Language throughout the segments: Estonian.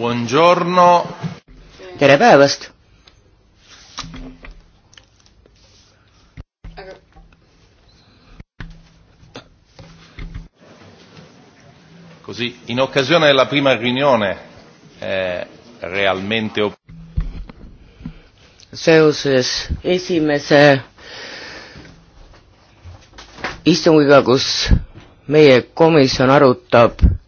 Buongiorno. tere päevast. Così, in occasione della prima riunione eh, realmente. seoses esimese istungiga, kus meie komisjon arutab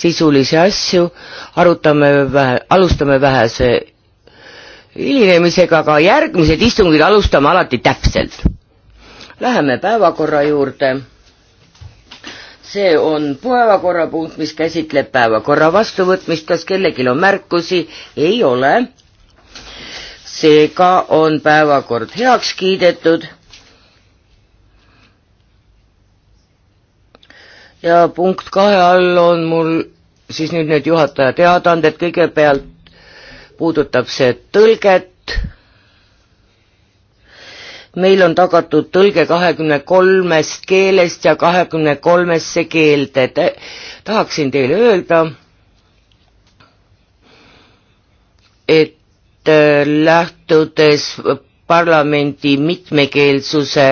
sisulisi asju, arutame vähe, alustame vähese hilinemisega, aga järgmised istungid alustame alati täpselt. Läheme päevakorra juurde. see on päevakorrapunkt, mis käsitleb päevakorra vastuvõtmist, kas kellelgi on märkusi? ei ole. seega on päevakord heaks kiidetud ja punkt kahe all on mul siis nüüd need juhataja teadaanded, kõigepealt puudutab see tõlget, meil on tagatud tõlge kahekümne kolmest keelest ja kahekümne kolmesse keelde Te,, tahaksin teile öelda, et äh, lähtudes parlamendi mitmekeelsuse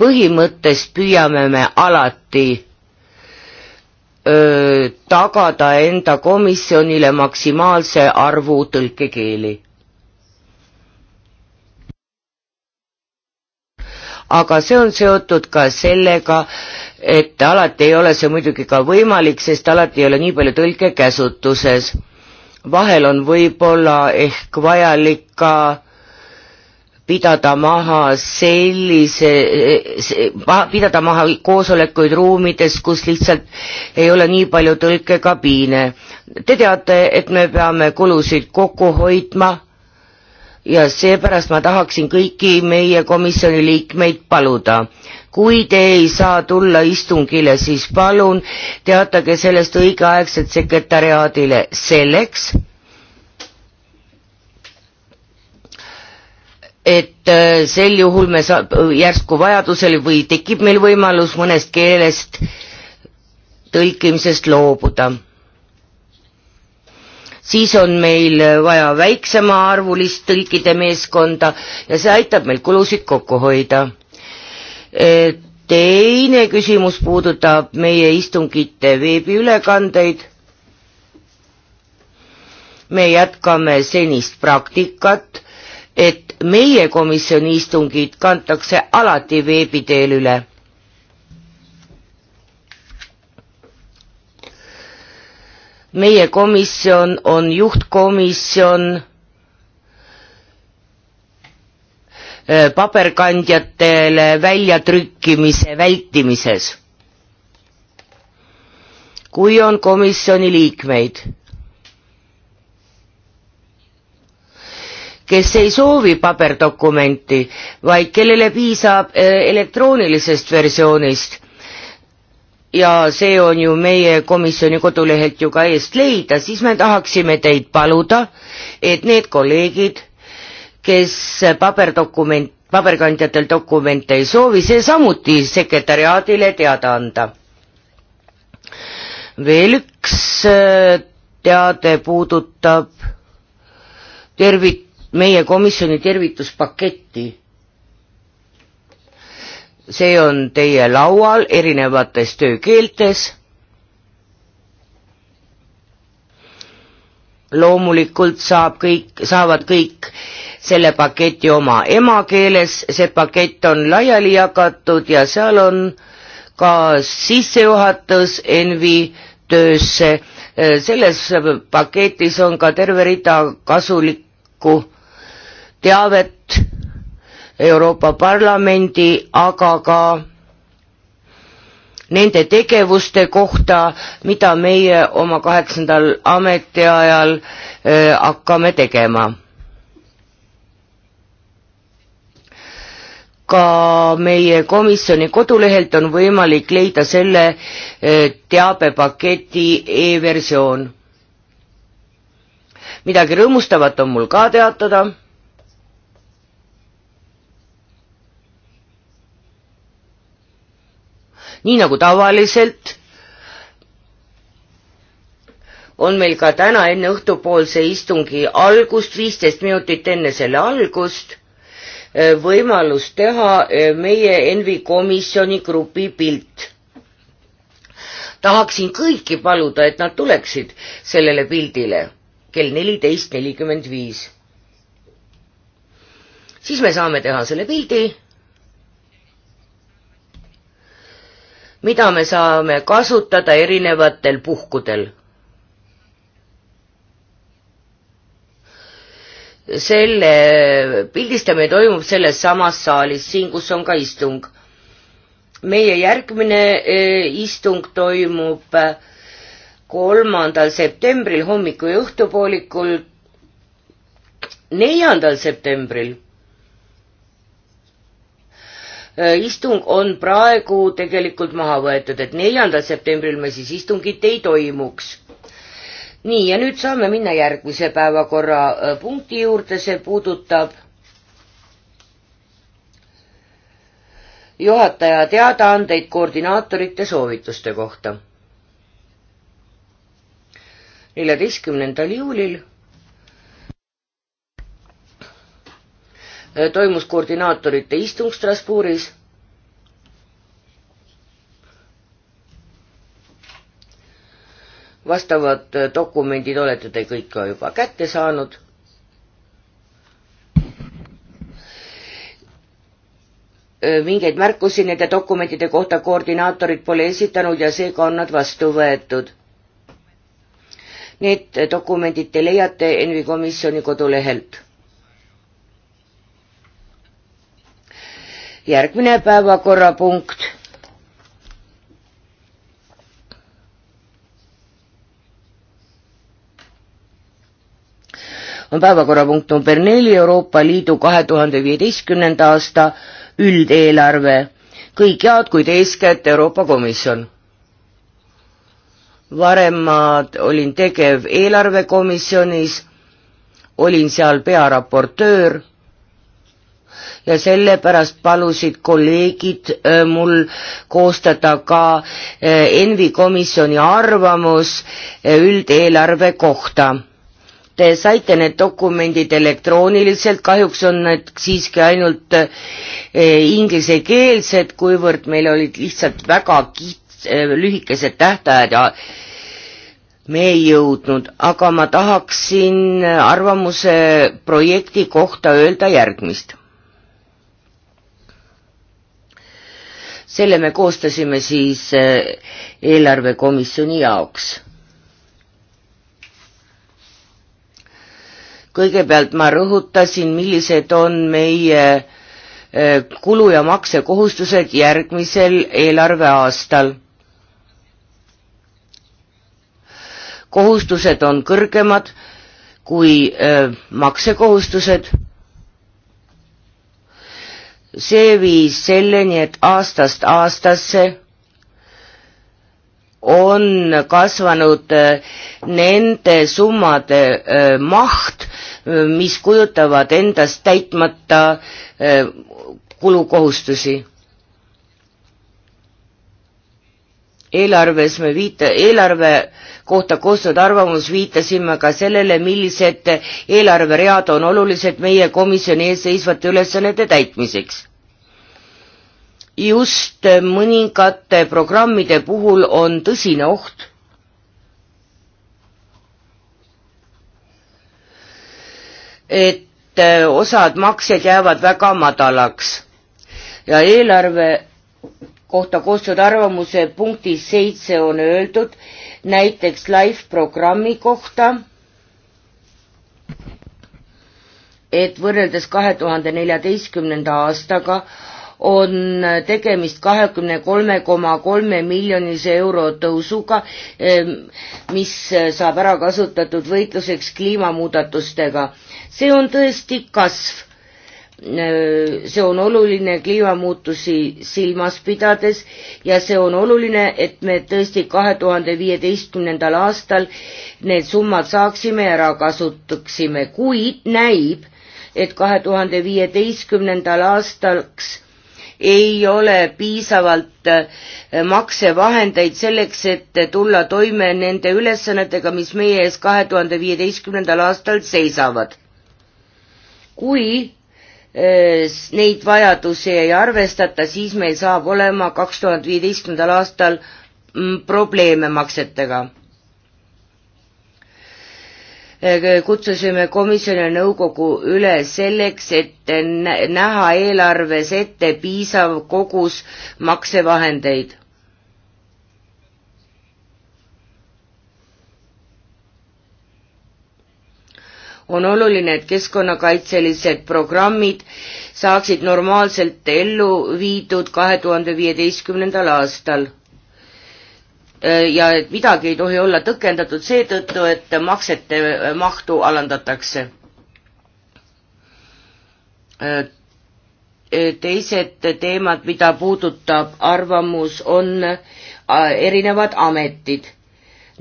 põhimõttest püüame me alati öö, tagada enda komisjonile maksimaalse arvu tõlkekeeli. aga see on seotud ka sellega, et alati ei ole see muidugi ka võimalik, sest alati ei ole nii palju tõlke käsutuses. vahel on võib-olla ehk vajalik ka pidada maha sellise, pidada maha koosolekuid ruumides, kus lihtsalt ei ole nii palju tõlkekabiine. Te teate, et me peame kulusid kokku hoidma ja seepärast ma tahaksin kõiki meie komisjoni liikmeid paluda. kui te ei saa tulla istungile, siis palun teatage sellest õigeaegselt sekretäriaadile selleks, et äh, sel juhul me saa-, järsku vajadusel või tekib meil võimalus mõnest keelest tõlkimisest loobuda. siis on meil vaja väiksemaarvulist tõlkide meeskonda ja see aitab meil kulusid kokku hoida. Äh, teine küsimus puudutab meie istungite veebiülekandeid. me jätkame senist praktikat et meie komisjoni istungid kantakse alati veebi teel üle. meie komisjon on juhtkomisjon äh, paberkandjatele väljatrükkimise vältimises. kui on komisjoni liikmeid kes ei soovi paberdokumenti, vaid kellele piisab äh, elektroonilisest versioonist. ja see on ju meie komisjoni kodulehelt ju ka eest leida, siis me tahaksime teid paluda, et need kolleegid, kes paberdokument, paberkandjatel dokumente ei soovi, see samuti sekretäriaadile teada anda. veel üks äh, teade puudutab tervit-, meie komisjoni tervituspaketti. see on teie laual erinevates töökeeltes. loomulikult saab kõik, saavad kõik selle paketi oma emakeeles, see pakett on laiali jagatud ja seal on ka sissejuhatus Envi töösse. selles paketis on ka terve rida kasulikku teavet Euroopa Parlamendi, aga ka nende tegevuste kohta, mida meie oma kaheksandal ametiajal äh, hakkame tegema. ka meie komisjoni kodulehelt on võimalik leida selle äh, teabepaketi e-versioon. midagi rõõmustavat on mul ka teatada nii nagu tavaliselt on meil ka täna enne õhtupoolse istungi algust, viisteist minutit enne selle algust, eh, võimalus teha eh, meie Envi komisjoni grupi pilt. tahaksin kõiki paluda, et nad tuleksid sellele pildile kell neliteist nelikümmend viis. siis me saame teha selle pildi mida me saame kasutada erinevatel puhkudel. selle pildistamine toimub selles samas saalis, siin, kus on ka istung. meie järgmine e, istung toimub e, kolmandal septembril hommiku ja õhtupoolikul, neljandal septembril Äh, istung on praegu tegelikult maha võetud, et neljandal septembril me siis istungit ei toimuks. nii, ja nüüd saame minna järgmise päevakorrapunkti äh, juurde, see puudutab juhataja teadaandeid koordinaatorite soovituste kohta. neljateistkümnendal juulil Äh, toimus koordinaatorite istung Strasbourgis. vastavad äh, dokumendid olete te kõik ka juba kätte saanud. Äh, mingeid märkusi nende dokumentide kohta koordinaatorid pole esitanud ja seega on nad vastu võetud. Need dokumendid te leiate ENVI komisjoni kodulehelt järgmine päevakorrapunkt. on päevakorrapunkt number neli Euroopa Liidu kahe tuhande viieteistkümnenda aasta üldeelarve. kõik head, kuid eeskätt Euroopa Komisjon varem ma olin tegev eelarvekomisjonis, olin seal pearaportöör ja sellepärast palusid kolleegid äh, mul koostada ka äh, Envi komisjoni arvamus äh, üldeelarve kohta. Te saite need dokumendid elektrooniliselt, kahjuks on need siiski ainult inglisekeelsed, kuivõrd meil olid lihtsalt väga kits-, lühikesed tähtajad ja me ei jõudnud, aga ma tahaksin arvamuse projekti kohta öelda järgmist selle me koostasime siis eh, eelarvekomisjoni jaoks. kõigepealt ma rõhutasin, millised on meie eh, kulu- ja maksekohustused järgmisel eelarveaastal. kohustused on kõrgemad kui eh, maksekohustused see viis selleni, et aastast aastasse on kasvanud äh, nende summade äh, maht, äh, mis kujutavad endast täitmata kulukohustusi eelarves me viita-, eelarve kohta koostatud arvamus viitasime ka sellele, millised eelarveread on olulised meie komisjoni ees seisvate ülesannete täitmiseks. just mõningate programmide puhul on tõsine oht et äh, osad maksed jäävad väga madalaks ja eelarve kohta koostatud arvamuse punktis seitse on öeldud näiteks live programmi kohta, et võrreldes kahe tuhande neljateistkümnenda aastaga on tegemist kahekümne kolme koma kolme miljonise euro tõusuga, mis saab ära kasutatud võitluseks kliimamuudatustega. see on tõesti kasv see on oluline kliimamuutusi silmas pidades ja see on oluline, et me tõesti kahe tuhande viieteistkümnendal aastal need summad saaksime ära kasutaksime, kuid näib, et kahe tuhande viieteistkümnendal aastaks ei ole piisavalt eh, maksevahendeid selleks, et tulla toime nende ülesannetega, mis meie ees kahe tuhande viieteistkümnendal aastal seisavad. kui neid vajadusi ei arvestata, siis meil saab olema kaks tuhat viieteistkümnendal aastal mm, probleeme maksetega. kutsusime komisjoni ja nõukogu üle selleks, et näha eelarves ette piisav kogus maksevahendeid on oluline, et keskkonnakaitselised programmid saaksid normaalselt ellu viidud kahe tuhande viieteistkümnendal aastal. Äh, ja et midagi ei tohi olla tõkendatud seetõttu, et maksete äh, mahtu alandatakse. Äh, teised teemad, mida puudutab arvamus, on erinevad ametid.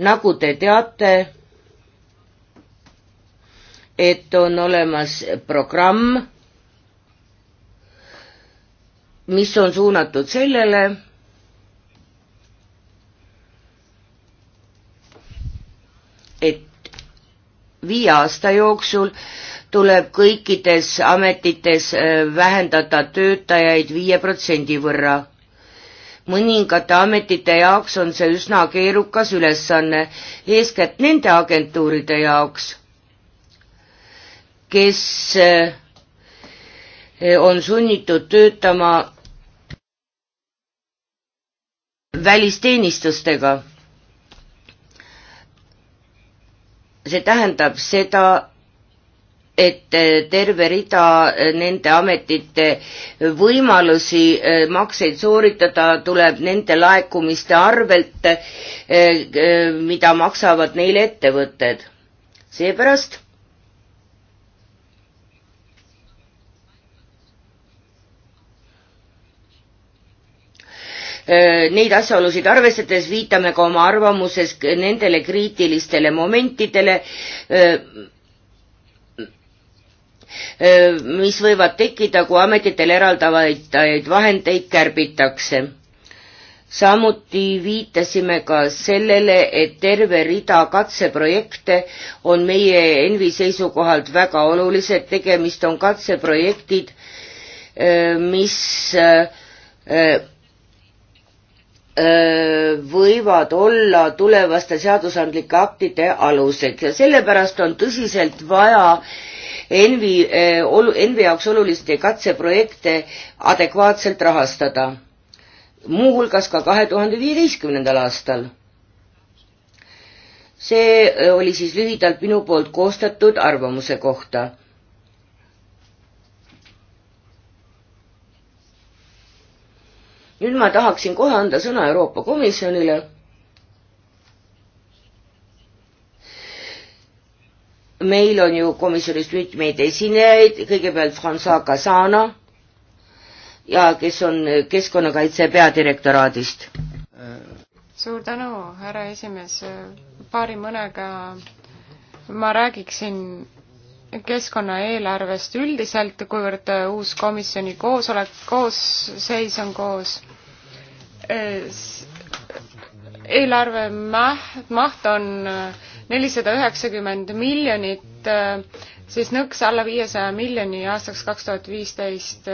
nagu te teate, et on olemas programm, mis on suunatud sellele, et viie aasta jooksul tuleb kõikides ametites äh, vähendada töötajaid viie protsendi võrra. mõningate ametite jaoks on see üsna keerukas ülesanne, eeskätt nende agentuuride jaoks kes eh, on sunnitud töötama välisteenistustega. see tähendab seda, et terve rida nende ametite võimalusi eh, makseid sooritada tuleb nende laekumiste arvelt, eh, mida maksavad neile ettevõtted. seepärast Äh, neid asjaolusid arvestades viitame ka oma arvamuses nendele kriitilistele momentidele, äh, äh, mis võivad tekkida, kui ametitele eraldavaid vahendeid kärbitakse. samuti viitasime ka sellele, et terve rida katseprojekte on meie Envi seisukohalt väga olulised, tegemist on katseprojektid, mis võivad olla tulevaste seadusandlike aktide aluseks ja sellepärast on tõsiselt vaja Envi, Envi jaoks oluliste katseprojekte adekvaatselt rahastada, muuhulgas ka kahe tuhande viieteistkümnendal aastal. see oli siis lühidalt minu poolt koostatud arvamuse kohta nüüd ma tahaksin kohe anda sõna Euroopa Komisjonile. meil on ju komisjonist mitmeid esinejaid, kõigepealt Francois Casana ja kes on Keskkonnakaitse peadirektoraadist. suur tänu, härra esimees, paari mõnega ma räägiksin keskkonnaeelarvest üldiselt, kuivõrd äh, uus komisjoni koosolek, koosseis on koos. Äh, eelarve maht, maht on äh, nelisada üheksakümmend miljonit, siis nõks alla viiesaja miljoni aastaks kaks tuhat viisteist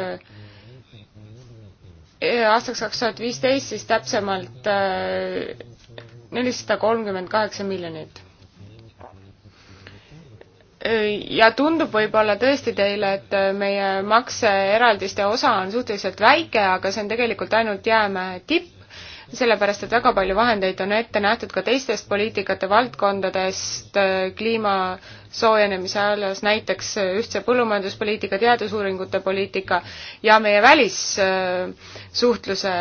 aastaks kaks tuhat viisteist siis täpsemalt nelisada kolmkümmend kaheksa miljonit ja tundub võib-olla tõesti teile, et äh, meie makseeraldiste osa on suhteliselt väike, aga see on tegelikult ainult jäämäe tipp, sellepärast et väga palju vahendeid on ette nähtud ka teistest poliitikate valdkondadest äh, kliima soojenemise alas, näiteks äh, ühtse põllumajanduspoliitika, teadusuuringute poliitika ja meie välissuhtluse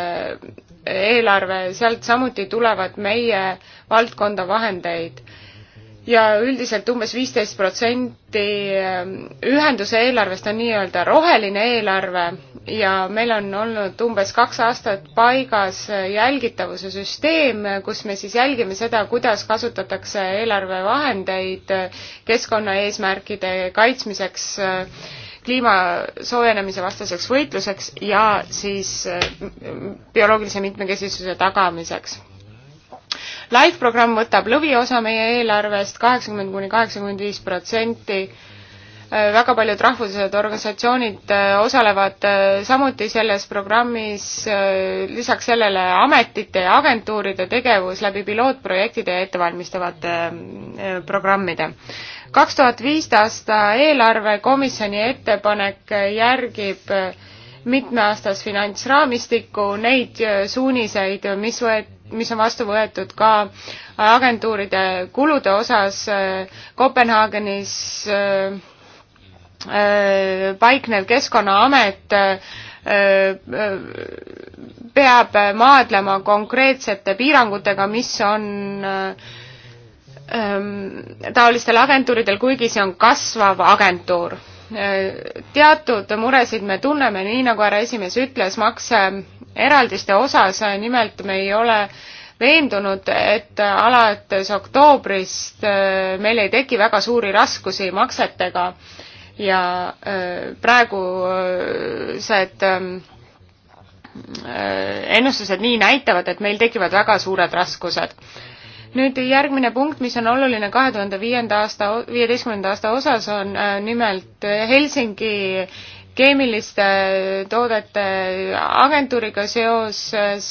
eelarve, sealt samuti tulevad meie valdkonda vahendeid ja üldiselt umbes viisteist protsenti ähm, ühenduse eelarvest on nii-öelda roheline eelarve ja meil on olnud umbes kaks aastat paigas äh, jälgitavuse süsteem, kus me siis jälgime seda, kuidas kasutatakse eelarvevahendeid äh, keskkonnaeesmärkide kaitsmiseks, äh, kliima soojenemise vastaseks võitluseks ja siis bioloogilise mitmekesisuse tagamiseks Life programm võtab lõviosa meie eelarvest, kaheksakümmend kuni kaheksakümmend viis protsenti äh, väga paljud rahvuslased organisatsioonid äh, osalevad äh, samuti selles programmis, lisaks sellele ametite ja agentuuride tegevus läbi pilootprojektide ja ettevalmistavate programmide. kaks tuhat viis aasta eelarve komisjoni ettepanek järgib mitmeaastast finantsraamistikku, neid suuniseid, mis võet-, mis on vastu võetud ka agentuuride kulude osas äh, Kopenhaagenis äh, äh, paiknev Keskkonnaamet peab maadlema konkreetsete piirangutega, mis on ähm, taolistel agentuuridel, kuigi see on kasvav agentuur teatud muresid me tunneme, nii nagu härra esimees ütles, makseeraldiste osas, nimelt me ei ole veendunud, et alates oktoobrist äh, meil ei teki väga suuri raskusi maksetega ja äh, praegused ähm, äh, ennustused nii näitavad, et meil tekivad väga suured raskused nüüd järgmine punkt, mis on oluline kahe tuhande viienda aasta, viieteistkümnenda aasta osas, on äh, nimelt äh, Helsingi keemiliste äh, toodete agentuuriga seoses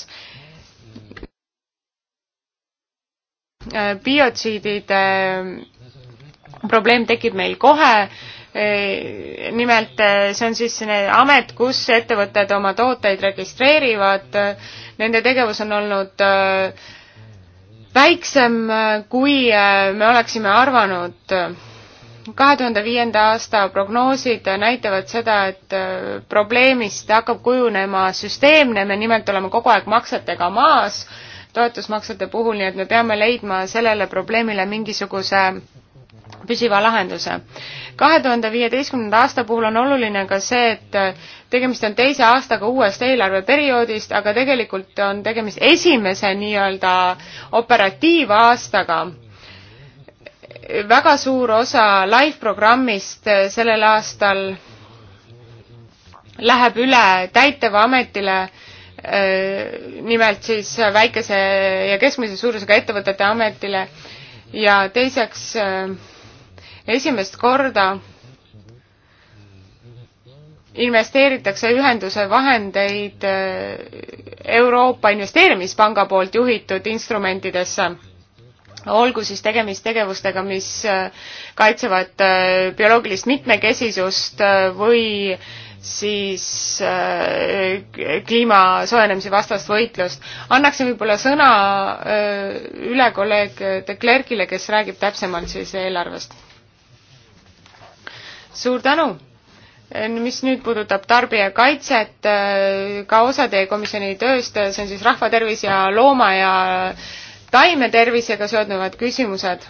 biotsiidide probleem tekib meil kohe. nimelt see on siis amet, kus ettevõtted oma tooteid registreerivad. Nende tegevus on olnud äh, väiksem, kui äh, me oleksime arvanud. kahe tuhande viienda aasta prognoosid näitavad seda, et äh, probleemist hakkab kujunema süsteemne, me nimelt oleme kogu aeg maksetega maas toetusmaksete puhul, nii et me peame leidma sellele probleemile mingisuguse püsiva lahenduse. kahe tuhande viieteistkümnenda aasta puhul on oluline ka see, et äh, tegemist on teise aastaga uuest eelarveperioodist, aga tegelikult on tegemist esimese nii-öelda operatiivaastaga. väga suur osa live programmist äh, sellel aastal läheb üle täitevametile äh, nimelt siis väikese ja keskmise suurusega ettevõtete ametile ja teiseks äh, esimest korda investeeritakse ühenduse vahendeid äh, Euroopa Investeerimispanga poolt juhitud instrumentidesse, olgu siis tegemist tegevustega, mis äh, kaitsevad äh, bioloogilist mitmekesisust või siis kliima soojenemise vastast võitlust. annaksin võib-olla sõna üle kolleeg De Klerkile, kes räägib täpsemalt siis eelarvest suur tänu! mis nüüd puudutab tarbijakaitset, äh, ka osa teie komisjoni tööst, äh, see on siis rahvatervis ja looma ja taimetervisega seonduvad küsimused.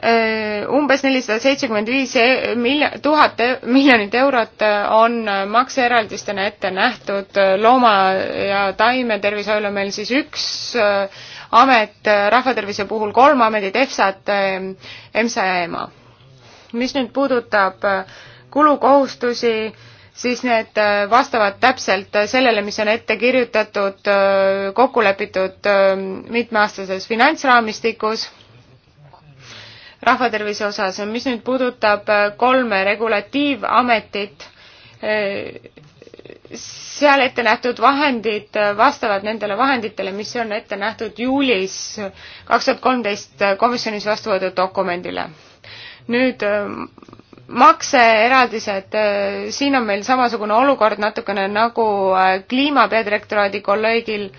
Äh, umbes nelisada seitsekümmend viis e, miljon-, tuhat e, miljonit eurot on makseeraldistena ette nähtud looma- ja taimetervishoiul on meil siis üks amet, rahvatervise puhul kolm ametit, EFSA-t, EMSA ja EMA mis nüüd puudutab äh, kulukohustusi, siis need äh, vastavad täpselt äh, sellele, mis on ette kirjutatud, kokku lepitud mitmeaastases finantsraamistikus rahvatervise osas. mis nüüd puudutab kolme regulatiivametit, seal ette nähtud vahendid vastavad nendele vahenditele, mis on ette nähtud juulis kaks tuhat kolmteist komisjonis vastu võetud dokumendile nüüd äh, makseeraldised, äh, siin on meil samasugune olukord natukene nagu äh, kliima peadirektoraadi kolleegil,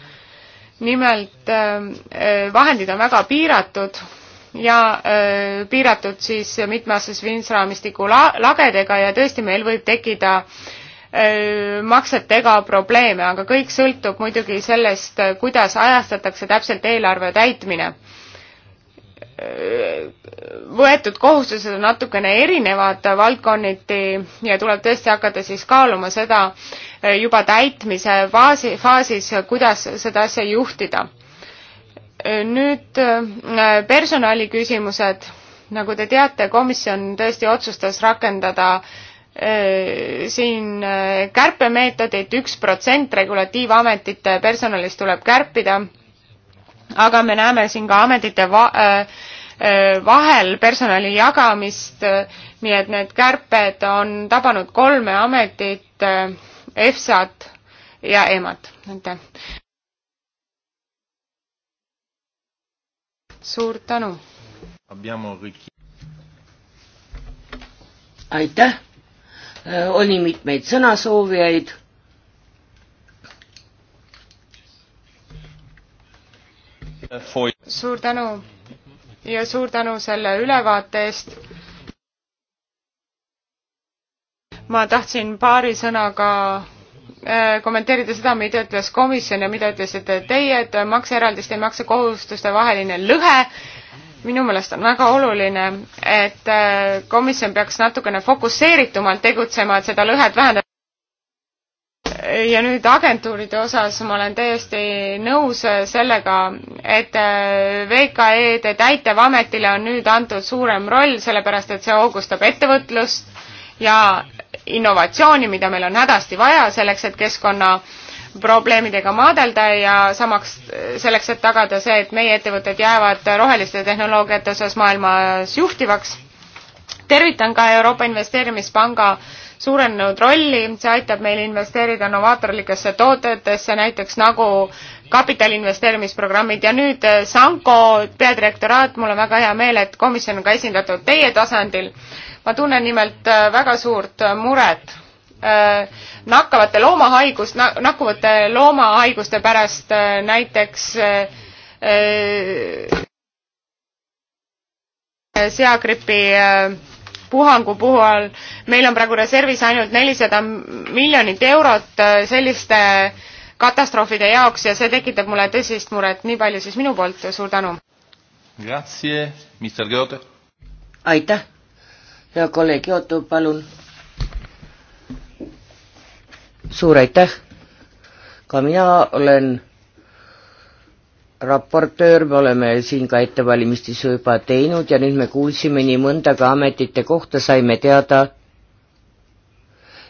nimelt vahendid on väga piiratud ja piiratud siis mitmeaastases finantsraamistiku lagedega ja tõesti, meil võib tekkida maksetega probleeme, aga kõik sõltub muidugi sellest, kuidas ajastatakse täpselt eelarve täitmine võetud kohustused on natukene erinevad valdkonniti ja tuleb tõesti hakata siis kaaluma seda eh, juba täitmise faasi, faasis, kuidas seda asja juhtida. Eh, nüüd eh, personali küsimused. nagu te teate, komisjon tõesti otsustas rakendada siin kärpemeetodit, üks protsent regulatiivametite personalist tuleb kärpida aga me näeme siin ka ametite va- äh,, äh vahel personali jagamist, äh, nii et need kärped on tabanud kolme ametit, EFSA-t äh, ja EMA-t, aitäh. suur tänu. aitäh, oli mitmeid sõnasoovijaid suur tänu ja suur tänu selle ülevaate eest. ma tahtsin paari sõnaga äh, kommenteerida seda, mida ütles komisjon ja mida ütlesite teie, et makseeraldiste ja maksekohustuste vaheline lõhe minu meelest on väga oluline, et äh, komisjon peaks natukene fokusseeritumalt tegutsema, et seda lõhet vähendada ja nüüd agentuuride osas ma olen täiesti nõus sellega, et äh, VKE-de täitevametile on nüüd antud suurem roll, sellepärast et see hoogustab ettevõtlust ja innovatsiooni, mida meil on hädasti vaja selleks, et keskkonna probleemidega maadelda ja samaks selleks, et tagada see, et meie ettevõtted jäävad roheliste tehnoloogiate osas maailmas juhtivaks. tervitan ka Euroopa Investeerimispanga äh, suurenenud rolli, see aitab meil investeerida novaatorlikesse toodetesse, näiteks nagu kapitali investeerimisprogrammid ja nüüd eh, Sanko peadirektoraat, mul on väga hea meel, et komisjon on ka esindatud teie tasandil. ma tunnen nimelt eh, väga suurt muret eh, nakkavate loomahaigust, nakkuvate loomahaiguste pärast näiteks seagripi puhangu puhul. meil on praegu reservis ainult nelisada miljonit eurot äh, selliste katastroofide jaoks ja see tekitab mulle tõsist muret. nii palju siis minu poolt, suur tänu. aitäh, hea kolleeg Jootu, palun. suur aitäh, ka mina olen raportöör, me oleme siin ka ettevalmistusi juba teinud ja nüüd me kuulsime nii mõnda ka ametite kohta, saime teada,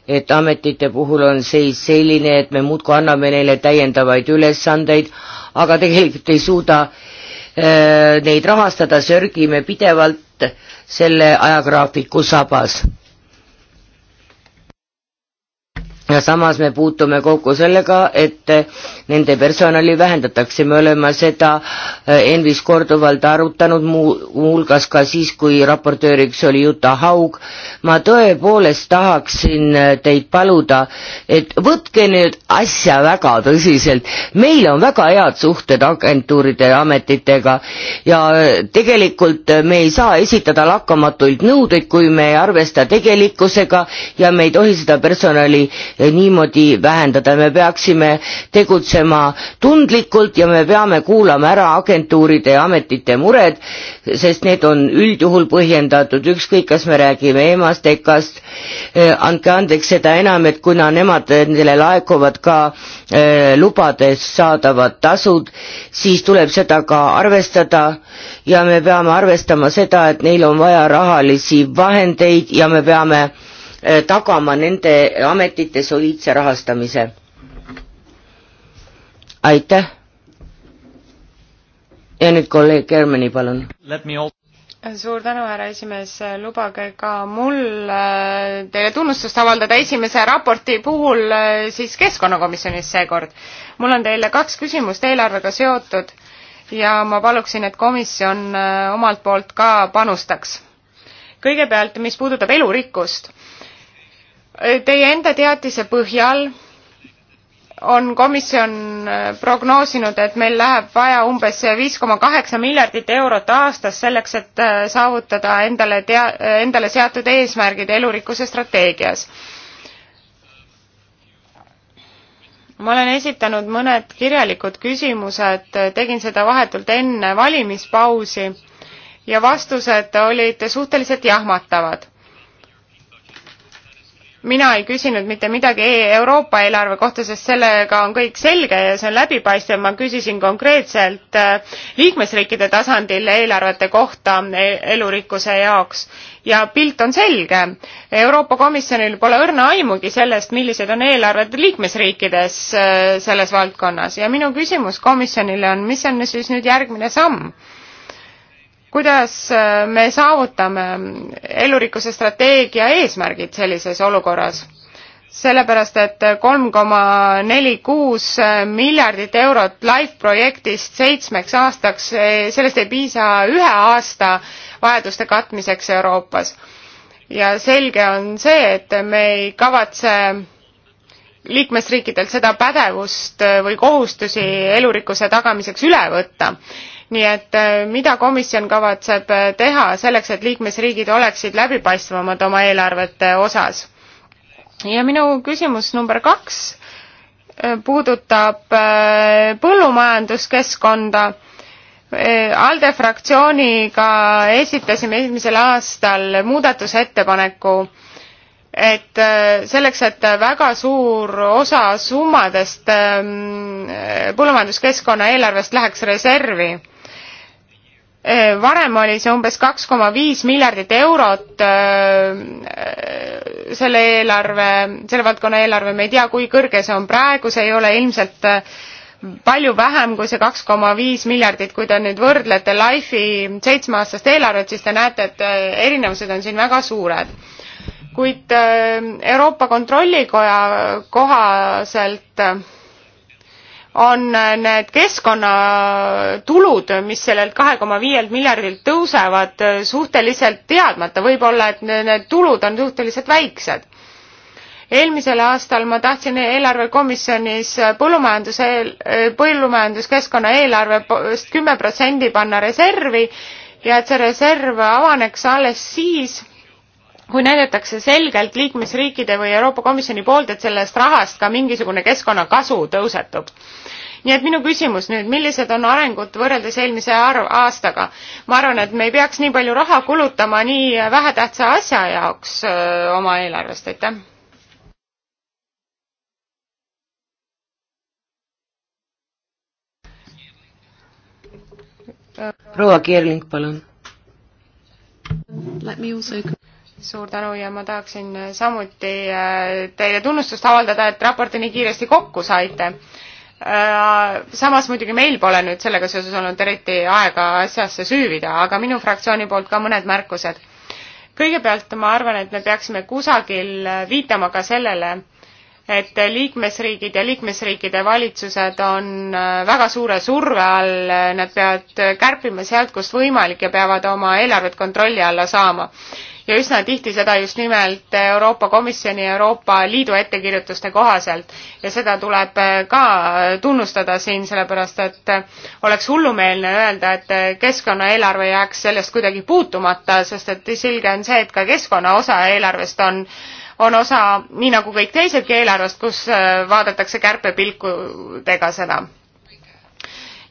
et ametite puhul on seis selline, et me muudkui anname neile täiendavaid ülesandeid, aga tegelikult ei suuda äh, neid rahastada, sörgime pidevalt selle ajagraafiku sabas ja samas me puutume kokku sellega, et nende personali vähendatakse, me oleme seda äh, Envis korduvalt arutanud, muuhulgas ka siis, kui raportööriks oli Juta Haug. ma tõepoolest tahaksin äh, teid paluda, et võtke nüüd asja väga tõsiselt, meil on väga head suhted agentuuride ja ametitega ja äh, tegelikult me ei saa esitada lakkamatuid nõudeid, kui me ei arvesta tegelikkusega ja me ei tohi seda personali niimoodi vähendada, me peaksime tegutsema tundlikult ja me peame kuulama ära agentuuride ja ametite mured, sest need on üldjuhul põhjendatud, ükskõik kas me räägime EMA-st, EKA-st, eh, andke andeks seda enam, et kuna nemad, nendele laekuvad ka eh, lubades saadavad tasud, siis tuleb seda ka arvestada ja me peame arvestama seda, et neil on vaja rahalisi vahendeid ja me peame Äh, tagama nende ametite soliidse rahastamise. aitäh. ja nüüd kolleeg Germani, palun. suur tänu, härra esimees, lubage ka mul äh, teile tunnustust avaldada esimese raporti puhul äh, siis Keskkonnakomisjonis seekord. mul on teile kaks küsimust eelarvega seotud ja ma paluksin, et komisjon omalt poolt ka panustaks. kõigepealt, mis puudutab elurikkust Äh, teie enda teatise põhjal on komisjon äh, prognoosinud, et meil läheb vaja umbes viis koma kaheksa miljardit eurot aastas selleks, et äh, saavutada endale tea-, endale seatud eesmärgid elurikkuse strateegias. ma olen esitanud mõned kirjalikud küsimused, tegin seda vahetult enne valimispausi ja vastused olid suhteliselt jahmatavad mina ei küsinud mitte midagi e-, Euroopa eelarve kohta, sest sellega on kõik selge ja see on läbipaistev, ma küsisin konkreetselt äh, liikmesriikide tasandil eelarvete kohta e-, elurikkuse jaoks ja pilt on selge. Euroopa Komisjonil pole õrna aimugi sellest, millised on eelarved liikmesriikides äh, selles valdkonnas ja minu küsimus komisjonile on, mis on siis nüüd järgmine samm? kuidas äh, me saavutame elurikkuse strateegia eesmärgid sellises olukorras? sellepärast, et kolm koma neli kuus äh, miljardit eurot LIFE projektist seitsmeks aastaks, äh, sellest ei piisa ühe aasta vajaduste katmiseks Euroopas. ja selge on see, et me ei kavatse liikmesriikidelt seda pädevust või kohustusi elurikkuse tagamiseks üle võtta nii et äh, mida komisjon kavatseb äh, teha selleks, et liikmesriigid oleksid läbipaistvamad oma eelarvete osas? ja minu küsimus number kaks äh, puudutab põllumajanduskeskkonda. ALDE fraktsiooniga esitasime eelmisel aastal muudatusettepaneku, et selleks, et väga suur osa summadest ähm, põllumajanduskeskkonna eelarvest läheks reservi Eh, varem oli see umbes kaks koma viis miljardit eurot eh, selle eelarve, selle valdkonna eelarve, me ei tea, kui kõrge see on praegu, see ei ole ilmselt eh, palju vähem kui see kaks koma viis miljardit, kui te nüüd võrdlete Life'i seitsmeaastast eelarvet, siis te näete, et erinevused on siin väga suured. kuid Euroopa Kontrollikoja kohaselt on äh, need keskkonnatulud, mis sellelt kahe koma viielt miljardilt tõusevad, äh, suhteliselt teadmata, võib-olla et need tulud on suhteliselt väiksed. eelmisel aastal ma tahtsin eelarvekomisjonis äh, põllumajanduse, põllumajanduskeskkonna eelarvest kümme protsendi panna reservi ja et see reserv avaneks alles siis, kui näidatakse selgelt liikmesriikide või Euroopa Komisjoni poolt, et sellest rahast ka mingisugune keskkonnakasu tõusetub nii et minu küsimus nüüd, millised on arengud võrreldes eelmise aastaga? ma arvan, et me ei peaks nii palju raha kulutama nii vähetähtsa asja jaoks öö, oma eelarvest, aitäh. proua Kirling, palun. Let me also suur tänu ja ma tahaksin samuti teile tunnustust avaldada, et raporti nii kiiresti kokku saite. Äh, samas muidugi meil pole nüüd sellega seoses olnud eriti aega asjasse süüvida, aga minu fraktsiooni poolt ka mõned märkused. kõigepealt ma arvan, et me peaksime kusagil viitama ka sellele, et liikmesriigid ja liikmesriikide valitsused on äh, väga suure surve all, nad peavad kärpima sealt, kust võimalik ja peavad oma eelarvet kontrolli alla saama ja üsna tihti seda just nimelt Euroopa Komisjoni ja Euroopa Liidu ettekirjutuste kohaselt. ja seda tuleb äh, ka tunnustada siin, sellepärast et äh, oleks hullumeelne öelda, et äh, keskkonnaeelarve jääks sellest kuidagi puutumata, sest et selge on see, et ka keskkonna osa eelarvest on on osa, nii nagu kõik teisedki eelarvest, kus vaadatakse kärpepilkudega seda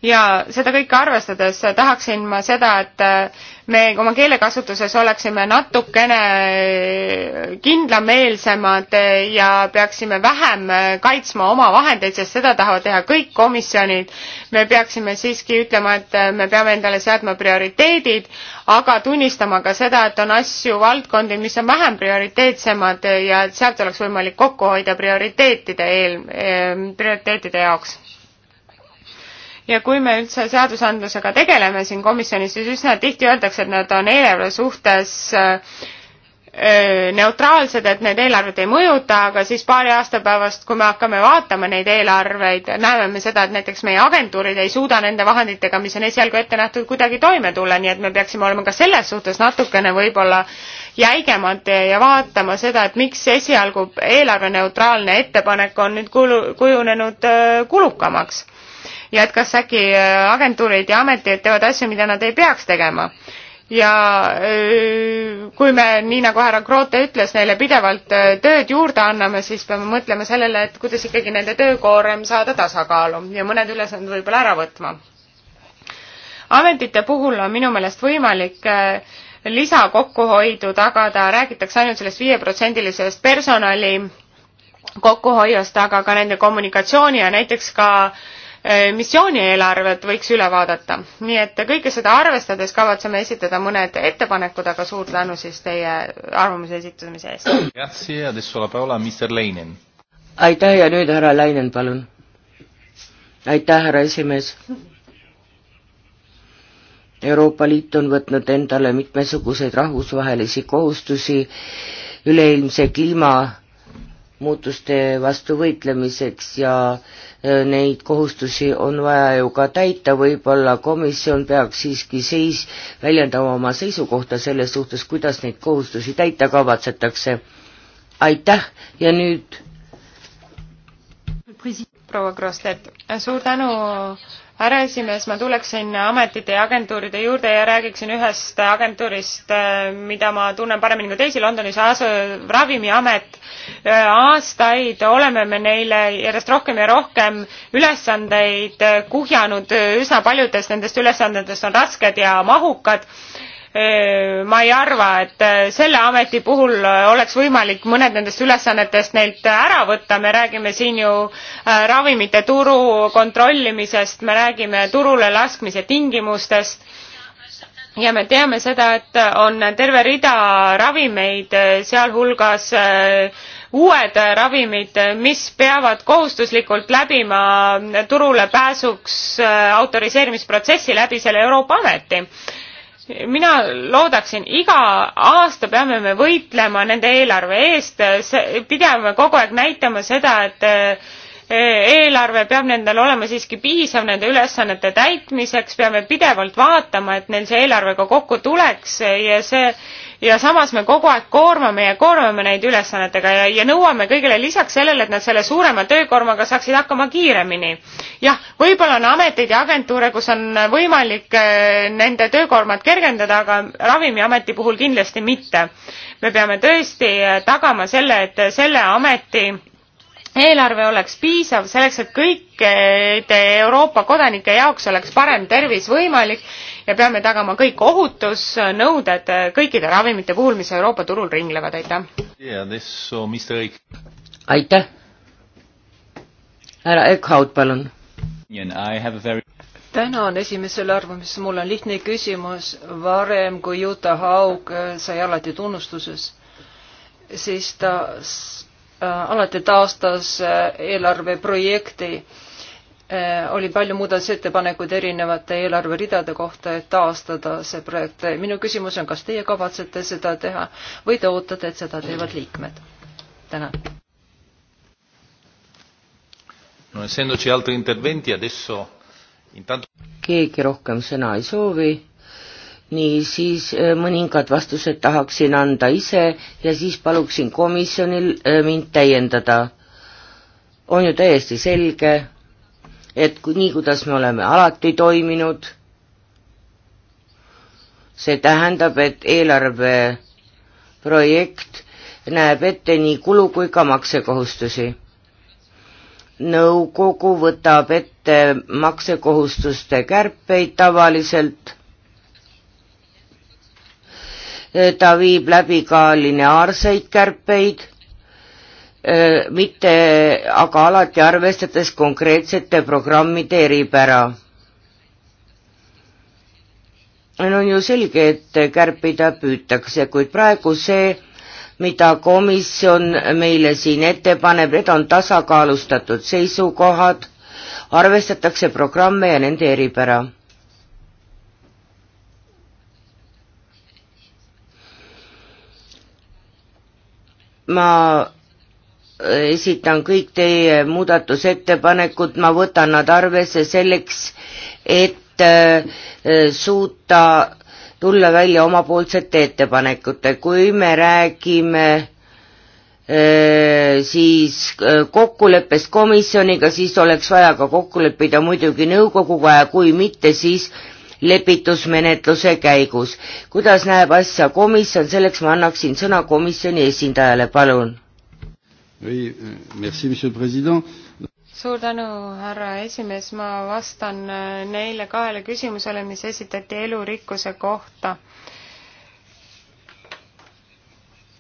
ja seda kõike arvestades tahaksin ma seda, et me oma keelekasutuses oleksime natukene kindlameelsemad ja peaksime vähem kaitsma oma vahendeid, sest seda tahavad teha kõik komisjonid. me peaksime siiski ütlema, et me peame endale seadma prioriteedid, aga tunnistama ka seda, et on asju, valdkondi, mis on vähem prioriteetsemad ja et sealt oleks võimalik kokku hoida prioriteetide eel, prioriteetide jaoks ja kui me üldse seadusandlusega tegeleme siin komisjonis, siis üsna tihti öeldakse, et nad on eelarve suhtes äh, äh, neutraalsed, et need eelarved ei mõjuta, aga siis paari aastapäevast, kui me hakkame vaatama neid eelarveid, näeme me seda, et näiteks meie agentuurid ei suuda nende vahenditega, mis on esialgu ette nähtud, kuidagi toime tulla, nii et me peaksime olema ka selles suhtes natukene võib-olla jäigemad ja vaatama seda, et miks esialgu eelarveneutraalne ettepanek on nüüd kulu, kujunenud äh, kulukamaks ja et kas äkki äh, agentuurid ja ametid teevad asju, mida nad ei peaks tegema. ja äh, kui me, nii nagu härra Kroote ütles, neile pidevalt äh, tööd juurde anname, siis peame mõtlema sellele, et kuidas ikkagi nende töökoorem saada tasakaalu ja mõned ülesanded võib-olla ära võtma. ametite puhul on minu meelest võimalik lisakokkuhoidu tagada, räägitakse ainult sellest viieprotsendilisest personali kokkuhoiust, aga ka nende kommunikatsiooni ja näiteks ka äh, Eh, missioonieelarvet võiks üle vaadata. nii et kõike seda arvestades kavatseme esitada mõned ettepanekud, aga suur tänu siis teie arvamuse esitamise eest. aitäh ja nüüd härra Lainen, palun. aitäh, härra esimees. Euroopa Liit on võtnud endale mitmesuguseid rahvusvahelisi kohustusi üleilmse kliimamuutuste vastu võitlemiseks ja äh, Äh, neid kohustusi on vaja ju ka täita, võib-olla komisjon peaks siiski seis, väljendama oma seisukohta selles suhtes, kuidas neid kohustusi täita kavatsetakse. aitäh ja nüüd proua Krosslet, suur tänu härra esimees, ma tuleksin ametite ja agentuuride juurde ja räägiksin ühest agentuurist, äh, mida ma tunnen paremini kui teisi, Londonis asuv Ravimiamet. Äh, aastaid oleme me neile järjest rohkem ja rohkem ülesandeid kuhjanud, üsna paljudest nendest ülesandedest on rasked ja mahukad Äh, ma ei arva, et äh, selle ameti puhul äh, oleks võimalik mõned nendest ülesannetest neilt ära võtta, me räägime siin ju ravimite turu kontrollimisest, me räägime turule laskmise tingimustest ja me teame seda, et on terve rida ravimeid, sealhulgas uued ravimid, mis peavad kohustuslikult läbima turule pääsuks autoriseerimisprotsessi läbi selle Euroopa Ameti mina loodaksin, iga aasta peame me võitlema nende eelarve eest, pidame kogu aeg näitama seda, et eh, eelarve peab nendel olema siiski piisav nende ülesannete täitmiseks, peame pidevalt vaatama, et neil see eelarvega kokku tuleks ja see ja samas me kogu aeg koormame ja koormame neid ülesannetega ja, ja nõuame kõigele lisaks sellele, et nad selle suurema töökoormaga saaksid hakkama kiiremini. jah, võib-olla on ameteid ja agentuure, kus on võimalik äh, nende töökoormat kergendada, aga Ravimiameti puhul kindlasti mitte. me peame tõesti äh, tagama selle, et selle ameti eelarve oleks piisav selleks, et kõikide Euroopa kodanike jaoks oleks parem tervis võimalik ja peame tagama kõik ohutusnõuded kõikide ravimite puhul, mis Euroopa turul ringlevad, aitäh. aitäh. härra Eckhout, palun. tänan esimesele arvamusele, mul on lihtne küsimus, varem kui Juta Haug äh, sai alati tunnustuses, siis ta äh, alati taastas äh, eelarveprojekti Äh, oli palju muudatusettepanekuid erinevate eelarveridade kohta, et taastada see projekt. minu küsimus on, kas teie kavatsete seda teha või te ootate, et seda teevad liikmed? tänan. no essendoci altri interventi adesso intanto keegi rohkem sõna ei soovi, nii siis äh, mõningad vastused tahaksin anda ise ja siis paluksin komisjonil äh, mind täiendada. on ju täiesti selge et nii, kuidas me oleme alati toiminud, see tähendab, et eelarveprojekt näeb ette nii kulu kui ka maksekohustusi. nõukogu võtab ette maksekohustuste kärpeid tavaliselt, ta viib läbi ka lineaarseid kärpeid mitte aga alati arvestades konkreetsete programmide eripära. on ju selge, et kärpida püütakse, kuid praegu see, mida komisjon meile siin ette paneb, need on tasakaalustatud seisukohad, arvestatakse programme ja nende eripära ma esitan kõik teie muudatusettepanekud, ma võtan nad arvesse selleks, et äh, suuta tulla välja omapoolsete ettepanekute, kui me räägime äh, siis äh, kokkuleppest komisjoniga, siis oleks vaja ka kokku leppida muidugi nõukoguga ja kui mitte, siis lepitusmenetluse käigus. kuidas näeb asja komisjon, selleks ma annaksin sõna komisjoni esindajale, palun Oui, merci, monsieur le president. suur tänu, härra esimees, ma vastan äh, neile kahele küsimusele, mis esitati elurikkuse kohta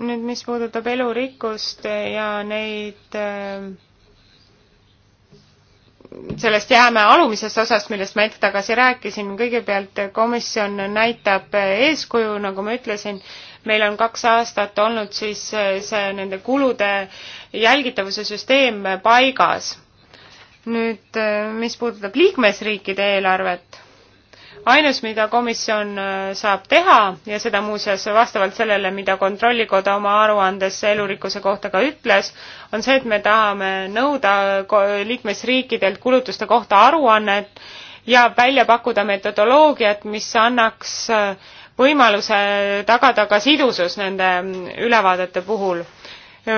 nüüd, mis puudutab elurikkust ja neid äh, sellest jääme alumisest osast, millest ma hetk tagasi rääkisin, kõigepealt äh, komisjon näitab eeskuju, nagu ma ütlesin, meil on kaks aastat olnud siis eh, see nende kulude jälgitavuse süsteem paigas. nüüd, eh, mis puudutab liikmesriikide eelarvet, ainus, mida komisjon eh, saab teha ja seda muuseas vastavalt sellele, mida Kontrollikoda oma aruandes elurikkuse kohta ka ütles, on see, et me tahame nõuda liikmesriikidelt kulutuste kohta aruannet ja välja pakkuda metodoloogiat, mis annaks äh, võimaluse tagada ka sidusus nende ülevaadete puhul.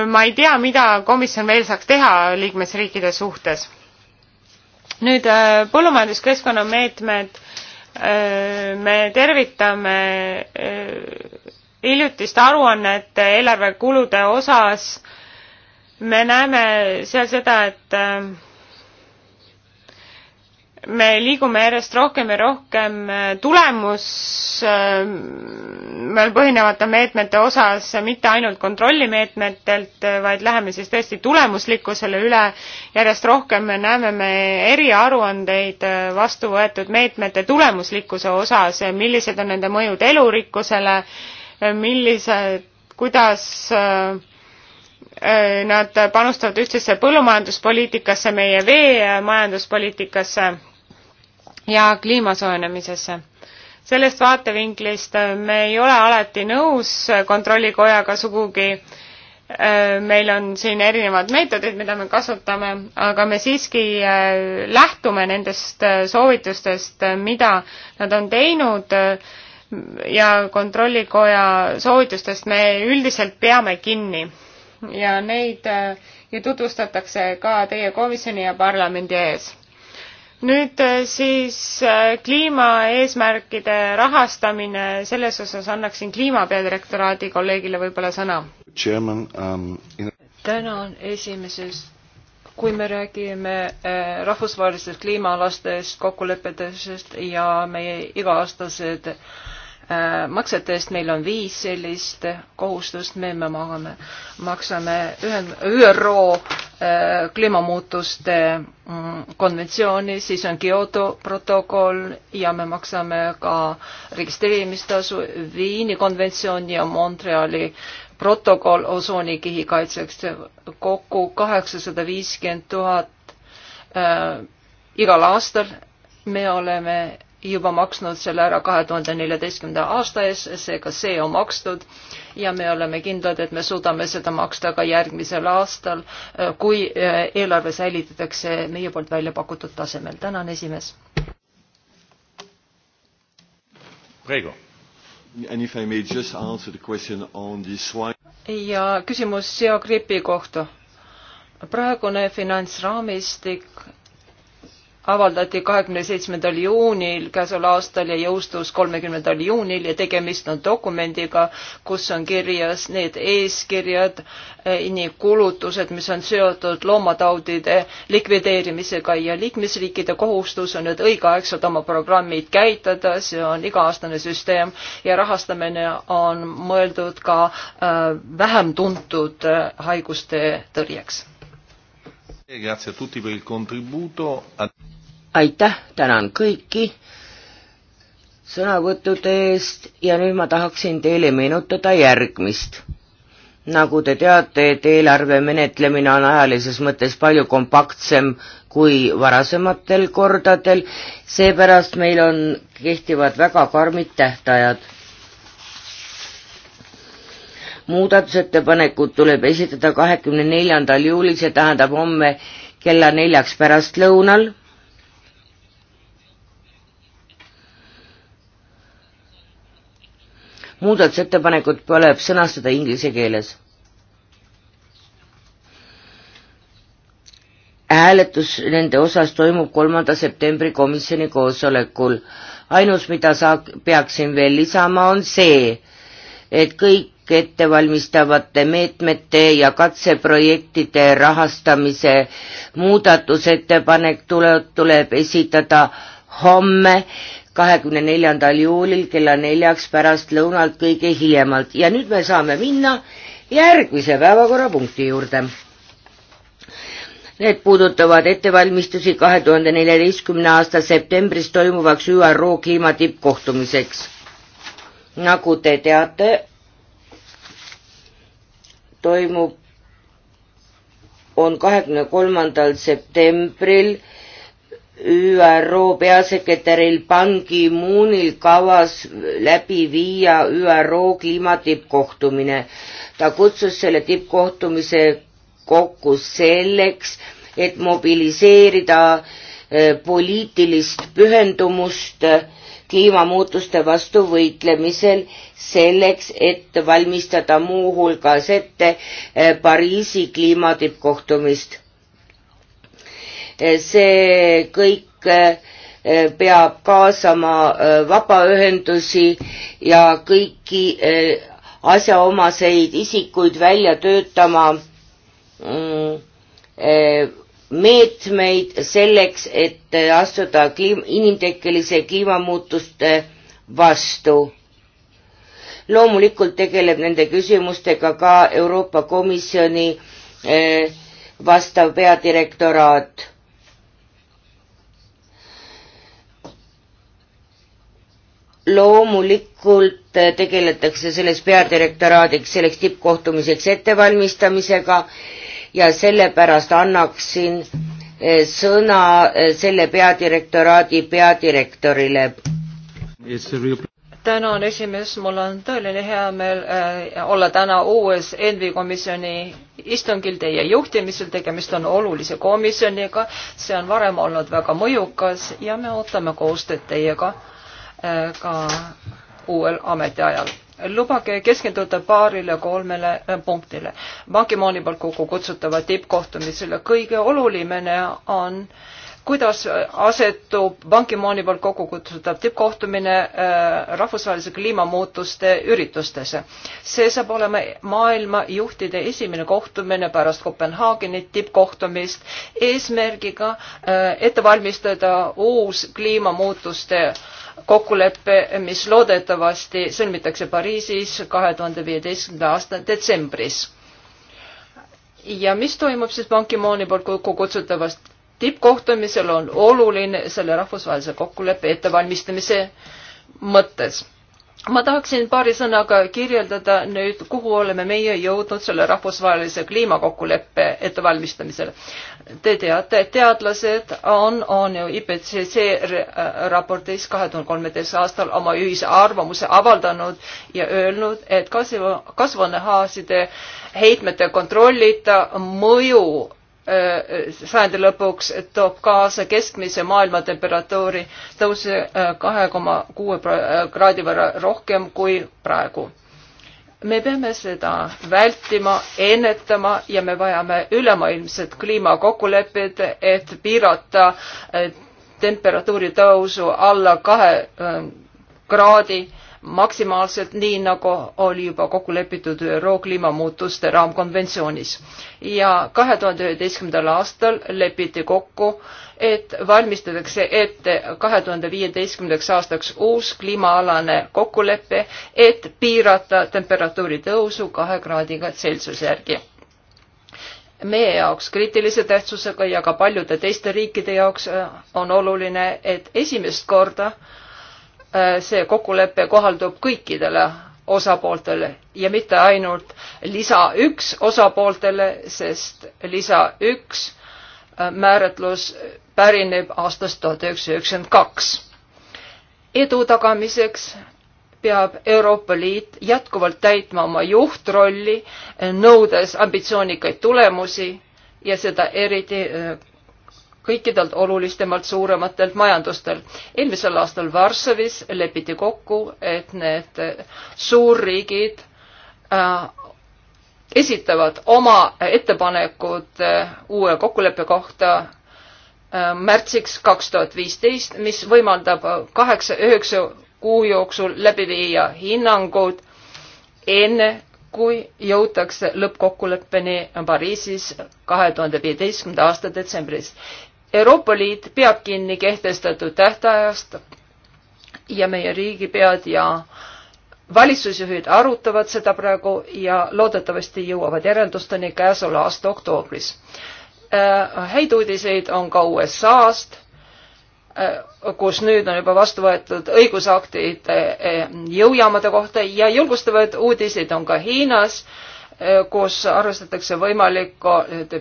ma ei tea, mida komisjon veel saaks teha liikmesriikide suhtes. nüüd äh, põllumajanduskeskkonna meetmed, äh, me tervitame äh, hiljutist aruannet eelarvekulude osas, me näeme seal seda, et me liigume järjest rohkem ja rohkem äh, tulemusel äh, põhinevate meetmete osas, mitte ainult kontrollimeetmetelt, äh, vaid läheme siis tõesti tulemuslikkusele üle. järjest rohkem me näeme me eriaruandeid vastu võetud meetmete tulemuslikkuse osas, millised on nende mõjud elurikkusele, millised, kuidas nad panustavad ühtsesse põllumajanduspoliitikasse, meie veemajanduspoliitikasse ja kliima soojenemisesse. sellest vaatevinklist äh, me ei ole alati nõus äh, Kontrollikojaga sugugi, äh, meil on siin erinevad meetodid, mida me kasutame, aga me siiski lähtume nendest soovitustest, mida nad on teinud ja Kontrollikoja soovitustest me üldiselt peame kinni ja neid ju tutvustatakse ka teie komisjoni ja parlamendi ees nüüd äh, siis äh, kliimaeesmärkide rahastamine, selles osas annaksin kliima peadirektoraadi kolleegile võib-olla sõna. Um, in... tänan esimeses, kui me räägime äh, rahvusvahelistest kliimaalastest kokkulepetest ja meie iga-aastased äh, Äh, maksete eest, meil on viis sellist kohustust, me, me magame, maksame ÜRO äh, kliimamuutuste mm, konventsiooni, siis on Kyoto protokoll ja me maksame ka registreerimistasu, Viini konventsioon ja Montreali protokoll osoonikihi kaitseks, kokku kaheksasada viiskümmend tuhat äh, igal aastal me oleme juba maksnud selle ära kahe tuhande neljateistkümnenda aasta ees, seega see on makstud ja me oleme kindlad, et me suudame seda maksta ka järgmisel aastal, kui eh, eelarve säilitatakse meie poolt välja pakutud tasemel. tänan, esimees. Reigo. ja küsimus seagripi kohta. praegune finantsraamistik avaldati kahekümne seitsmendal juunil käesoleval aastal ja jõustus kolmekümnendal juunil ja tegemist on dokumendiga, kus on kirjas need eeskirjad, eh, nii kulutused, mis on seotud loomataudide likvideerimisega ja liikmesriikide kohustus on nüüd õigeaegselt oma programmid käitada, see on iga-aastane süsteem ja rahastamine on mõeldud ka eh, vähem tuntud eh, haiguste tõrjeks E aitäh, tänan kõiki sõnavõttude eest ja nüüd ma tahaksin teile meenutada järgmist. nagu te teate, et eelarve menetlemine on ajalises mõttes palju kompaktsem kui varasematel kordadel, seepärast meil on, kehtivad väga karmid tähtajad muudatusettepanekud tuleb esitada kahekümne neljandal juulil, see tähendab homme kella neljaks pärastlõunal. muudatusettepanekud tuleb sõnastada inglise keeles. hääletus nende osas toimub kolmanda septembri komisjoni koosolekul. ainus, mida saab, peaksin veel lisama, on see, et kõik ettevalmistavate meetmete ja katseprojektide rahastamise muudatusettepanek tuleb, tuleb esitada homme, kahekümne neljandal juulil kella neljaks pärastlõunalt kõige hiljemalt ja nüüd me saame minna järgmise päevakorrapunkti juurde. Need puudutavad ettevalmistusi kahe tuhande neljateistkümne aasta septembris toimuvaks ÜRO kliimatippkohtumiseks. nagu te teate, toimub, on kahekümne kolmandal septembril ÜRO peasekretäril Ban Ki-moonil kavas läbi viia ÜRO kliimatippkohtumine. ta kutsus selle tippkohtumise kokku selleks, et mobiliseerida eh, poliitilist pühendumust äh, kliimamuutuste vastu võitlemisel selleks, et valmistada muuhulgas ette eh, Pariisi kliimatippkohtumist. Eh, see kõik eh, peab kaasama vabaühendusi ja kõiki asjaomaseid isikuid välja töötama mm, meetmeid selleks, et astuda kliim-, inimtekkelise kliimamuutuste vastu. loomulikult tegeleb nende küsimustega ka Euroopa Komisjoni eh, vastav peadirektoraat. loomulikult eh, tegeletakse selles peadirektoraadiks selleks tippkohtumiseks ettevalmistamisega ja sellepärast annaksin eh, sõna eh, selle peadirektoraadi peadirektorile. tänan, esimees, mul on tõeline hea meel äh, olla täna uues ENVI komisjoni istungil teie juhtimisel, tegemist on olulise komisjoniga, see on varem olnud väga mõjukas ja me ootame koostööd teiega äh, ka uuel ametiajal lubage keskenduda paarile-kolmele äh, punktile. Bankimooni poolt kokku kutsutava tippkohtumisele kõige olulimene on kuidas asetub Bankimooni poolt kokku kutsutav tippkohtumine äh, rahvusvahelise kliimamuutuste üritustesse. see saab olema maailma juhtide esimene kohtumine pärast Kopenhaagenit tippkohtumist eesmärgiga äh, ette valmistada uus kliimamuutuste kokkulepe, mis loodetavasti sõlmitakse Pariisis kahe tuhande viieteistkümnenda aasta detsembris. ja mis toimub siis Ban Ki-mooni poolt kokku kutsutavast tippkohtumisel on oluline selle rahvusvahelise kokkuleppe ettevalmistamise mõttes ma tahaksin paari sõnaga kirjeldada nüüd, kuhu oleme meie jõudnud selle rahvusvahelise kliimakokkuleppe ettevalmistamisel. Te teate, et teadlased on, on ju IPCC raportis kahe tuhande kolmeteist aastal oma ühise arvamuse avaldanud ja öelnud, et kasv, kasvuhoonegaaside heitmete kontrollita mõju Äh, sajandi lõpuks toob kaasa keskmise maailma temperatuuri tõuse äh, kahe koma kuue äh, kraadi võrra rohkem kui praegu. me peame seda vältima, ennetama ja me vajame ülemaailmset kliimakokkulepet, et piirata temperatuuri tõusu alla kahe kraadi äh, maksimaalselt nii, nagu oli juba kokku lepitud ÜRO kliimamuutuste raamkonventsioonis. ja kahe tuhande üheteistkümnendal aastal lepiti kokku, et valmistatakse ette kahe tuhande viieteistkümnendaks aastaks uus kliimaalane kokkulepe, et piirata temperatuuri tõusu kahe kraadiga Celsiuse järgi meie jaoks kriitilise tähtsusega ja ka paljude teiste riikide jaoks äh, on oluline, et esimest korda äh, Äh, see kokkulepe kohaldub kõikidele osapooltele ja mitte ainult lisa üks osapooltele, sest lisa üks äh, määratlus pärineb aastast tuhat üheksasada üheksakümmend kaks. edu tagamiseks peab Euroopa Liit jätkuvalt täitma oma juhtrolli, nõudes ambitsioonikaid tulemusi ja seda eriti äh, kõikidelt olulisemalt suurematelt majandustelt. eelmisel aastal Varssavis lepiti kokku, et need suurriigid äh, esitavad oma ettepanekud äh, uue kokkuleppe kohta äh, märtsiks kaks tuhat viisteist, mis võimaldab kaheksa-üheksa kuu jooksul läbi viia hinnangud enne, kui jõutakse lõppkokkuleppeni Pariisis kahe tuhande viieteistkümnenda aasta detsembris. Euroopa Liit peab kinni kehtestatud tähtajast ja meie riigipead ja valitsusjuhid arutavad seda praegu ja loodetavasti jõuavad järeldusteni käesoleva aasta oktoobris. Äh, häid uudiseid on ka USA-st, äh, kus nüüd on juba vastu võetud õigusaktid äh, jõujaamade kohta ja julgustavaid uudiseid on ka Hiinas Eh, kus arvestatakse võimaliku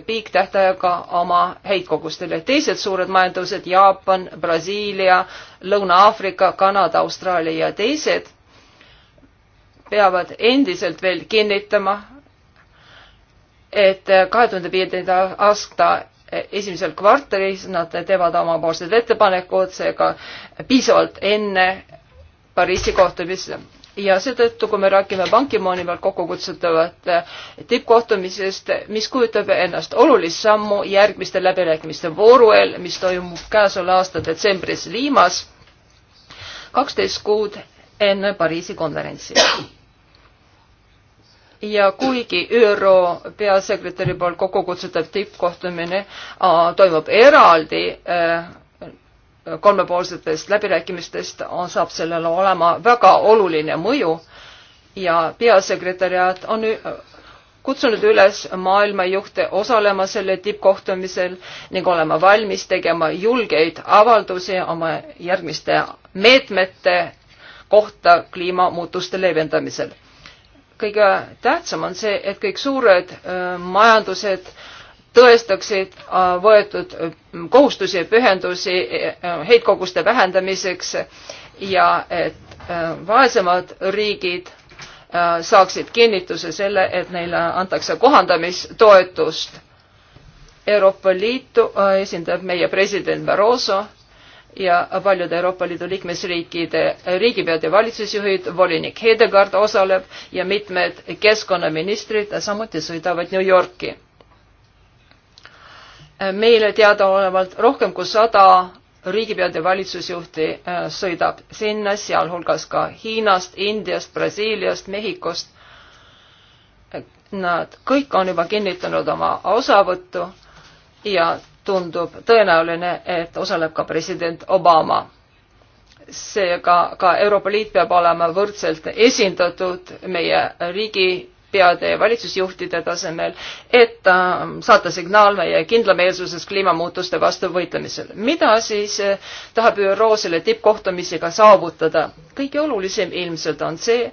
piiktähtajaga oma heitkogustele. teised suured majandused, Jaapan, Brasiilia, Lõuna-Aafrika, Kanada, Austraalia ja teised, peavad endiselt veel kinnitama, et kahe tuhande viienda aasta esimesel kvartalis nad teevad omapoolsed ettepanekud, seega piisavalt enne Pariisi kohtumist ja seetõttu, kui me räägime Bankimooni peal kokku kutsutavat eh, tippkohtumisest, mis kujutab ennast olulist sammu järgmiste läbirääkimiste vooruel, mis toimub käesoleva aasta detsembris Liimas, kaksteist kuud enne Pariisi konverentsi. ja kuigi ÜRO peasekretäri poolt kokku kutsutav tippkohtumine ah, toimub eraldi äh, kolmepoolsetest läbirääkimistest on, saab sellel olema väga oluline mõju ja peasekretäriaat on kutsunud üles maailmajuhte osalema selle tippkohtumisel ning olema valmis tegema julgeid avaldusi oma järgmiste meetmete kohta kliimamuutuste leevendamisel. kõige tähtsam on see, et kõik suured äh, majandused tõestaksid äh, võetud äh, kohustusi ja pühendusi äh, heitkoguste vähendamiseks ja et vaesemad riigid saaksid kinnituse selle, et neile antakse kohandamistoetust. Euroopa Liitu esindab meie president Barroso ja paljude Euroopa Liidu liikmesriikide riigipead ja valitsusjuhid, volinik Hedegaard osaleb ja mitmed keskkonnaministrid samuti sõidavad New Yorki meile teadaolevalt rohkem kui sada riigipead ja valitsusjuhti äh, sõidab sinna, sealhulgas ka Hiinast, Indiast, Brasiiliast, Mehhikost. Nad kõik on juba kinnitanud oma osavõttu ja tundub tõenäoline, et osaleb ka president Obama. seega ka Euroopa Liit peab olema võrdselt esindatud, meie riigi peade ja valitsusjuhtide tasemel, et ähm, saata signaal meie kindlameelsuses kliimamuutuste vastu võitlemisel. mida siis äh, tahab ÜRO selle tippkohtumisega saavutada? kõige olulisem ilmselt on see,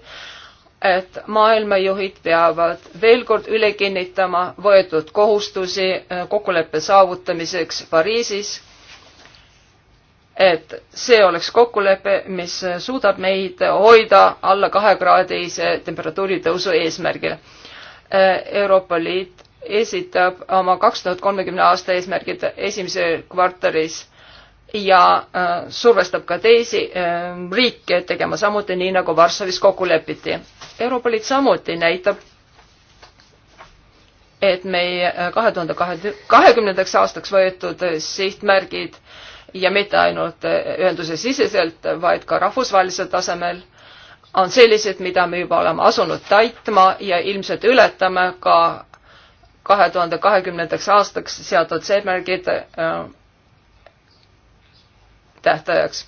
et maailmajuhid peavad veel kord üle kinnitama võetud kohustusi äh, kokkuleppe saavutamiseks Pariisis et see oleks kokkulepe, mis suudab meid hoida alla kahekraadise temperatuuri tõusu eesmärgil. Euroopa Liit esitab oma kaks tuhat kolmekümne aasta eesmärgid esimeses kvartalis ja äh, survestab ka teisi äh, riike tegema samuti nii, nagu Varssavis kokku lepiti. Euroopa Liit samuti näitab, et meie äh, kahe tuhande kahekümnendaks aastaks võetud sihtmärgid ja mitte ainult ühenduse siseselt, vaid ka rahvusvahelisel tasemel, on sellised, mida me juba oleme asunud täitma ja ilmselt ületame ka kahe tuhande kahekümnendaks aastaks seatud seemärgid äh, tähtajaks.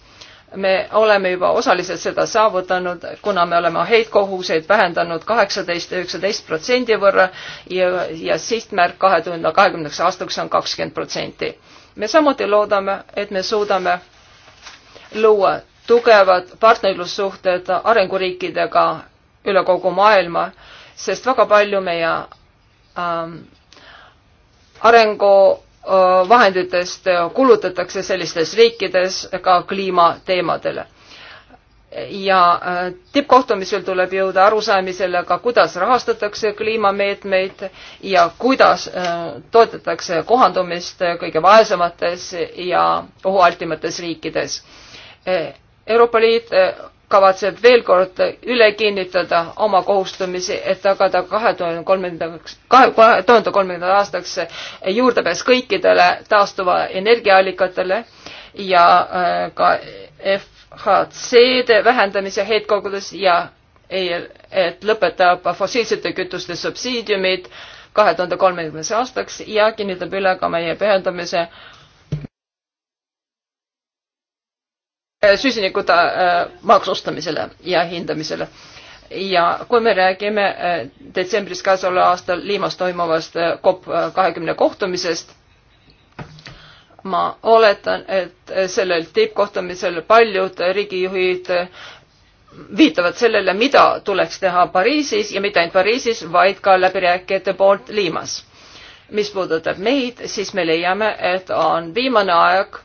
me oleme juba osaliselt seda saavutanud, kuna me oleme heitkohuseid vähendanud kaheksateist ja üheksateist protsendi võrra ja, ja sihtmärk kahe tuhande kahekümnendaks aastaks on kakskümmend protsenti me samuti loodame, et me suudame luua tugevad partnerlussuhted arenguriikidega üle kogu maailma, sest väga palju meie ähm, arenguvahenditest äh, kulutatakse sellistes riikides ka kliimateemadele ja äh, tippkohtumisel tuleb jõuda arusaamisele ka, kuidas rahastatakse kliimameetmeid ja kuidas äh, toetatakse kohandumist kõige vaesemates ja ohualtimates riikides. Äh, Euroopa Liit kavatseb veel kord üle kinnitada oma kohustumisi, et tagada kahe tuhande kolmandaks, kahe tuhande kolmandaks aastaks juurdepääs kõikidele taastuva energiaallikatele ja ka F HC-de vähendamise heitkogudes ja ei, et lõpetab fossiilsete kütuste subsiidiumid kahe tuhande kolmekümnes aastaks ja kinnitab üle ka meie pühendamise süsinikute äh, maksustamisele ja hindamisele. ja kui me räägime äh, detsembris käesoleval aastal Liimas toimuvast äh, COP kahekümne kohtumisest ma oletan, et sellel tippkohtumisel paljud riigijuhid viitavad sellele, mida tuleks teha Pariisis ja mitte ainult Pariisis, vaid ka läbirääkijate poolt Liimas. mis puudutab meid, siis me leiame, et on viimane aeg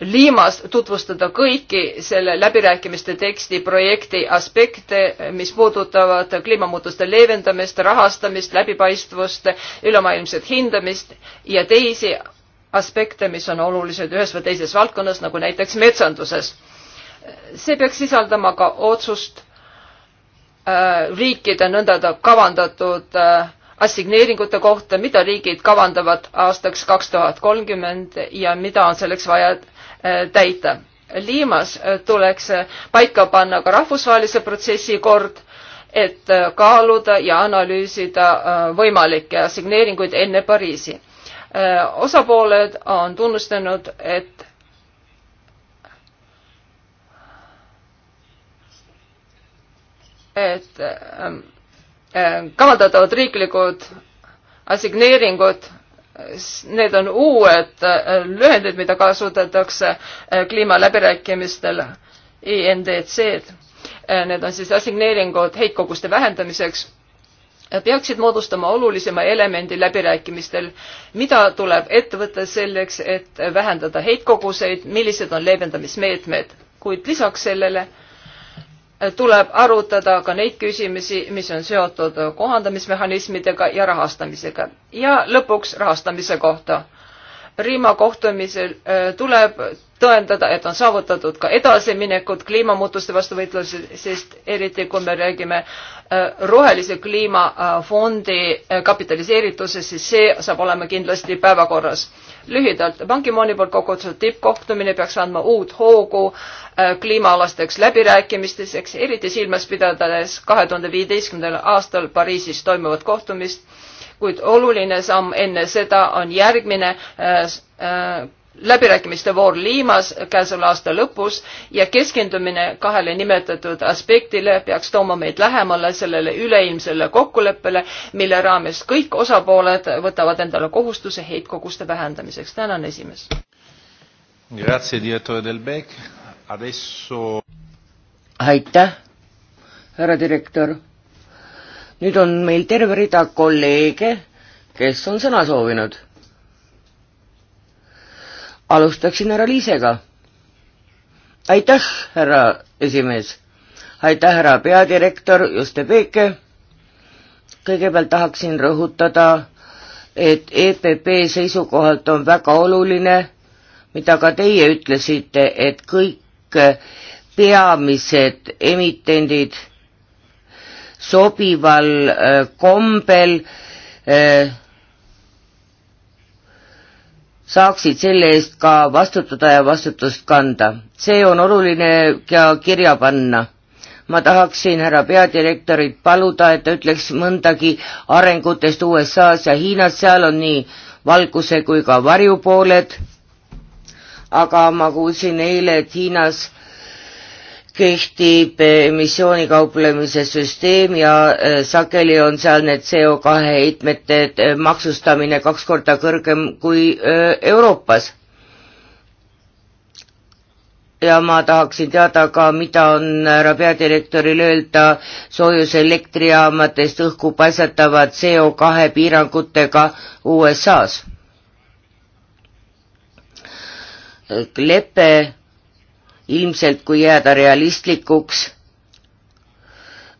Liimas tutvustada kõiki selle läbirääkimiste teksti projekti aspekte, mis puudutavad kliimamuutuste leevendamist, rahastamist, läbipaistvust, ülemaailmset hindamist ja teisi aspekte, mis on olulised ühes või teises valdkonnas, nagu näiteks metsanduses. see peaks sisaldama ka otsust äh, riikide nõnda kavandatud äh, assigneeringute kohta, mida riigid kavandavad aastaks kaks tuhat kolmkümmend ja mida on selleks vaja äh, täita. Liimas äh, tuleks äh, paika panna ka rahvusvahelise protsessi kord, et kaaluda ja analüüsida võimalikke assigneeringuid enne Pariisi Äh, osapooled on tunnustanud, et et ähm, ähm, kavandatavad riiklikud assigneeringud, need on uued äh, lühendid, mida kasutatakse äh, kliimaläbirääkimistel, INDC-d. Need on siis assigneeringud heitkoguste vähendamiseks peaksid moodustama olulisema elemendi läbirääkimistel, mida tuleb ette võtta selleks, et vähendada heitkoguseid, millised on leevendamismeetmed, kuid lisaks sellele tuleb arutada ka neid küsimusi, mis on seotud kohandamismehhanismidega ja rahastamisega. ja lõpuks rahastamise kohta. Riima kohtumisel äh, tuleb tõendada, et on saavutatud ka edasiminekut kliimamuutuste vastu võitlusel, sest eriti kui me räägime äh, rohelise kliimafondi äh, kapitaliseeritusest, siis see saab olema kindlasti päevakorras. lühidalt, Ban Ki-mooni poolt kokkukutsutud tippkohtumine peaks andma uut hoogu kliimaalasteks läbirääkimisteks, eriti silmas pidades kahe tuhande viieteistkümnendal aastal Pariisis toimuvat kohtumist kuid oluline samm enne seda on järgmine äh, äh, läbirääkimiste voor Liimas käesoleva aasta lõpus ja keskendumine kahele nimetatud aspektile peaks tooma meid lähemale sellele üleilmsele kokkuleppele, mille raames kõik osapooled võtavad endale kohustuse heitkoguste vähendamiseks. tänan, esimees. Adesso... aitäh, härra direktor nüüd on meil terve rida kolleege, kes on sõna soovinud. alustaksin härra Liisega. aitäh, härra esimees. aitäh, härra peadirektor Juste Peeke. kõigepealt tahaksin rõhutada, et EPP seisukohalt on väga oluline, mida ka teie ütlesite, et kõik peamised emitendid sobival äh, kombel äh, saaksid selle eest ka vastutada ja vastutust kanda. see on oluline ka kirja panna. ma tahaksin härra peadirektorit paluda, et ta ütleks mõndagi arengutest USA-s ja Hiinas, seal on nii valguse kui ka varjupooled, aga ma kuulsin eile, et Hiinas äh, kehtib emissioonikauplemise süsteem ja äh, sageli on seal need CO2 heitmete äh, maksustamine kaks korda kõrgem kui äh, Euroopas. ja ma tahaksin teada ka, mida on härra peadirektoril öelda soojuselektrijaamadest õhku paisatava CO2 piirangutega USA-s. lepe ilmselt kui jääda realistlikuks,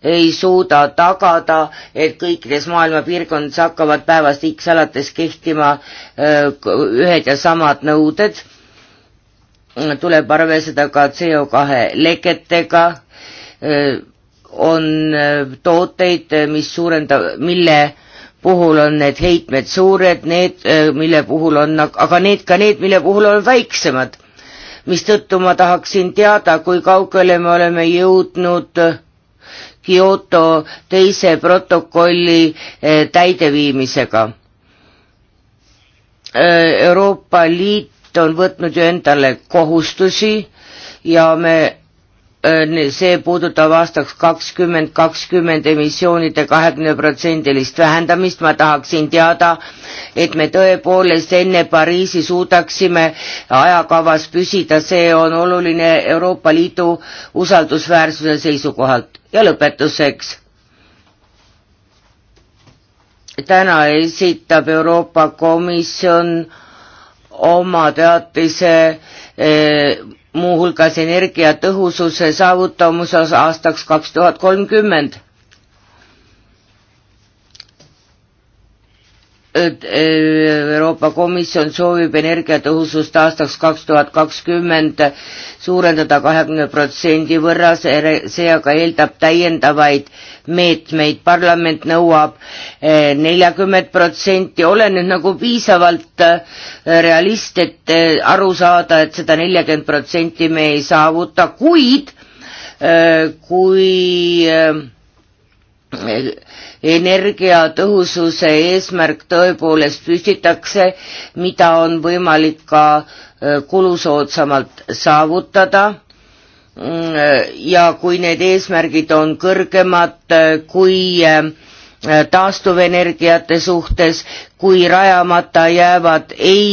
ei suuda tagada, et kõikides maailma piirkondades hakkavad päevast X alates kehtima ühed ja samad nõuded. tuleb arvestada ka CO2 leketega, on tooteid, mis suurendab, mille puhul on need heitmed suured, need, mille puhul on, aga need ka need, mille puhul on väiksemad mistõttu ma tahaksin teada, kui kaugele me oleme jõudnud Kyoto teise protokolli eh, täideviimisega. Eh, Euroopa Liit on võtnud ju endale kohustusi ja me Äh, see puudutab aastaks kakskümmend kakskümmend emissioonide kahekümne protsendilist vähendamist, ma tahaksin teada, et me tõepoolest enne Pariisi suudaksime ajakavas püsida, see on oluline Euroopa Liidu usaldusväärsuse seisukohalt. ja lõpetuseks. täna esitab Euroopa Komisjon oma teatise eh, muuhulgas energiatõhususe saavutamuses aastaks kaks tuhat kolmkümmend Eh, Euroopa Komisjon soovib energiatõhusust aastaks 2020 suurendada 20% võrra, see aga eeldab täiendavaid meetmeid. Parlament nõuab 40%. Eh, Olen nüüd nagu piisavalt eh, realist, et aru saada, et seda 40% me ei saavuta, kuid kui energiatõhususe eesmärk tõepoolest püstitakse, mida on võimalik ka äh, kulusoodsamalt saavutada mm, äh, ja kui need eesmärgid on kõrgemad äh, kui taastuvenergiate suhtes, kui rajamata jäävad, ei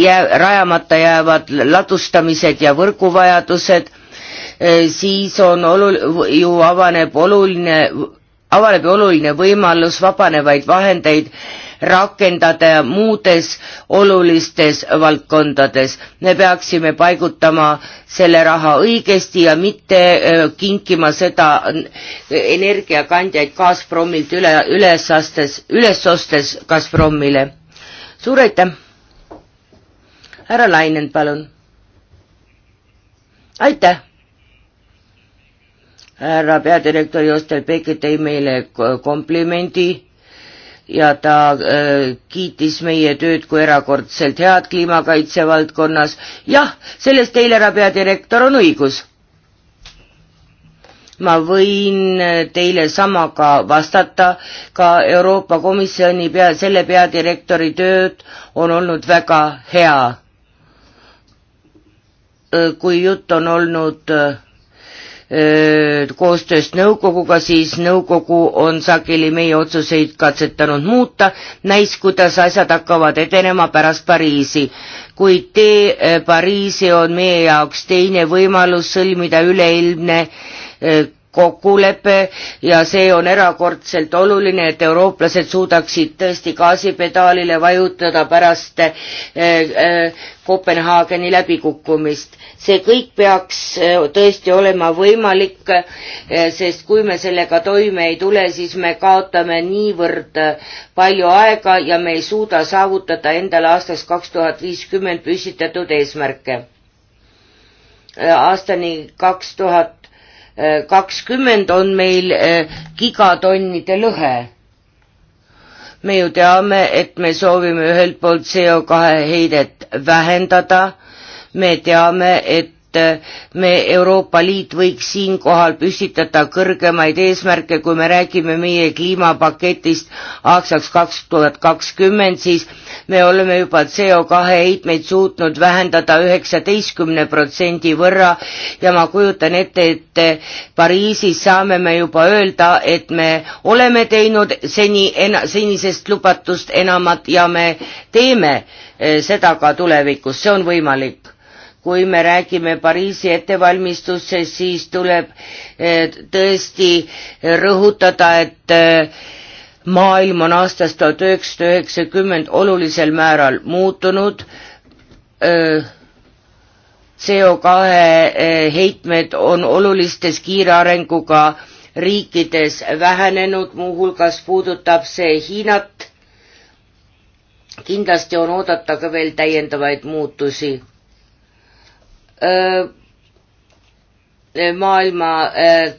jää, rajamata jäävad ladustamised ja võrguvajadused, siis on olul-, ju avaneb oluline avaneb oluline võimalus vabanevaid vahendeid rakendada muudes olulistes valdkondades. me peaksime paigutama selle raha õigesti ja mitte kinkima seda energiakandjaid Gazpromilt üle, üles astes, üles ostes Gazpromile. suur aitäh! härra Lainen, palun! aitäh! härra peadirektor Jostel Peke tõi meile komplimendi ja ta äh, kiitis meie tööd kui erakordselt head kliimakaitse valdkonnas. jah, selles teil, härra peadirektor, on õigus. ma võin äh, teile samaga vastata, ka Euroopa Komisjoni pea, selle peadirektori tööd on olnud väga hea. Äh, kui jutt on olnud äh, koostööst nõukoguga, siis nõukogu on sageli meie otsuseid katsetanud muuta, näis, kuidas asjad hakkavad edenema pärast Pariisi. kuid tee Pariisi on meie jaoks teine võimalus sõlmida üleilmne kokkulepe ja see on erakordselt oluline, et eurooplased suudaksid tõesti gaasipedaalile vajutada pärast eh, eh, Kopenhaageni läbikukkumist. see kõik peaks eh, tõesti olema võimalik, sest kui me sellega toime ei tule, siis me kaotame niivõrd palju aega ja me ei suuda saavutada endale aastaks kaks tuhat viiskümmend püstitatud eesmärke aastani kaks tuhat kakskümmend on meil eh, gigatonnide lõhe. me ju teame, et me soovime ühelt poolt CO2 heidet vähendada, me teame, et Äh, me Euroopa Liit võiks siinkohal püstitada kõrgemaid eesmärke, kui me räägime meie kliimapaketist aastaks kaks tuhat kakskümmend, siis me oleme juba CO2 heitmeid suutnud vähendada üheksateistkümne protsendi võrra ja ma kujutan ette, et äh, Pariisis saame me juba öelda, et me oleme teinud seni ena,, senisest lubatust enamat ja me teeme äh, seda ka tulevikus, see on võimalik kui me räägime Pariisi ettevalmistusest, siis tuleb eh, tõesti rõhutada, et eh, maailm on aastast tuhat üheksasada üheksakümmend olulisel määral muutunud, eh, CO2 heitmed on olulistes kiire arenguga riikides vähenenud, muuhulgas puudutab see Hiinat, kindlasti on oodata ka veel täiendavaid muutusi maailma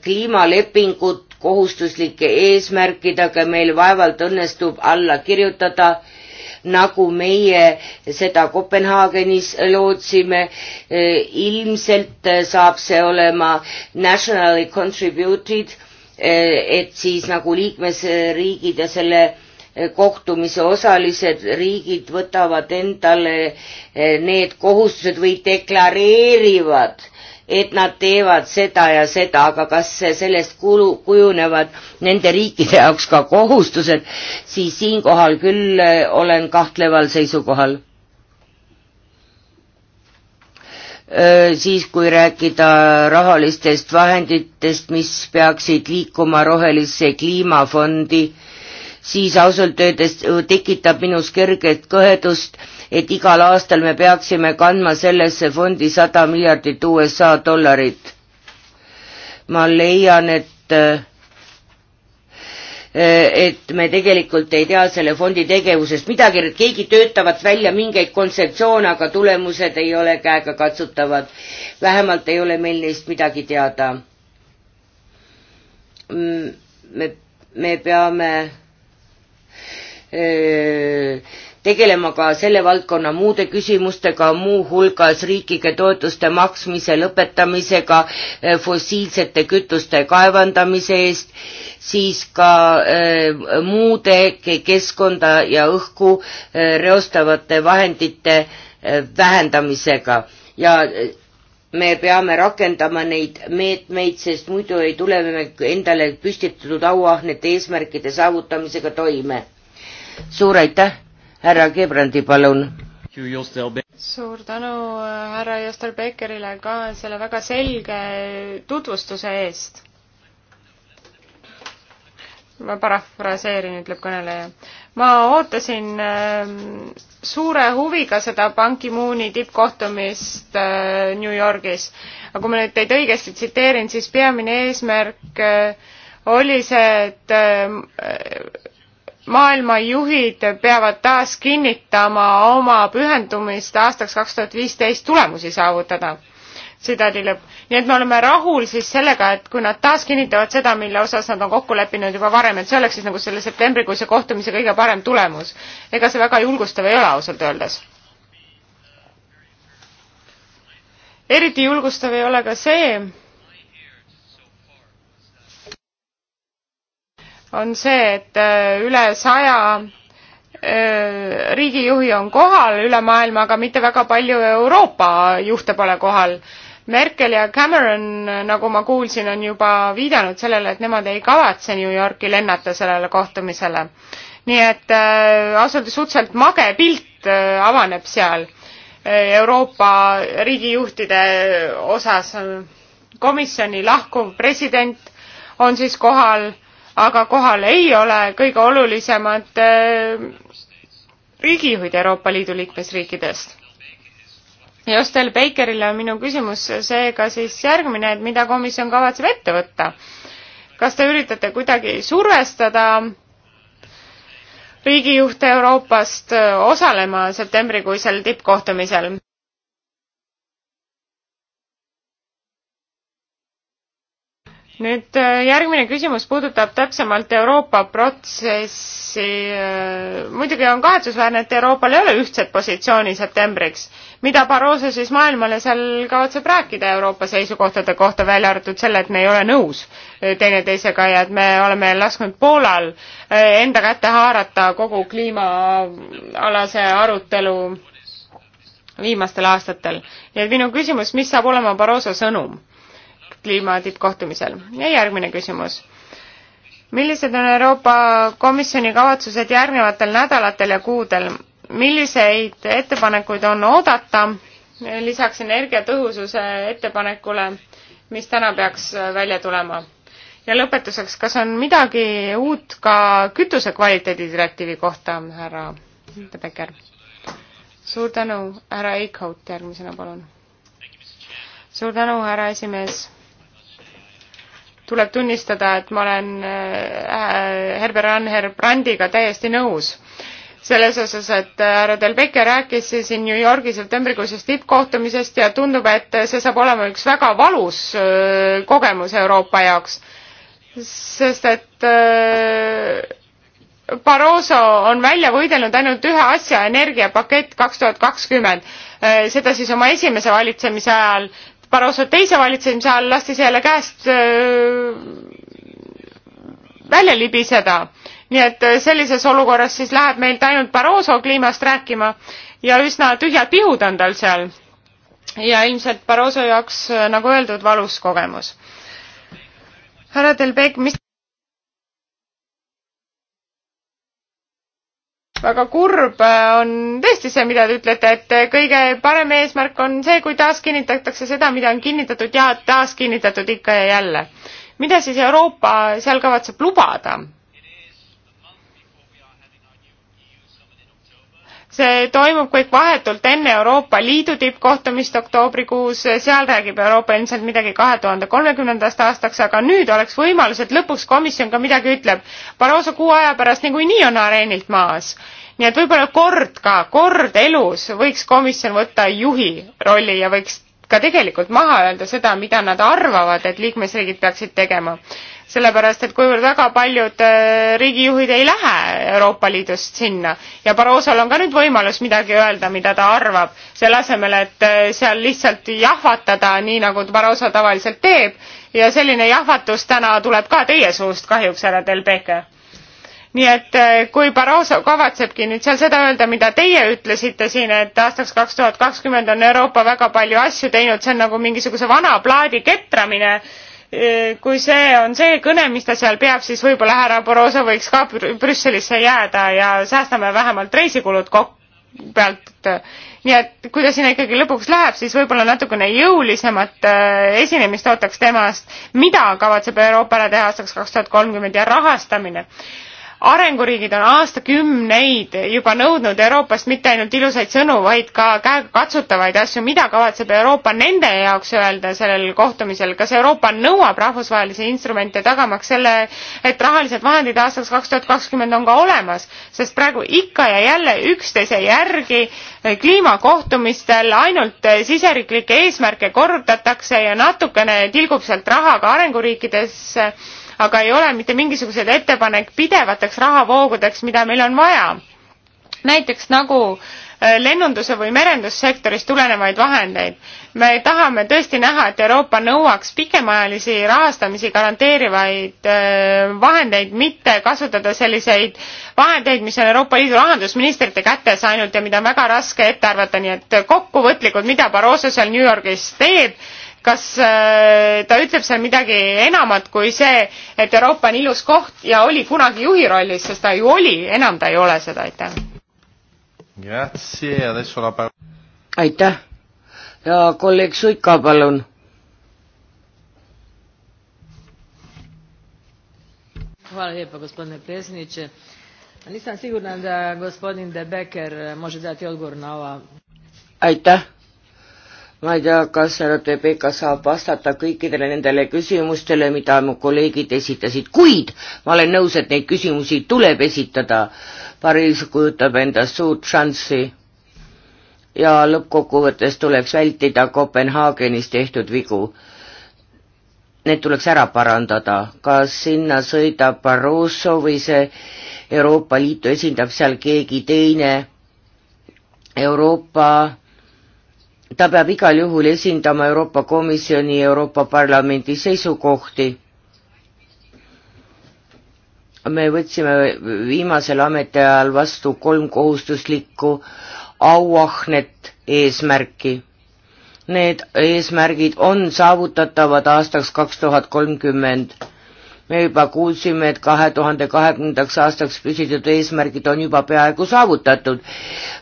kliimalepingut kohustuslike eesmärkidega meil vaevalt õnnestub alla kirjutada, nagu meie seda Kopenhaagenis lootsime. ilmselt saab see olema nationally contributed, et siis nagu liikmesriigid ja selle kohtumise osalised riigid võtavad endale eh, need kohustused või deklareerivad, et nad teevad seda ja seda, aga kas sellest kulu, kujunevad nende riikide jaoks ka kohustused, siis siinkohal küll eh, olen kahtleval seisukohal. siis, kui rääkida rahalistest vahenditest, mis peaksid liikuma rohelisse kliimafondi, siis ausalt öeldes äh, tekitab minus kerget kõhedust, et igal aastal me peaksime kandma sellesse fondi sada miljardit USA dollarit. ma leian, et äh, äh, et me tegelikult ei tea selle fondi tegevusest midagi, keegi töötavad välja mingeid kontseptsioone, aga tulemused ei ole käegakatsutavad. vähemalt ei ole meil neist midagi teada. Mm, me, me peame Äh, tegelema ka selle valdkonna muude küsimustega, muuhulgas riiklike toetuste maksmise lõpetamisega, äh, fossiilsete kütuste kaevandamise eest, siis ka äh, muude keskkonda ja õhku reostavate vahendite vähendamisega ja me peame rakendama neid meetmeid, sest muidu ei tule me endale püstitatud auahnete eesmärkide saavutamisega toime suur aitäh, härra Gebrandi, palun. suur tänu äh, härra Jostel Beckerile ka selle väga selge tutvustuse eest. ma parafraseerin, ütleb kõneleja. ma ootasin ähm, suure huviga seda Ban Ki-mooni tippkohtumist äh, New Yorgis. aga kui ma nüüd teid õigesti tsiteerin, siis peamine eesmärk äh, oli see, et ähm, maailma juhid peavad taas kinnitama oma pühendumist aastaks kaks tuhat viisteist tulemusi saavutada. tsitaadi lõpp. nii et me oleme rahul siis sellega, et kui nad taas kinnitavad seda, mille osas nad on kokku leppinud juba varem, et see oleks siis nagu selle septembrikuise kohtumise kõige parem tulemus. ega see väga julgustav ei ole ausalt öeldes. eriti julgustav ei ole ka see, on see, et äh, üle saja äh, riigijuhi on kohal üle maailma, aga mitte väga palju Euroopa juhte pole kohal. Merkel ja Cameron, nagu ma kuulsin, on juba viidanud sellele, et nemad ei kavatse New Yorki lennata sellele kohtumisele. nii et äh, ausalt öeldes suhteliselt mage pilt avaneb seal Euroopa riigijuhtide osas. komisjoni lahkuv president on siis kohal aga kohal ei ole kõige olulisemad äh, riigijuhid Euroopa Liidu liikmesriikidest. Jostel Bakerile on minu küsimus seega siis järgmine, et mida komisjon kavatseb ette võtta? kas te üritate kuidagi survestada riigijuhte Euroopast äh, osalema septembrikuisel tippkohtumisel? nüüd äh, järgmine küsimus puudutab täpsemalt Euroopa protsessi. Äh, muidugi on kahetsusväärne, et Euroopal ei ole ühtset positsiooni septembriks. mida Barroso siis maailmale seal kavatseb rääkida Euroopa seisukohtade kohta, välja arvatud selle, et me ei ole nõus äh, teineteisega ja et me oleme lasknud Poolal enda kätte haarata kogu kliimaalase arutelu viimastel aastatel. nii et minu küsimus, mis saab olema Barroso sõnum? kliima tippkohtumisel. ja järgmine küsimus. millised on Euroopa Komisjoni kavatsused järgnevatel nädalatel ja kuudel? milliseid ettepanekuid on oodata lisaks energiatõhususe ettepanekule, mis täna peaks välja tulema? ja lõpetuseks, kas on midagi uut ka kütuse kvaliteedi direktiivi kohta, härra Tebeker? suur tänu, härra Eichhout järgmisena, palun. suur tänu, härra esimees tuleb tunnistada, et ma olen äh, Herbert Anher Brandiga täiesti nõus selles osas, et äh, härra Del Becque rääkis siin New Yorgis septembrikuisest tippkohtumisest ja tundub, et see saab olema üks väga valus äh, kogemus Euroopa jaoks. sest et Barroso on välja võidelnud ainult ühe asja, energiapakett kaks tuhat kakskümmend. seda siis oma esimese valitsemise ajal, Barroso teise valitsemise all lasti see jälle käest äh, välja libiseda. nii et äh, sellises olukorras siis läheb meilt ainult Barroso kliimast rääkima ja üsna tühjad pihud on tal seal. ja ilmselt Barroso jaoks, äh, nagu öeldud, valus kogemus. härra Delbecq, mis väga kurb äh, on tõesti see, mida te ütlete, et äh, kõige parem eesmärk on see, kui taaskinnitatakse seda, mida on kinnitatud ja taaskinnitatud ikka ja jälle. mida siis Euroopa seal kavatseb lubada? see toimub kõik vahetult enne Euroopa Liidu tippkohtumist oktoobrikuus, seal räägib Euroopa ilmselt midagi kahe tuhande kolmekümnendast aastaks, aga nüüd oleks võimalus, et lõpuks komisjon ka midagi ütleb. Barroso kuu aja pärast niikuinii on areenilt maas. nii et võib-olla kord ka, kord elus võiks komisjon võtta juhi rolli ja võiks ka tegelikult maha öelda seda, mida nad arvavad, et liikmesriigid peaksid tegema sellepärast et kuivõrd väga paljud äh, riigijuhid ei lähe Euroopa Liidust sinna ja Barrosol on ka nüüd võimalus midagi öelda, mida ta arvab, selle asemel, et äh, seal lihtsalt jahvatada, nii nagu Barroso tavaliselt teeb ja selline jahvatus täna tuleb ka teie suust kahjuks, härra Del Becque nii et äh, kui Barroso kavatsebki nüüd seal seda öelda, mida teie ütlesite siin, et aastaks kaks tuhat kakskümmend on Euroopa väga palju asju teinud, see on nagu mingisuguse vana plaadi ketramine äh, Äh, kui see on see kõne, mis ta seal peab, siis võib-olla härra Borosa võiks ka Brüsselisse jääda ja säästame vähemalt reisikulud kok-, pealt. Äh, nii et kui ta sinna ikkagi lõpuks läheb, siis võib-olla natukene jõulisemat äh, esinemist ootaks temast, mida kavatseb Euroopa ära teha aastaks kaks tuhat kolmkümmend ja rahastamine arenguriigid on aastakümneid juba nõudnud Euroopast mitte ainult ilusaid sõnu, vaid ka käegakatsutavaid asju, mida kavatseb Euroopa nende jaoks öelda sellel kohtumisel, kas Euroopa nõuab rahvusvahelisi instrumente tagamaks selle, et rahalised vahendid aastaks kaks tuhat kakskümmend on ka olemas, sest praegu ikka ja jälle üksteise järgi kliimakohtumistel ainult siseriiklikke eesmärke kordatakse ja natukene tilgub sealt raha ka arenguriikidesse aga ei ole mitte mingisuguseid ettepanek pidevateks rahavoogudeks, mida meil on vaja. näiteks nagu äh, lennunduse või merendussektorist tulenevaid vahendeid. me tahame tõesti näha, et Euroopa nõuaks pikemaajalisi rahastamisi garanteerivaid äh, vahendeid, mitte kasutada selliseid vahendeid, mis on Euroopa Liidu rahandusministrite kätes ainult ja mida on väga raske ette arvata, nii et kokkuvõtlikult, mida Barroso seal New Yorgis teeb, kas äh, ta ütleb seal midagi enamat kui see, et Euroopa on ilus koht ja oli kunagi juhi rollis, sest ta ju oli, enam ta ei ole seda, aitäh. aitäh ja kolleeg Suika, palun. Hvala lijepo gospodine predsjedniče. Nisam sigurna da gospodin De Becker može dati odgovor na ova. Aitäh ma ei tea, kas härra Tebeka saab vastata kõikidele nendele küsimustele, mida mu kolleegid esitasid, kuid ma olen nõus, et neid küsimusi tuleb esitada. Pariis kujutab endast suurt šanssi ja lõppkokkuvõttes tuleks vältida Kopenhaagenis tehtud vigu. Need tuleks ära parandada, kas sinna sõidab Barroso või see Euroopa Liitu esindab seal keegi teine Euroopa ta peab igal juhul esindama Euroopa Komisjoni ja Euroopa Parlamendi seisukohti. me võtsime viimasel ametiajal vastu kolm kohustuslikku auahnet eesmärki. Need eesmärgid on saavutatavad aastaks kaks tuhat kolmkümmend me juba kuulsime, et kahe tuhande kahekümnendaks aastaks püsitud eesmärgid on juba peaaegu saavutatud.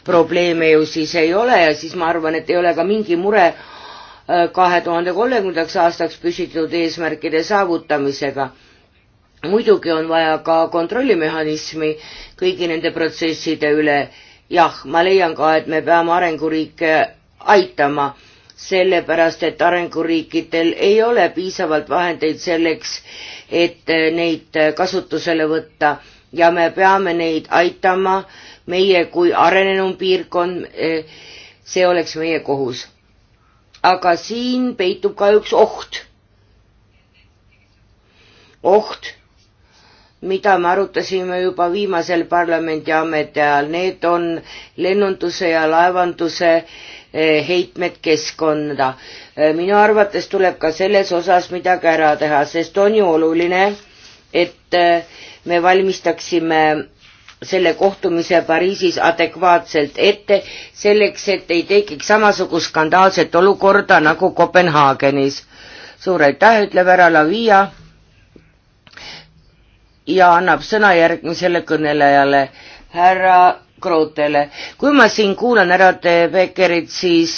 probleeme ju siis ei ole ja siis ma arvan, et ei ole ka mingi mure äh, kahe tuhande kolmekümnendaks aastaks püsitud eesmärkide saavutamisega. muidugi on vaja ka kontrollimehhanismi kõigi nende protsesside üle. jah, ma leian ka, et me peame arenguriike aitama sellepärast, et arenguriikidel ei ole piisavalt vahendeid selleks, et äh, neid äh, kasutusele võtta ja me peame neid aitama, meie kui arenenum piirkond, äh, see oleks meie kohus. aga siin peitub ka üks oht. oht, mida me arutasime juba viimasel parlamendi ametiajal, need on lennunduse ja laevanduse äh, Eh, heitmed keskkonda. Eh, minu arvates tuleb ka selles osas midagi ära teha, sest on ju oluline, et eh, me valmistaksime selle kohtumise Pariisis adekvaatselt ette, selleks et ei tekiks samasugust skandaalset olukorda nagu Kopenhaagenis. suur aitäh, ütleb ära Lavia ja annab sõna järgmisele kõnelejale, härra Krootele. kui ma siin kuulan ära teie Beckerit, siis,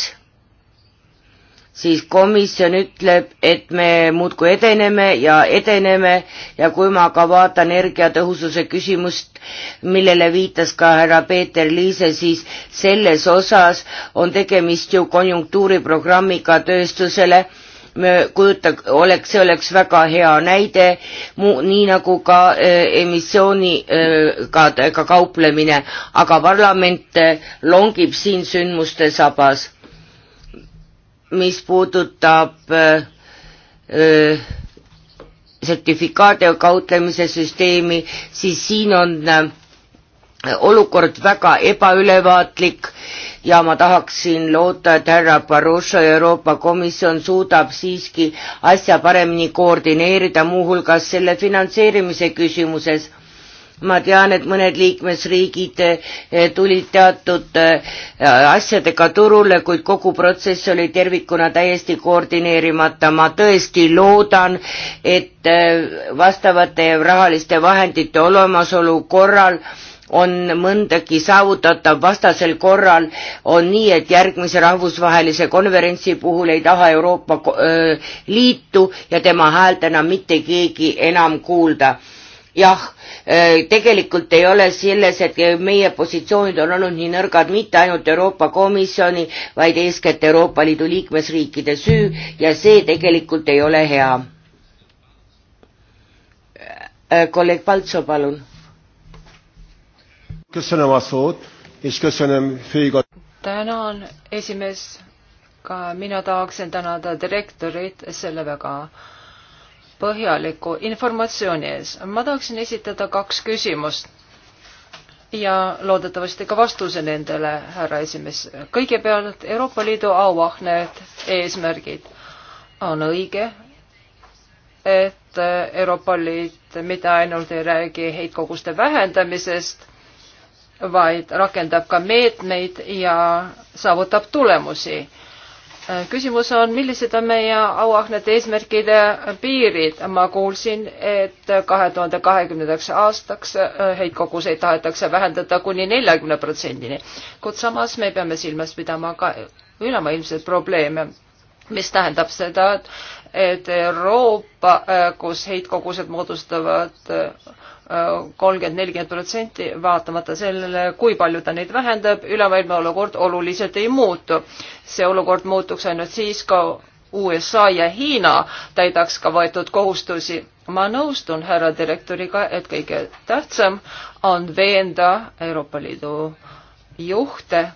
siis komisjon ütleb, et me muudkui edeneme ja edeneme ja kui ma aga vaatan energiatõhususe küsimust, millele viitas ka härra Peeter Liise, siis selles osas on tegemist ju konjunktuuriprogrammiga tööstusele kujuta, oleks, see oleks väga hea näide, nii nagu ka äh, emissiooniga äh, ka, ka kauplemine, aga parlament äh, longib siin sündmuste sabas. mis puudutab sertifikaadi kauplemise süsteemi, siis siin on olukord väga ebaülevaatlik ja ma tahaksin loota, et härra Barroso ja Euroopa Komisjon suudab siiski asja paremini koordineerida, muuhulgas selle finantseerimise küsimuses ma tean, et mõned liikmesriigid eh, tulid teatud eh, asjadega turule, kuid kogu protsess oli tervikuna täiesti koordineerimata. ma tõesti loodan, et eh, vastavate rahaliste vahendite olemasolu korral äh, on mõndagi saavutatav, vastasel korral on nii, et järgmise rahvusvahelise konverentsi puhul ei taha Euroopa Liitu ja tema häält enam mitte keegi enam kuulda. jah, tegelikult ei ole selles, et meie positsioonid on olnud nii nõrgad mitte ainult Euroopa Komisjoni, vaid eeskätt Euroopa Liidu liikmesriikide süü ja see tegelikult ei ole hea. kolleeg Paltso, palun tänan, esimees. ka mina tahaksin tänada direktorit selle väga põhjaliku informatsiooni ees. ma tahaksin esitada kaks küsimust ja loodetavasti ka vastuse nendele, härra esimees. kõigepealt Euroopa Liidu auahned, eesmärgid. on õige, et Euroopa Liit mitte ainult ei räägi heitkoguste vähendamisest vaid rakendab ka meetmeid ja saavutab tulemusi. küsimus on, millised on meie auahnete eesmärkide piirid. ma kuulsin, et kahe tuhande kahekümnendaks aastaks heitkoguseid tahetakse vähendada kuni neljakümne protsendini, kuid samas me peame silmas pidama ka ülemaailmseid probleeme, mis tähendab seda, et Euroopa, kus heitkogused moodustavad kolmkümmend, nelikümmend protsenti, vaatamata sellele, kui palju ta neid vähendab, ülemaailmne olukord oluliselt ei muutu. see olukord muutuks ainult siis, kui USA ja Hiina täidaks ka võetud kohustusi. ma nõustun härra direktoriga, et kõige tähtsam on veenda Euroopa Liidu juhte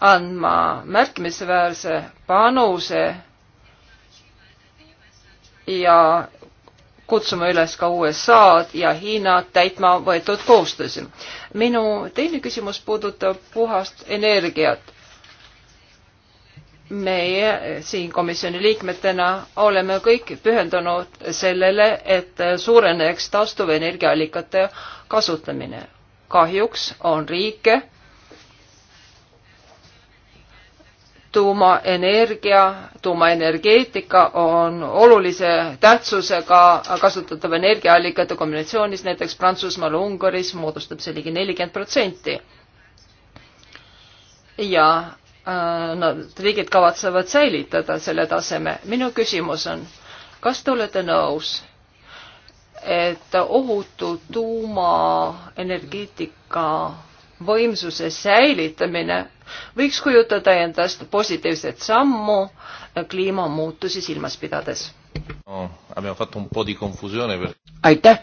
andma märkimisväärse panuse ja kutsuma üles ka USA-d ja Hiinat täitma võetud kohustusi. minu teine küsimus puudutab puhast energiat. meie siin komisjoni liikmetena oleme kõik pühendunud sellele, et suureneks taastuvenergiaallikate kasutamine. kahjuks on riike tuumaenergia, tuumaenergeetika on olulise tähtsusega kasutatava energiaallikate kombinatsioonis, näiteks Prantsusmaal, Ungaris moodustab see ligi nelikümmend protsenti. ja äh, nad, riigid kavatsevad säilitada selle taseme. minu küsimus on, kas te olete nõus, et ohutu tuumaenergeetika võimsuse säilitamine võiks kujutada endast positiivset sammu kliimamuutusi silmas pidades no,. aitäh!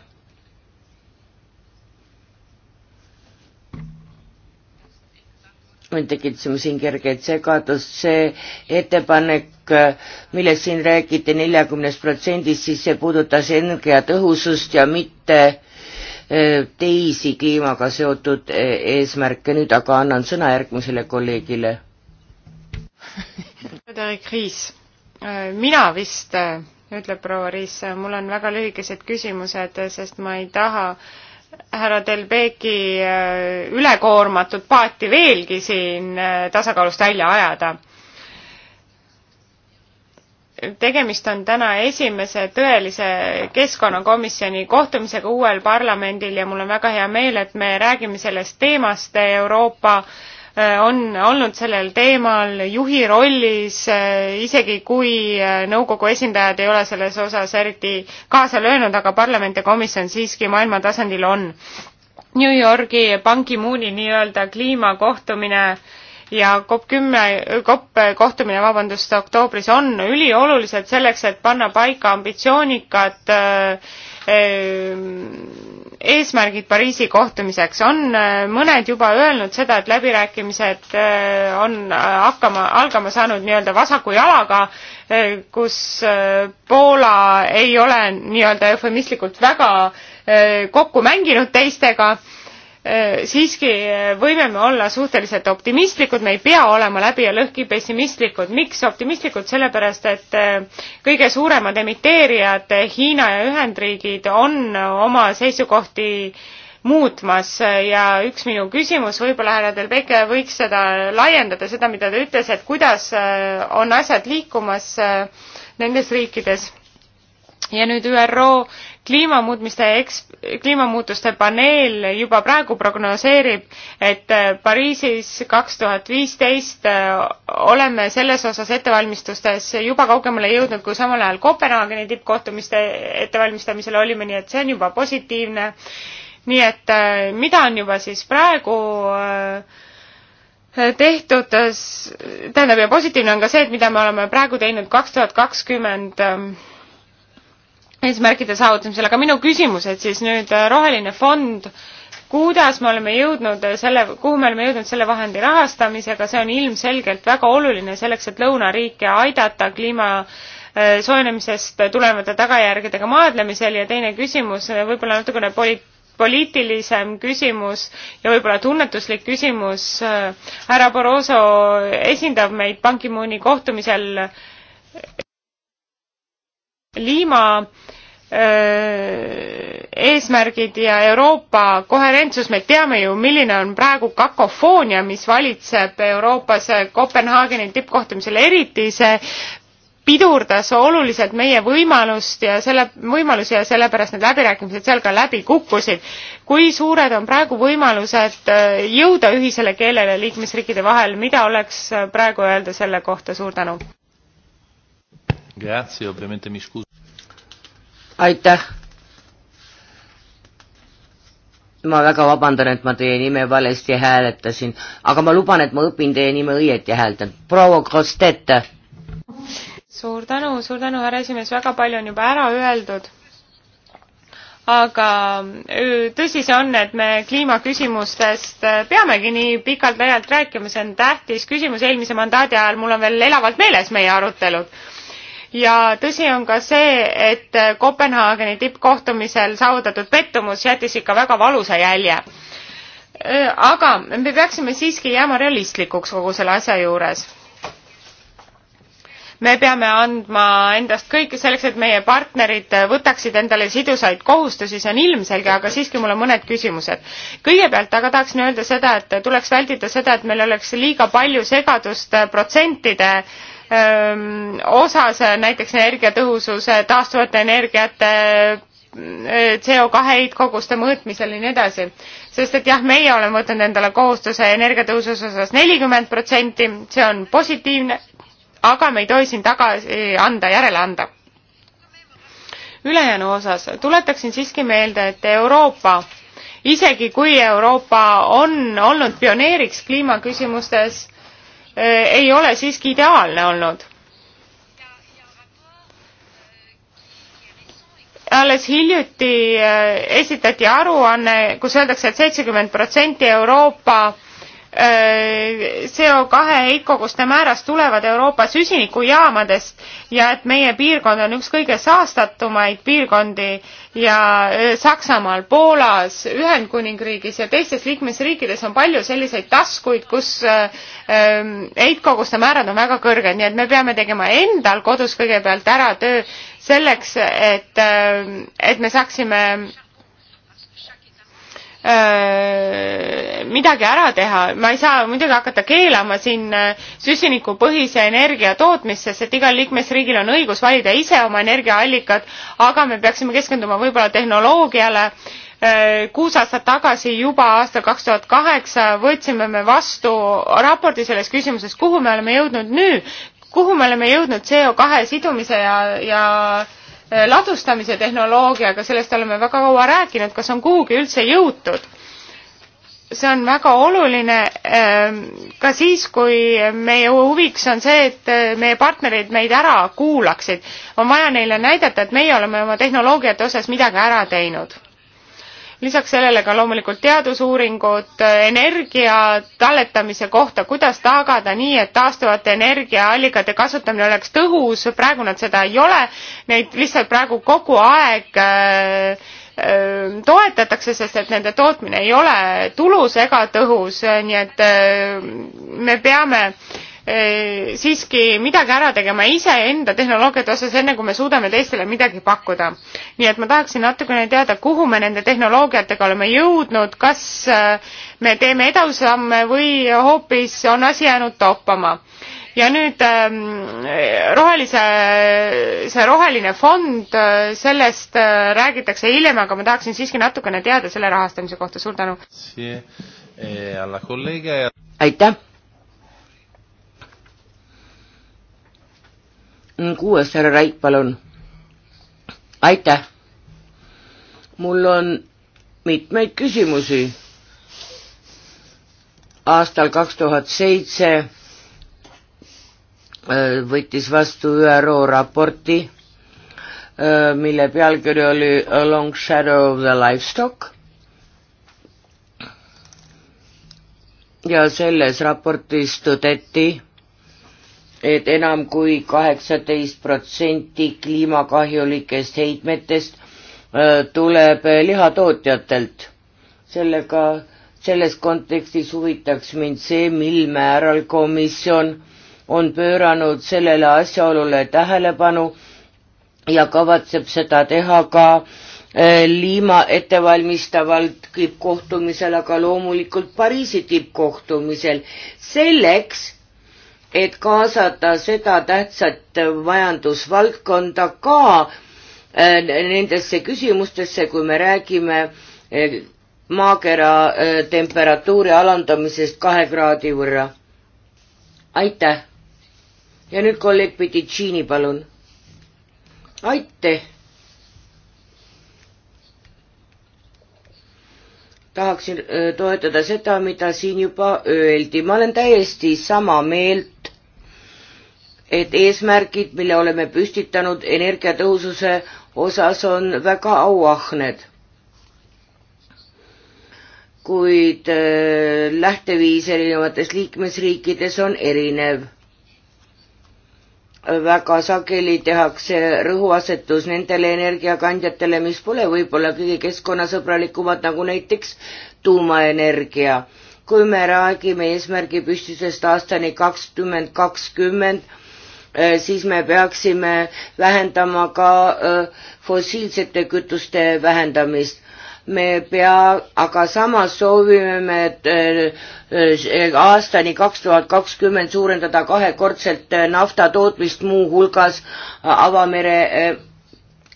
me tekitasime siin kerget segadust, see ettepanek, millest siin räägiti neljakümnest protsendist, siis see puudutas energiatõhusust ja mitte Äh, teisi kliimaga seotud äh, eesmärke, nüüd aga annan sõna järgmisele kolleegile. Frederik Riis, äh, mina vist, ütleb proua Riis, mul on väga lühikesed küsimused, sest ma ei taha härra Delbeki ülekoormatud paati veelgi siin tasakaalust välja ajada tegemist on täna esimese tõelise keskkonnakomisjoni kohtumisega uuel parlamendil ja mul on väga hea meel, et me räägime sellest teemast. Euroopa äh, on olnud sellel teemal juhi rollis, äh, isegi kui äh, nõukogu esindajad ei ole selles osas eriti kaasa löönud, aga parlament ja komisjon siiski maailma tasandil on. New Yorgi Ban Ki-mooni nii-öelda kliimakohtumine ja COP kümme, COP kohtumine, vabandust, oktoobris on üliolulised selleks, et panna paika ambitsioonikad äh, äh, eesmärgid Pariisi kohtumiseks. on äh, mõned juba öelnud seda, et läbirääkimised on hakkama, algama saanud nii-öelda vasaku jalaga, kus Poola ei ole nii-öelda eufemistlikult väga kokku mänginud teistega Äh, siiski äh, võime me olla suhteliselt optimistlikud, me ei pea olema läbi ja lõhki pessimistlikud. miks optimistlikud? sellepärast, et äh, kõige suuremad emiteerijad, Hiina ja Ühendriigid, on oma seisukohti muutmas ja üks minu küsimus, võib-olla härra Delbeke võiks seda laiendada, seda, mida ta ütles, et kuidas on asjad liikumas nendes riikides ja nüüd ÜRO kliimamuutmiste eks-, kliimamuutuste paneel juba praegu prognoseerib, et äh, Pariisis kaks tuhat viisteist äh, oleme selles osas ettevalmistustes juba kaugemale jõudnud, kui samal ajal Kopenhaageni tippkohtumiste ettevalmistamisel olime, nii et see on juba positiivne. nii et äh, mida on juba siis praegu äh, tehtud, tähendab ja positiivne on ka see, et mida me oleme praegu teinud kaks tuhat kakskümmend ähm, eesmärkide saavutamisel, aga minu küsimused siis nüüd, äh, roheline fond, kuidas me oleme jõudnud äh, selle, kuhu me oleme jõudnud selle vahendi rahastamisega, see on ilmselgelt väga oluline selleks, et lõunariike aidata kliima äh, soojenemisest tulenevate tagajärgedega maadlemisel ja teine küsimus, võib-olla natukene poli-, poliitilisem küsimus ja võib-olla tunnetuslik küsimus, härra Barroso esindab meid Ban Ki-mooni kohtumisel Liima öö, eesmärgid ja Euroopa koherentsus, me teame ju, milline on praegu kakofoonia, mis valitseb Euroopas Kopenhaageni tippkohtumisel, eriti see pidurdas oluliselt meie võimalust ja selle, võimalusi ja sellepärast need läbirääkimised seal ka läbi kukkusid. kui suured on praegu võimalused jõuda ühisele keelele liikmesriikide vahel, mida oleks praegu öelda selle kohta, suur tänu? aitäh. ma väga vabandan, et ma teie nime valesti hääletasin, aga ma luban, et ma õpin teie nime õieti hääldan. proua Krostet. suur tänu, suur tänu, härra esimees, väga palju on juba ära öeldud aga tõsi see on, et me kliimaküsimustest peamegi nii pikalt-laialt rääkima, see on tähtis küsimus, eelmise mandaadi ajal mul on veel elavalt meeles meie arutelud ja tõsi on ka see, et Kopenhaageni tippkohtumisel saavutatud pettumus jättis ikka väga valusa jälje. aga me peaksime siiski jääma realistlikuks kogu selle asja juures me peame andma endast kõike selleks, et meie partnerid võtaksid endale sidusaid kohustusi, see on ilmselge, aga siiski mul on mõned küsimused. kõigepealt aga tahaksin öelda seda, et tuleks vältida seda, et meil oleks liiga palju segadust protsentide äh, osas, äh, näiteks energiatõhususe, äh, taastuvate energiate äh, CO2 heitkoguste mõõtmisel ja nii edasi. sest et jah, meie oleme võtnud endale kohustuse energiatõhususe osas nelikümmend protsenti, see on positiivne, aga me ei tohi siin tagasi anda, järele anda. ülejäänu osas tuletaksin siiski meelde, et Euroopa isegi kui Euroopa on olnud pioneeriks kliimaküsimustes, Äh, ei ole siiski ideaalne olnud. alles hiljuti äh, esitati aruanne, kus öeldakse et, et seitsekümmend protsenti Euroopa Äh, CO2 heitkoguste määrast tulevad Euroopa süsinikujaamadest ja et meie piirkond on üks kõige saastatumaid piirkondi ja äh, Saksamaal, Poolas, Ühendkuningriigis ja teistes liikmesriikides on palju selliseid taskuid, kus äh, ähm, heitkoguste määrad on väga kõrged, nii et me peame tegema endal kodus kõigepealt ära töö selleks, et, et me saaksime midagi ära teha, ma ei saa muidugi hakata keelama siin süsinikupõhise energia tootmist, sest et igal liikmesriigil on õigus valida ise oma energiaallikad, aga me peaksime keskenduma võib-olla tehnoloogiale. kuus aastat tagasi, juba aastal kaks tuhat kaheksa, võtsime me vastu raporti selles küsimuses, kuhu me oleme jõudnud nüüd, kuhu me oleme jõudnud CO kahe sidumise ja, ja Äh, ladustamise tehnoloogiaga, sellest oleme väga kaua rääkinud, kas on kuhugi üldse jõutud? see on väga oluline ähm, ka siis, kui meie huviks on see, et äh, meie partnerid meid ära kuulaksid. on vaja neile näidata, et meie oleme oma tehnoloogiate osas midagi ära teinud lisaks sellele ka loomulikult teadusuuringud energia talletamise kohta, kuidas tagada nii, et taastuvate energiaallikate kasutamine oleks tõhus, praegu nad seda ei ole, neid lihtsalt praegu kogu aeg äh, äh toetatakse, sest et nende tootmine ei ole tulus ega tõhus, nii et äh, me peame Eh, siiski midagi ära tegema iseenda tehnoloogiate osas, enne kui me suudame teistele midagi pakkuda. nii et ma tahaksin natukene teada, kuhu me nende tehnoloogiatega oleme jõudnud, kas eh, me teeme edusamme või hoopis on asi jäänud toppama. ja nüüd eh, rohelise, see roheline fond, sellest räägitakse hiljem, aga ma tahaksin siiski natukene teada selle rahastamise kohta, suur tänu. E aitäh Mm, kuues, härra Raik, palun. aitäh. mul on mitmeid küsimusi. aastal kaks tuhat seitse äh, võttis vastu ÜRO raporti, äh, mille pealkiri oli A Long Shadow of the Livestock. ja selles raportis tõdeti, et enam kui kaheksateist protsenti kliimakahjulikest heitmetest äh, tuleb lihatootjatelt. sellega, selles kontekstis huvitaks mind see, mil määral komisjon on pööranud sellele asjaolule tähelepanu ja kavatseb seda teha ka äh, Liima ettevalmistaval tippkohtumisel, aga loomulikult Pariisi tippkohtumisel, selleks et kaasata seda tähtsat majandusvaldkonda ka äh, nendesse küsimustesse, kui me räägime äh, maakera äh, temperatuuri alandamisest kahe kraadi võrra. aitäh. ja nüüd kolleeg Petitšiini, palun. aitäh. tahaksin toetada seda, mida siin juba öeldi, ma olen täiesti sama meelt et eesmärgid, mille oleme püstitanud energiatõhususe osas, on väga auahned. kuid äh, lähteviis erinevates liikmesriikides on erinev. väga sageli tehakse rõhuasetus nendele energiakandjatele, mis pole võib-olla kõige keskkonnasõbralikumad, nagu näiteks tuumaenergia kui me räägime eesmärgipüstitusest aastani kakskümmend kakskümmend, Äh, siis me peaksime vähendama ka äh, fossiilsete kütuste vähendamist. me pea, aga samas soovime me, et äh, aastani kaks tuhat kakskümmend suurendada kahekordselt nafta tootmist, muuhulgas avamere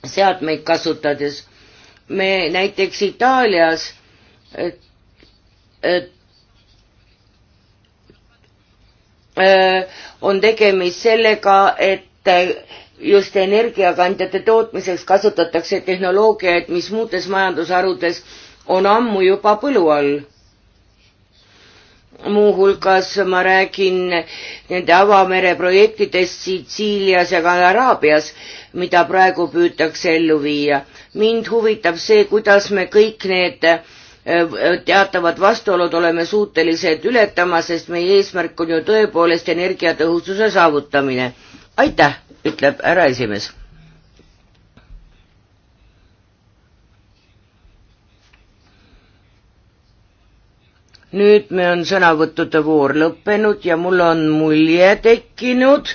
seadmeid kasutades. me näiteks Itaalias on tegemist sellega, et äh, just energiakandjate tootmiseks kasutatakse tehnoloogiaid, mis muudes majandusharudes on ammu juba põlu all. muuhulgas ma räägin nende avamere projektidest Sitsiilias ja ka Araabias, mida praegu püütakse ellu viia. mind huvitab see, kuidas me kõik need äh, Äh, teatavad vastuolud oleme suutelised ületama, sest meie eesmärk on ju tõepoolest energiatõhususe saavutamine. aitäh, ütleb härra esimees. nüüd me on sõnavõttude voor lõppenud ja mul on mulje tekkinud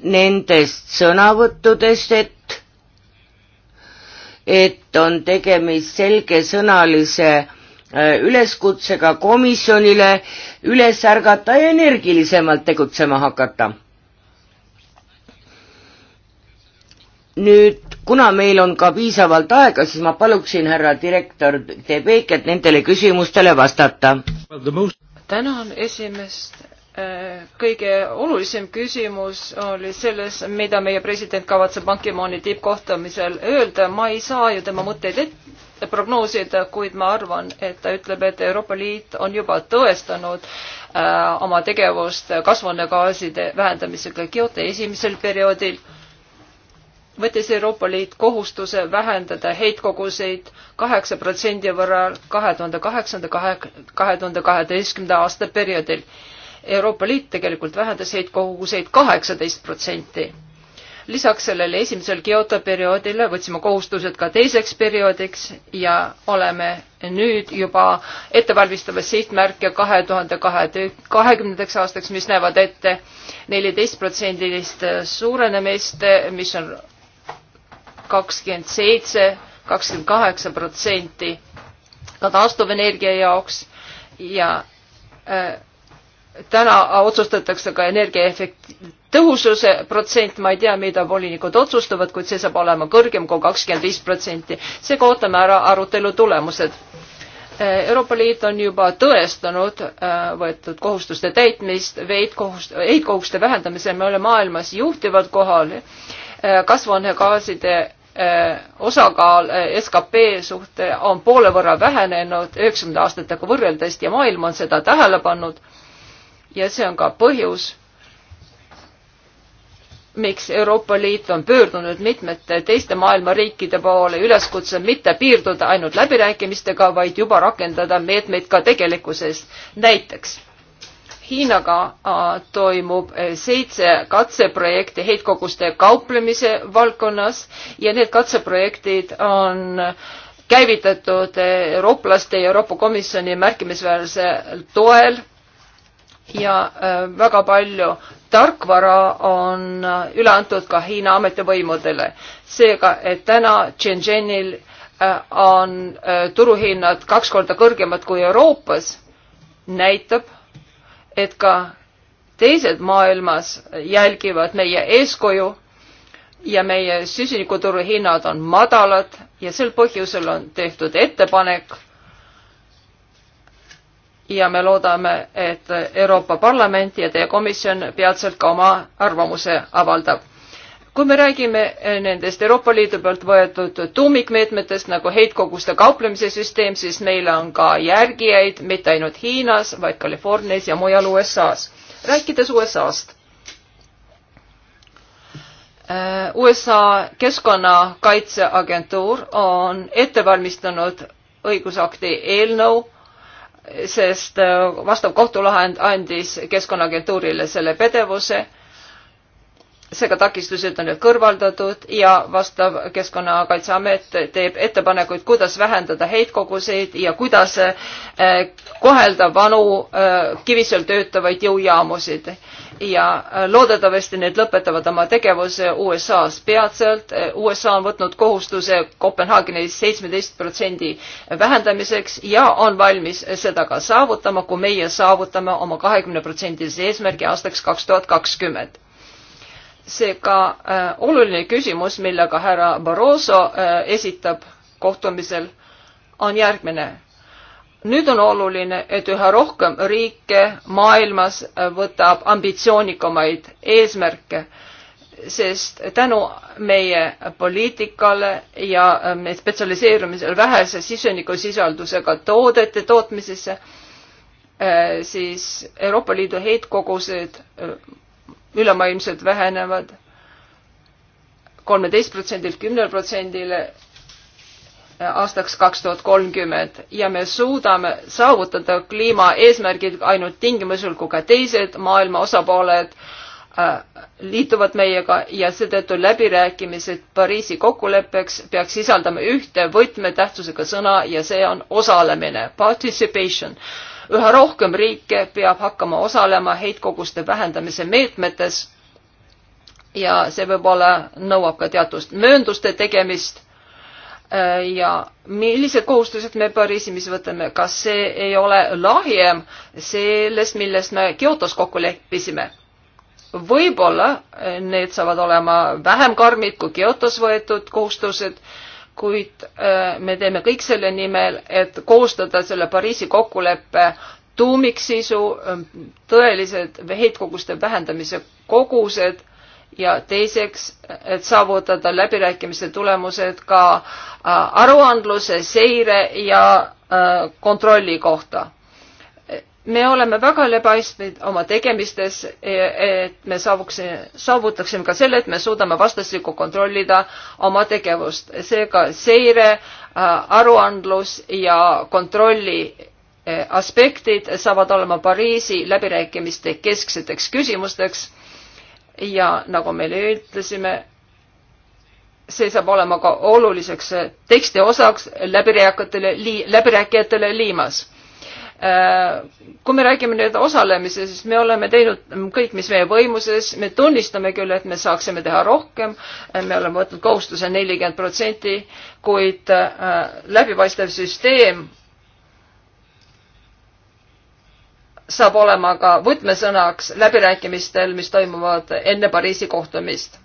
nendest sõnavõttudest, et et on tegemist selgesõnalise äh, üleskutsega komisjonile üles ärgata ja energilisemalt tegutsema hakata. nüüd, kuna meil on ka piisavalt aega, siis ma paluksin härra direktor Tebeeket nendele küsimustele vastata. tänan esimest kõige olulisem küsimus oli selles, mida meie president kavatseb Bankimooni tippkohtumisel öelda. ma ei saa ju tema mõtteid ette prognoosida, kuid ma arvan, et ta ütleb, et Euroopa Liit on juba tõestanud äh, oma tegevust kasvuhoonegaaside vähendamisega Kyoto esimesel perioodil, võttis Euroopa Liit kohustuse vähendada heitkoguseid kaheksa protsendi võrra kahe tuhande kaheksanda, kahe, kahe tuhande kaheteistkümnenda aasta perioodil Euroopa Liit tegelikult vähendas heitkoguseid kaheksateist protsenti. lisaks sellele esimesel Kyoto perioodile võtsime kohustused ka teiseks perioodiks ja oleme nüüd juba ettevalmistamas sihtmärke kahe tuhande kahekümnendaks aastaks, mis näevad ette neljateistprotsendilist suurenemist, mis on kakskümmend seitse, kakskümmend kaheksa protsenti ka taastuvenergia jaoks ja äh, täna otsustatakse ka energiaefekt-, tõhususe protsent, ma ei tea, mida volinikud otsustavad, kuid see saab olema kõrgem kui kakskümmend viis protsenti. seega ootame ära arutelu tulemused. Euroopa Liit on juba tõestanud äh, võetud kohustuste täitmist, veidkohust-, heitkohustuste vähendamisel me oleme maailmas juhtival kohal, äh, kasvuhoonegaaside äh, osakaal skp suhte on poole võrra vähenenud üheksakümnenda aastatega võrreldes ja maailm on seda tähele pannud ja see on ka põhjus, miks Euroopa Liit on pöördunud mitmete teiste maailma riikide poole üleskutse mitte piirduda ainult läbirääkimistega, vaid juba rakendada meetmeid ka tegelikkuses. näiteks Hiinaga äh, toimub äh, seitse katseprojekti heitkoguste kauplemise valdkonnas ja need katseprojektid on käivitatud äh, eurooplaste ja Euroopa Komisjoni märkimisväärse toel ja äh, väga palju tarkvara on äh, üle antud ka Hiina ametivõimudele. seega, et täna Shenzhenil äh, on turuhinnad kaks korda kõrgemad kui Euroopas, näitab, et ka teised maailmas jälgivad meie eeskuju ja meie süsinikuturu hinnad on madalad ja sel põhjusel on tehtud ettepanek ja me loodame, et Euroopa Parlament ja teie komisjon peatselt ka oma arvamuse avaldab kui me räägime nendest Euroopa Liidu poolt võetud tuumikmeetmetest nagu heitkoguste kauplemise süsteem, siis meil on ka järgijaid mitte ainult Hiinas, vaid Californias ja mujal USA-s. rääkides USA-st. Äh, USA keskkonnakaitseagentuur on ette valmistanud õigusakti eelnõu sest äh, vastav kohtulahend andis Keskkonnaagentuurile selle pädevuse seega takistused on nüüd kõrvaldatud ja vastav Keskkonnakaitseamet teeb ettepanekuid, kuidas vähendada heitkoguseid ja kuidas eh, kohelda vanu eh, kivisööl töötavaid jõujaamusid. ja eh, loodetavasti need lõpetavad oma tegevuse USA-s peatselt. USA on võtnud kohustuse Kopenhaagenis seitsmeteist protsendi vähendamiseks ja on valmis seda ka saavutama, kui meie saavutame oma kahekümne protsendilise eesmärgi aastaks kaks tuhat kakskümmend seega äh, oluline küsimus, millega härra Barroso äh, esitab kohtumisel, on järgmine. nüüd on oluline, et üha rohkem riike maailmas äh, võtab ambitsioonikamaid eesmärke, sest tänu meie poliitikale ja äh, meie spetsialiseerumisel vähese süsinikusisaldusega toodete tootmisesse, äh, siis Euroopa Liidu heitkogused ülemaailmselt vähenevad kolmeteist protsendilt kümnele protsendile äh, aastaks kaks tuhat kolmkümmend ja me suudame saavutada kliimaeesmärgid ainult tingimusel, kui ka teised maailma osapooled äh, liituvad meiega ja seetõttu läbirääkimised Pariisi kokkuleppeks peaks sisaldama ühte võtmetähtsusega sõna ja see on osalemine, participation üha rohkem riike peab hakkama osalema heitkoguste vähendamise meetmetes ja see võib-olla nõuab ka teatud möönduste tegemist äh, ja millised kohustused me Pariisis võtame, kas see ei ole lahjem sellest, millest me Kyotos kokku leppisime? võib-olla äh, need saavad olema vähem karmid kui Kyotos võetud kohustused kuid äh, me teeme kõik selle nimel, et koostada selle Pariisi kokkuleppe tuumiksisu, ähm, tõelised heitkoguste vähendamise kogused ja teiseks, et saavutada läbirääkimiste tulemused ka äh, aruandluse, seire ja äh, kontrolli kohta me oleme väga läbipaistvad oma tegemistes, e, et me saavuksime, saavutaksime ka selle, et me suudame vastastikku kontrollida oma tegevust. seega seire, äh, aruandlus ja kontrolli e, aspektid saavad olema Pariisi läbirääkimiste keskseteks küsimusteks. ja nagu me ütlesime, see saab olema ka oluliseks teksti osaks läbirääkijatele, läbirääkijatele Liimas kui me räägime nüüd osalemisest, me oleme teinud kõik, mis meie võimuses, me tunnistame küll, et me saaksime teha rohkem, me oleme võtnud kohustuse nelikümmend protsenti, kuid äh, läbipaistev süsteem saab olema ka võtmesõnaks läbirääkimistel, mis toimuvad enne Pariisi kohtumist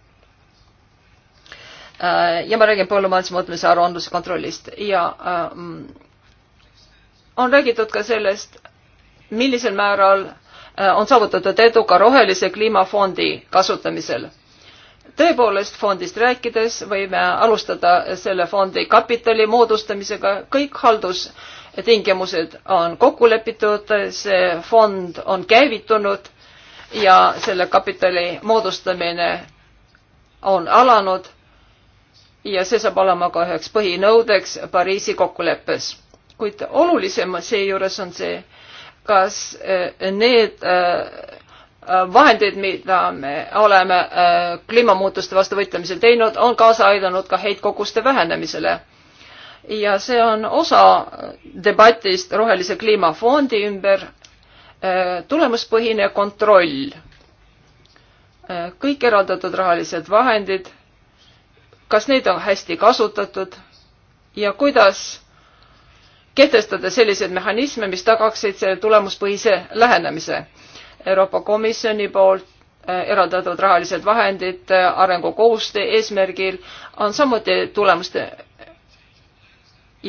äh, ja ma räägin põllumajandusmõõtmise aruandluse kontrollist ja ähm, on räägitud ka sellest, millisel määral äh, on saavutatud edu ka rohelise kliimafondi kasutamisel. tõepoolest, fondist rääkides võime alustada selle fondi kapitali moodustamisega, kõik haldustingimused on kokku lepitud, see fond on käivitunud ja selle kapitali moodustamine on alanud ja see saab olema ka üheks põhinõudeks Pariisi kokkuleppes kuid olulisem seejuures on see, kas eh, need eh, vahendid, mida me oleme eh, kliimamuutuste vastu võitlemisel teinud, on kaasa aidanud ka heitkoguste vähenemisele. ja see on osa debatist Rohelise Kliimafondi ümber, tulemuspõhine kontroll. kõik eraldatud rahalised vahendid, kas neid on hästi kasutatud ja kuidas kehtestada selliseid mehhanisme, mis tagaksid tulemuspõhise lähenemise. Euroopa Komisjoni poolt eh, eraldatud rahalised vahendid eh, arengukoostöö eesmärgil on samuti tulemuste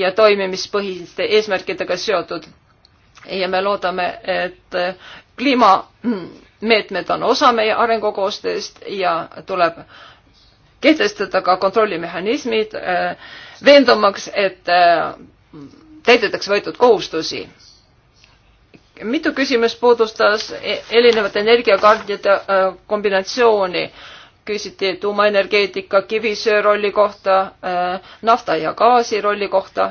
ja toimimispõhiste eesmärkidega seotud. ja me loodame, et eh, kliimameetmed on osa meie arengukoostööst ja tuleb kehtestada ka kontrollimehhanismid, veendumaks, et täidetaks võetud kohustusi. mitu küsimust puudustas e-, erinevate energiakardide äh, kombinatsiooni. küsiti tuumaenergeetika kivisöö rolli kohta, äh, nafta ja gaasi rolli kohta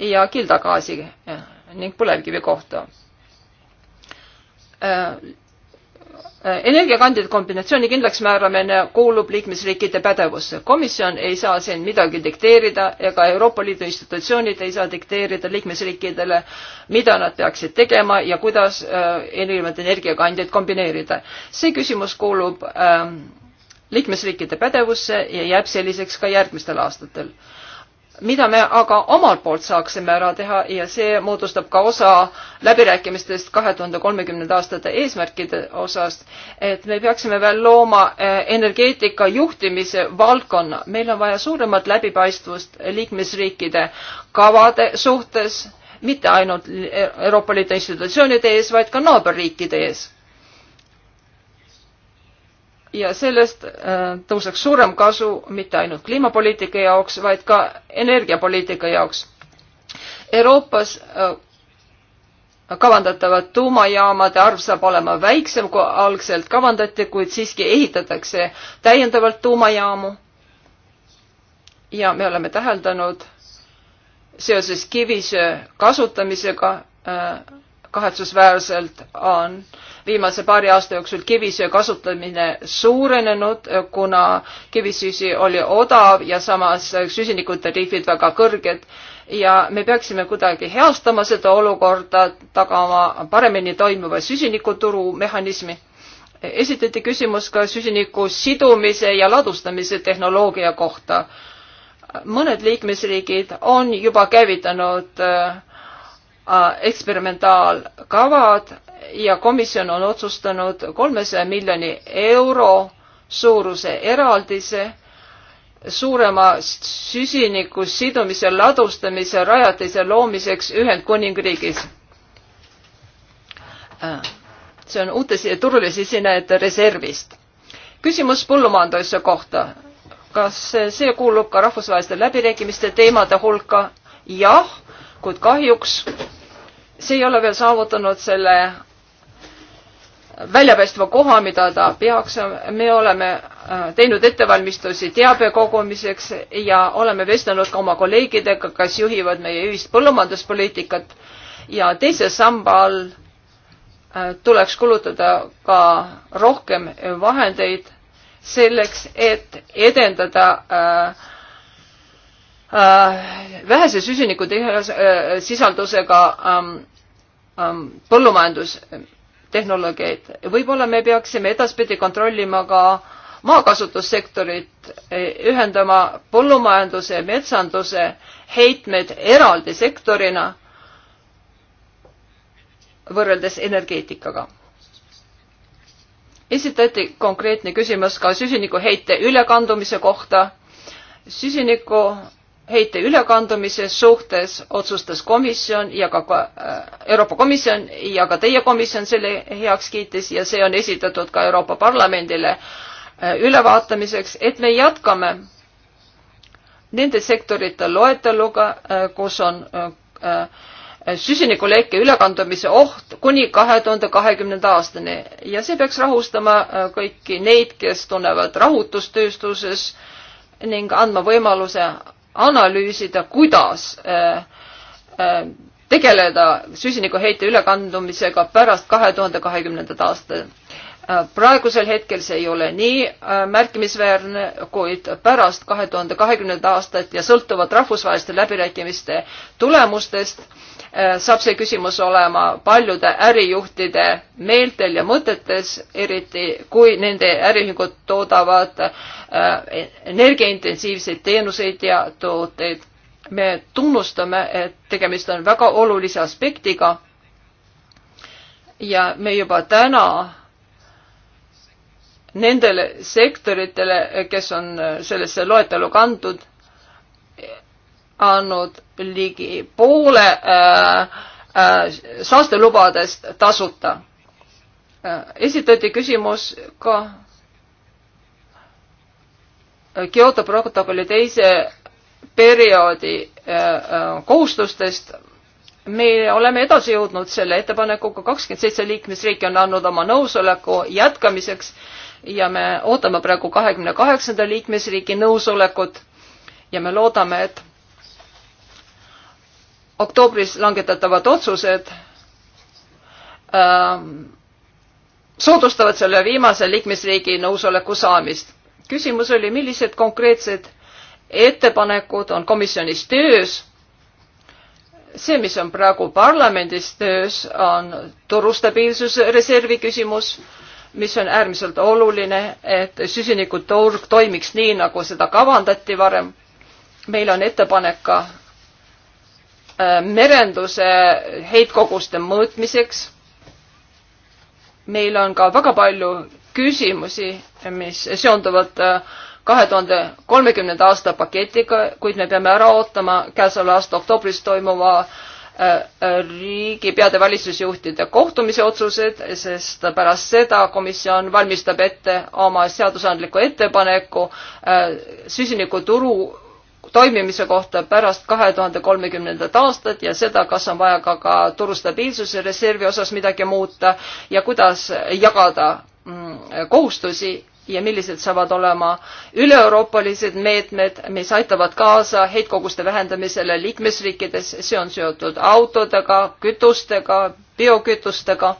ja kildagaasi äh, ning põlevkivi kohta energiakandjate kombinatsiooni kindlaksmääramine kuulub liikmesriikide pädevusse. komisjon ei saa siin midagi dikteerida ega Euroopa Liidu institutsioonid ei saa dikteerida liikmesriikidele, mida nad peaksid tegema ja kuidas äh, erinevaid energiakandjaid kombineerida. see küsimus kuulub ähm, liikmesriikide pädevusse ja jääb selliseks ka järgmistel aastatel mida me aga omalt poolt saaksime ära teha ja see moodustab ka osa läbirääkimistest kahe tuhande kolmekümnenda aastate eesmärkide osast, et me peaksime veel looma eh, energeetika juhtimise valdkonna. meil on vaja suuremat läbipaistvust liikmesriikide kavade suhtes, mitte ainult Euroopa Liidu institutsioonide ees, vaid ka naaberriikide ees ja sellest äh, tõuseks suurem kasu mitte ainult kliimapoliitika jaoks, vaid ka energiapoliitika jaoks. Euroopas äh, kavandatavad tuumajaamade arv saab olema väiksem, kui algselt kavandati, kuid siiski ehitatakse täiendavalt tuumajaamu. ja me oleme täheldanud seoses kivisöe kasutamisega äh, kahetsusväärselt on viimase paari aasta jooksul kivisöe kasutamine suurenenud, kuna kivisüsi oli odav ja samas süsinikutariifid väga kõrged ja me peaksime kuidagi heastama seda olukorda, tagama paremini toimiva süsinikuturu mehhanismi. esitati küsimus ka süsiniku sidumise ja ladustamise tehnoloogia kohta. mõned liikmesriigid on juba käivitanud äh, eksperimentaalkavad ja komisjon on otsustanud kolmesaja miljoni euro suuruse eraldise suurema süsiniku sidumise ladustamise rajatise loomiseks Ühendkuningriigis. see on uute turule sisenejate reservist. küsimus põllumajanduse kohta. kas see kuulub ka rahvusvaheliste läbirääkimiste teemade hulka? jah, kuid kahjuks see ei ole veel saavutanud selle väljapäästva koha, mida ta peaks, me oleme äh, teinud ettevalmistusi teabe kogumiseks ja oleme vestelnud ka oma kolleegidega, kes juhivad meie ühist põllumajanduspoliitikat ja teise samba all äh, tuleks kulutada ka rohkem vahendeid selleks, et edendada äh, äh, vähese süsiniku äh, sisaldusega ähm, ähm, põllumajandus tehnoloogiaid. võib-olla me peaksime edaspidi kontrollima ka maakasutussektorit, e, ühendama põllumajanduse ja metsanduse heitmed eraldi sektorina võrreldes energeetikaga. esitati konkreetne küsimus ka süsinikuheite ülekandumise kohta. süsiniku heite ülekandumise suhtes otsustas komisjon ja ka äh, Euroopa Komisjon ja ka teie komisjon selle heaks kiitis ja see on esitatud ka Euroopa Parlamendile äh, ülevaatamiseks, et me jätkame nende sektorite loeteluga, äh, kus on süsinikulekke ülekandumise oht kuni kahe tuhande kahekümnenda aastani ja see peaks rahustama kõiki neid, kes tunnevad rahutust tööstuses ning andma võimaluse analüüsida, kuidas äh, äh, tegeleda süsinikuheite ülekandumisega pärast kahe tuhande kahekümnendat aastat. Äh, praegusel hetkel see ei ole nii märkimisväärne, kuid pärast kahe tuhande kahekümnendat aastat ja sõltuvalt rahvusvaheliste läbirääkimiste tulemustest Äh, saab see küsimus olema paljude ärijuhtide meeltel ja mõtetes, eriti kui nende äriühingud toodavad äh, energiaintensiivseid teenuseid ja tooteid. me tunnustame, et tegemist on väga olulise aspektiga. ja me juba täna nendele sektoritele, kes on sellesse loetelu kantud andnud ligi poole äh, äh, saastelubadest tasuta äh,. esitati küsimus ka Kyoto protokolli teise perioodi äh, äh, kohustustest me oleme edasi jõudnud selle ettepanekuga, kakskümmend seitse liikmesriiki on andnud oma nõusoleku jätkamiseks ja me ootame praegu kahekümne kaheksanda liikmesriigi nõusolekut ja me loodame, et oktoobris langetatavad otsused äh, soodustavad selle viimase liikmesriigi nõusoleku saamist. küsimus oli, millised konkreetsed ettepanekud on komisjonis töös. see, mis on praegu parlamendis töös, on turustabiilsusreservi küsimus, mis on äärmiselt oluline, et süsinikuturg toimiks nii, nagu seda kavandati varem. meil on ettepanek ka Äh, merenduse heitkoguste mõõtmiseks. meil on ka väga palju küsimusi, mis seonduvad äh, kahe tuhande kolmekümnenda aasta paketiga, kuid me peame ära ootama käesoleva aasta oktoobris toimuva äh, riigipeade valitsusjuhtide kohtumise otsused, sest pärast seda komisjon valmistab ette oma seadusandliku ettepaneku süsinikuturu toimimise kohta pärast kahe tuhande kolmekümnendat aastat ja seda, kas on vaja ka, ka turu stabiilsuse reservi osas midagi muuta ja kuidas jagada mm, kohustusi ja millised saavad olema üle-euroopalised meetmed, mis aitavad kaasa heitkoguste vähendamisele liikmesriikides, see on seotud autodega, kütustega, biokütustega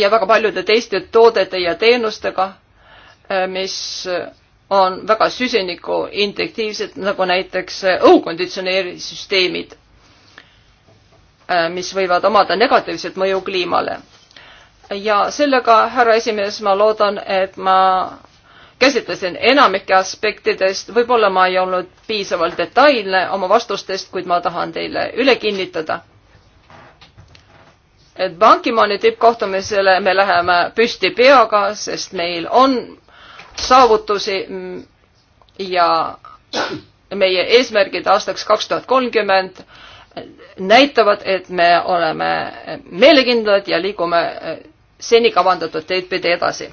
ja väga paljude teiste toodete ja teenustega, mis on väga süsinikuintensiivsed, nagu näiteks äh, õhukonditsioneerisüsteemid, äh, mis võivad omada negatiivset mõju kliimale. ja sellega, härra esimees, ma loodan, et ma käsitlesin enamike aspektidest, võib-olla ma ei olnud piisavalt detailne oma vastustest, kuid ma tahan teile üle kinnitada, et Bankimani tippkohtumisele me läheme püsti peaga, sest meil on saavutusi ja meie eesmärgid aastaks kaks tuhat kolmkümmend näitavad, et me oleme meelekindlad ja liigume eh, seni kavandatud teed pidi edasi.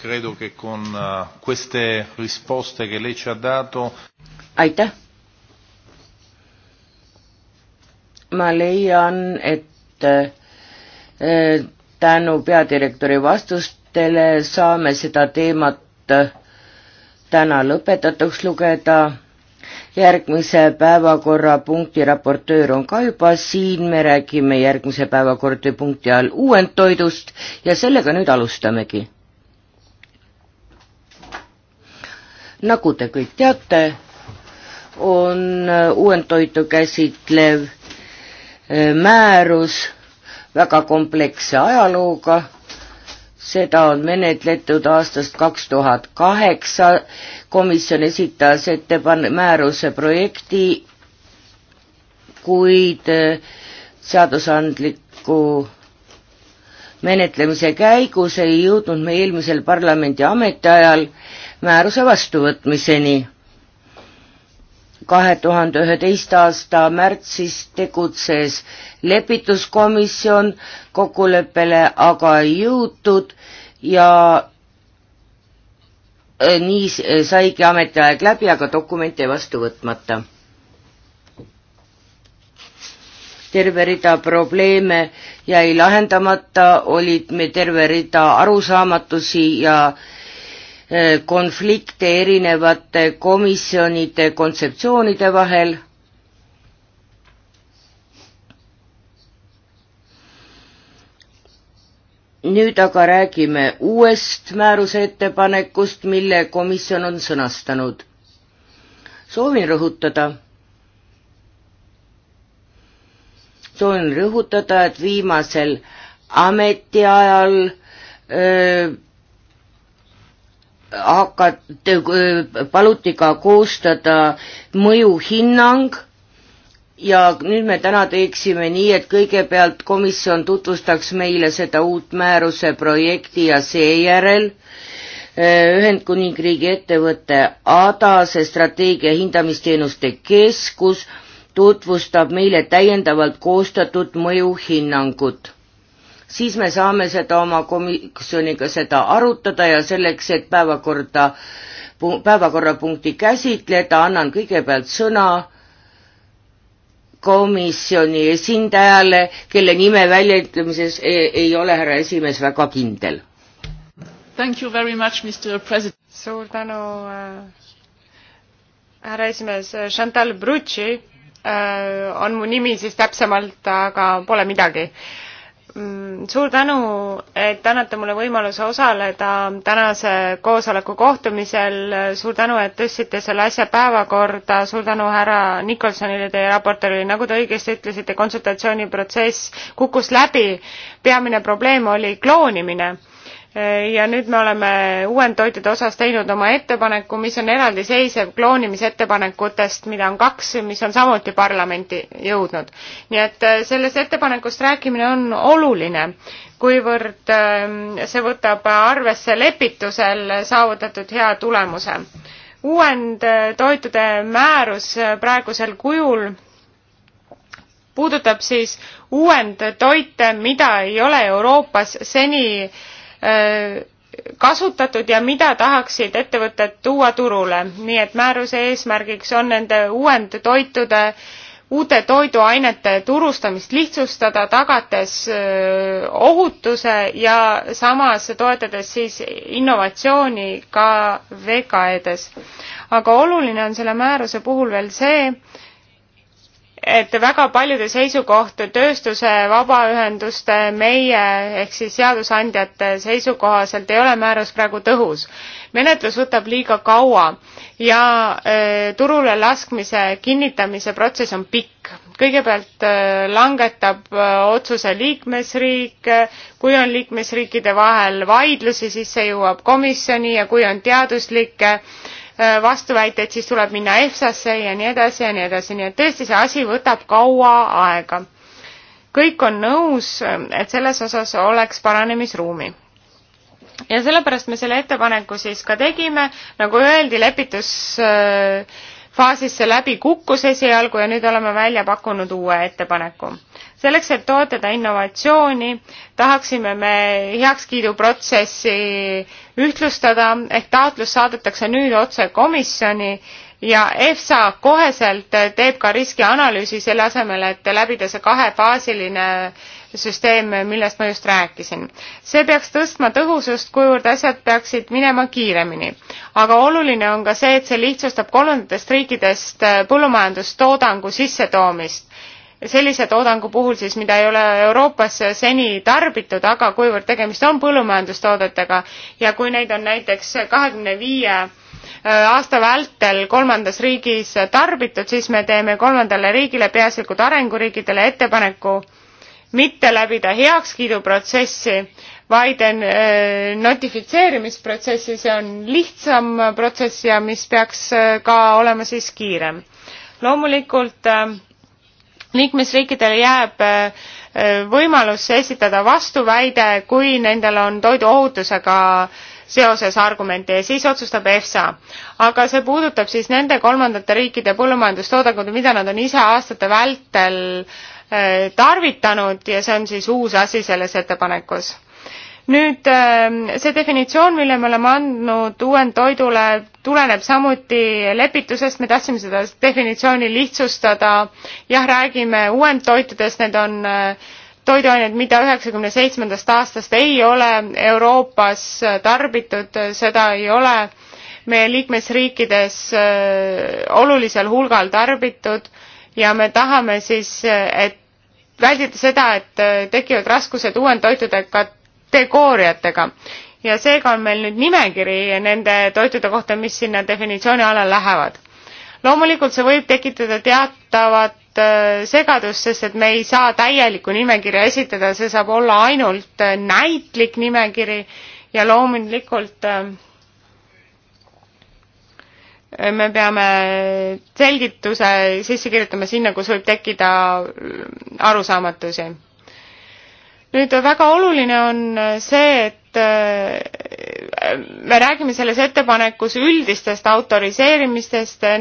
Credo che con eh, queste risposte che lei ci ha dato aitäh! ma leian, et eh, tänu peadirektori vastust liikmetele, saame seda teemat eh, täna lõpetatuks lugeda. järgmise päevakorrapunkti raportöör on ka juba siin, me räägime järgmise päevakorrapunkti all uuendtoidust ja sellega nüüd alustamegi. nagu te kõik teate, on eh, uuendtoitu käsitlev eh, määrus väga kompleksse ajalooga seda on menetletud aastast kaks tuhat kaheksa, komisjon esitas ettepan-, määruse projekti, kuid äh, seadusandliku menetlemise käigus ei jõudnud me eelmisel parlamendi ametiajal määruse vastuvõtmiseni. kahe tuhande üheteist aasta märtsis tegutses lepituskomisjon, kokkuleppele aga ei jõutud ja äh, nii äh, saigi ametiaeg läbi, aga dokument jäi vastu võtmata. terve rida probleeme jäi lahendamata, olid me terve rida arusaamatusi ja äh, konflikte erinevate komisjonide kontseptsioonide vahel nüüd aga räägime uuest määruse ettepanekust, mille komisjon on sõnastanud. soovin rõhutada, soovin rõhutada, et viimasel ametiajal öö, äh, hakat-, äh, paluti ka koostada mõjuhinnang ja nüüd me täna teeksime nii, et kõigepealt komisjon tutvustaks meile seda uut määruse projekti ja seejärel eh, Ühendkuningriigi ettevõte ADAS-e strateegia hindamisteenuste keskus tutvustab meile täiendavalt koostatud mõjuhinnangut. siis me saame seda oma komisjoniga seda arutada ja selleks, et päevakorda, päevakorrapunkti käsitleda, annan kõigepealt sõna komisjoni esindajale, kelle nime väljendumises ei, ei ole härra esimees väga kindel. suur tänu äh,, härra esimees, Chantal Brutši äh, on mu nimi siis täpsemalt, aga pole midagi äh, Mm, suur tänu, et annate mulle võimaluse osaleda tänase koosoleku kohtumisel, suur tänu, et tõstsite selle asja päevakorda, suur tänu härra Nikolsonile, teie raportöörile, nagu te õigesti ütlesite, konsultatsiooniprotsess kukkus läbi, peamine probleem oli kloonimine Äh, ja nüüd me oleme uuendtoitude osas teinud oma ettepaneku, mis on eraldiseisev kloonimisettepanekutest, mida on kaks, mis on samuti parlamenti jõudnud. nii et äh, sellest ettepanekust rääkimine on oluline, kuivõrd ähm, see võtab arvesse lepitusel saavutatud hea tulemuse. uuendtoitude määrus äh, praegusel kujul puudutab siis uuendtoite, mida ei ole Euroopas seni äh, Äh, kasutatud ja mida tahaksid ettevõtted tuua turule. nii et määruse eesmärgiks on nende uuendtoitude, uute toiduainete turustamist lihtsustada, tagates äh, ohutuse ja samas toetades siis innovatsiooni ka VKE-des. aga oluline on selle määruse puhul veel see, et väga paljude seisukoht tööstuse, vabaühenduste, meie ehk siis seadusandjate seisukohaselt ei ole määrus praegu tõhus. menetlus võtab liiga kaua ja äh, turule laskmise kinnitamise protsess on pikk. kõigepealt äh, langetab äh, otsuse liikmesriik, kui on liikmesriikide vahel vaidlusi, siis see jõuab komisjoni ja kui on teaduslikke äh, Äh, vastuväiteid, siis tuleb minna EFSA-sse ja nii edasi ja nii edasi, nii et tõesti see asi võtab kaua aega. kõik on nõus, et selles osas oleks paranemisruumi ja sellepärast me selle ettepaneku siis ka tegime, nagu öeldi, lepitusfaasis äh, see läbi kukkus esialgu ja nüüd oleme välja pakkunud uue ettepaneku selleks, et toetada innovatsiooni, tahaksime me heakskiiduprotsessi ühtlustada, ehk taotlus saadetakse nüüd otse komisjoni ja EFSA koheselt teeb ka riskianalüüsi selle asemel, et läbida see kahefaasiline süsteem, millest ma just rääkisin. see peaks tõstma tõhusust, kuivõrd asjad peaksid minema kiiremini. aga oluline on ka see, et see lihtsustab kolmandatest riikidest põllumajandustoodangu sissetoomist sellise toodangu puhul siis, mida ei ole Euroopas seni tarbitud, aga kuivõrd tegemist on põllumajandustoodetega ja kui neid on näiteks kahekümne viie äh, aasta vältel kolmandas riigis tarbitud, siis me teeme kolmandale riigile, peaasjalikult arenguriigidele ettepaneku mitte läbida heakskiiduprotsessi, vaid äh, notifitseerimisprotsessi, see on lihtsam protsess ja mis peaks äh, ka olema siis kiirem. loomulikult äh, liikmesriikidele jääb äh, võimalus esitada vastuväide, kui nendel on toiduohutusega seoses argumente ja siis otsustab EFSA. aga see puudutab siis nende kolmandate riikide põllumajandustoodangut, mida nad on ise aastate vältel äh, tarvitanud ja see on siis uus asi selles ettepanekus nüüd ähm, see definitsioon, mille me oleme andnud uuendtoidule, tuleneb samuti lepitusest, me tahtsime seda definitsiooni lihtsustada. jah, räägime uuendtoitudest, need on äh, toiduained, mida üheksakümne seitsmendast aastast ei ole Euroopas äh, tarbitud, seda ei ole meie liikmesriikides äh, olulisel hulgal tarbitud ja me tahame siis, et väldida seda, et tekivad raskused uuendtoitude kat-, kategooriatega ja seega on meil nüüd nimekiri nende toitude kohta, mis sinna definitsiooni alla lähevad. loomulikult see võib tekitada teatavat äh, segadust, sest et me ei saa täielikku nimekirja esitada, see saab olla ainult äh, näitlik nimekiri ja loomulikult äh, me peame selgituse sisse kirjutama sinna, kus võib tekkida äh, arusaamatusi nüüd väga oluline on see, et äh, me räägime selles ettepanekus üldistest autoriseerimistest, äh,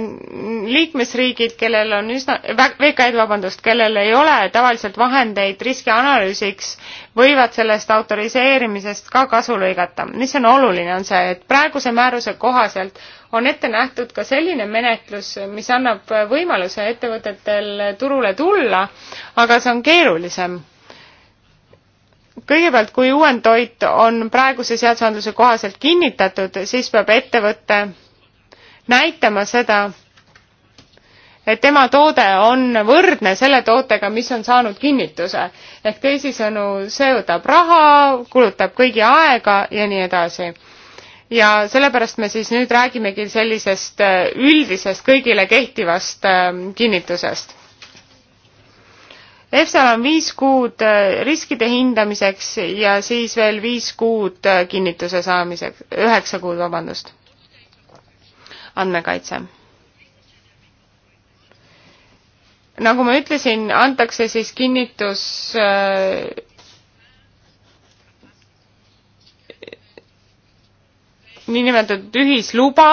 liikmesriigid, kellel on üsna, VKE-d, vabandust, kellel ei ole tavaliselt vahendeid riskianalüüsiks, võivad sellest autoriseerimisest ka kasu lõigata. mis on oluline, on see, et praeguse määruse kohaselt on ette nähtud ka selline menetlus, mis annab võimaluse ettevõtetel turule tulla, aga see on keerulisem kõigepealt, kui uuendtoit on praeguse seadusandluse kohaselt kinnitatud, siis peab ettevõte näitama seda, et tema toode on võrdne selle tootega, mis on saanud kinnituse. ehk teisisõnu, see võtab raha, kulutab kõigi aega ja nii edasi. ja sellepärast me siis nüüd räägimegi sellisest üldisest kõigile kehtivast ähm, kinnitusest EFSA-l on viis kuud äh, riskide hindamiseks ja siis veel viis kuud äh, kinnituse saamiseks, üheksa kuud, vabandust, andmekaitse. nagu ma ütlesin, antakse siis kinnitus äh, niinimetatud ühisluba,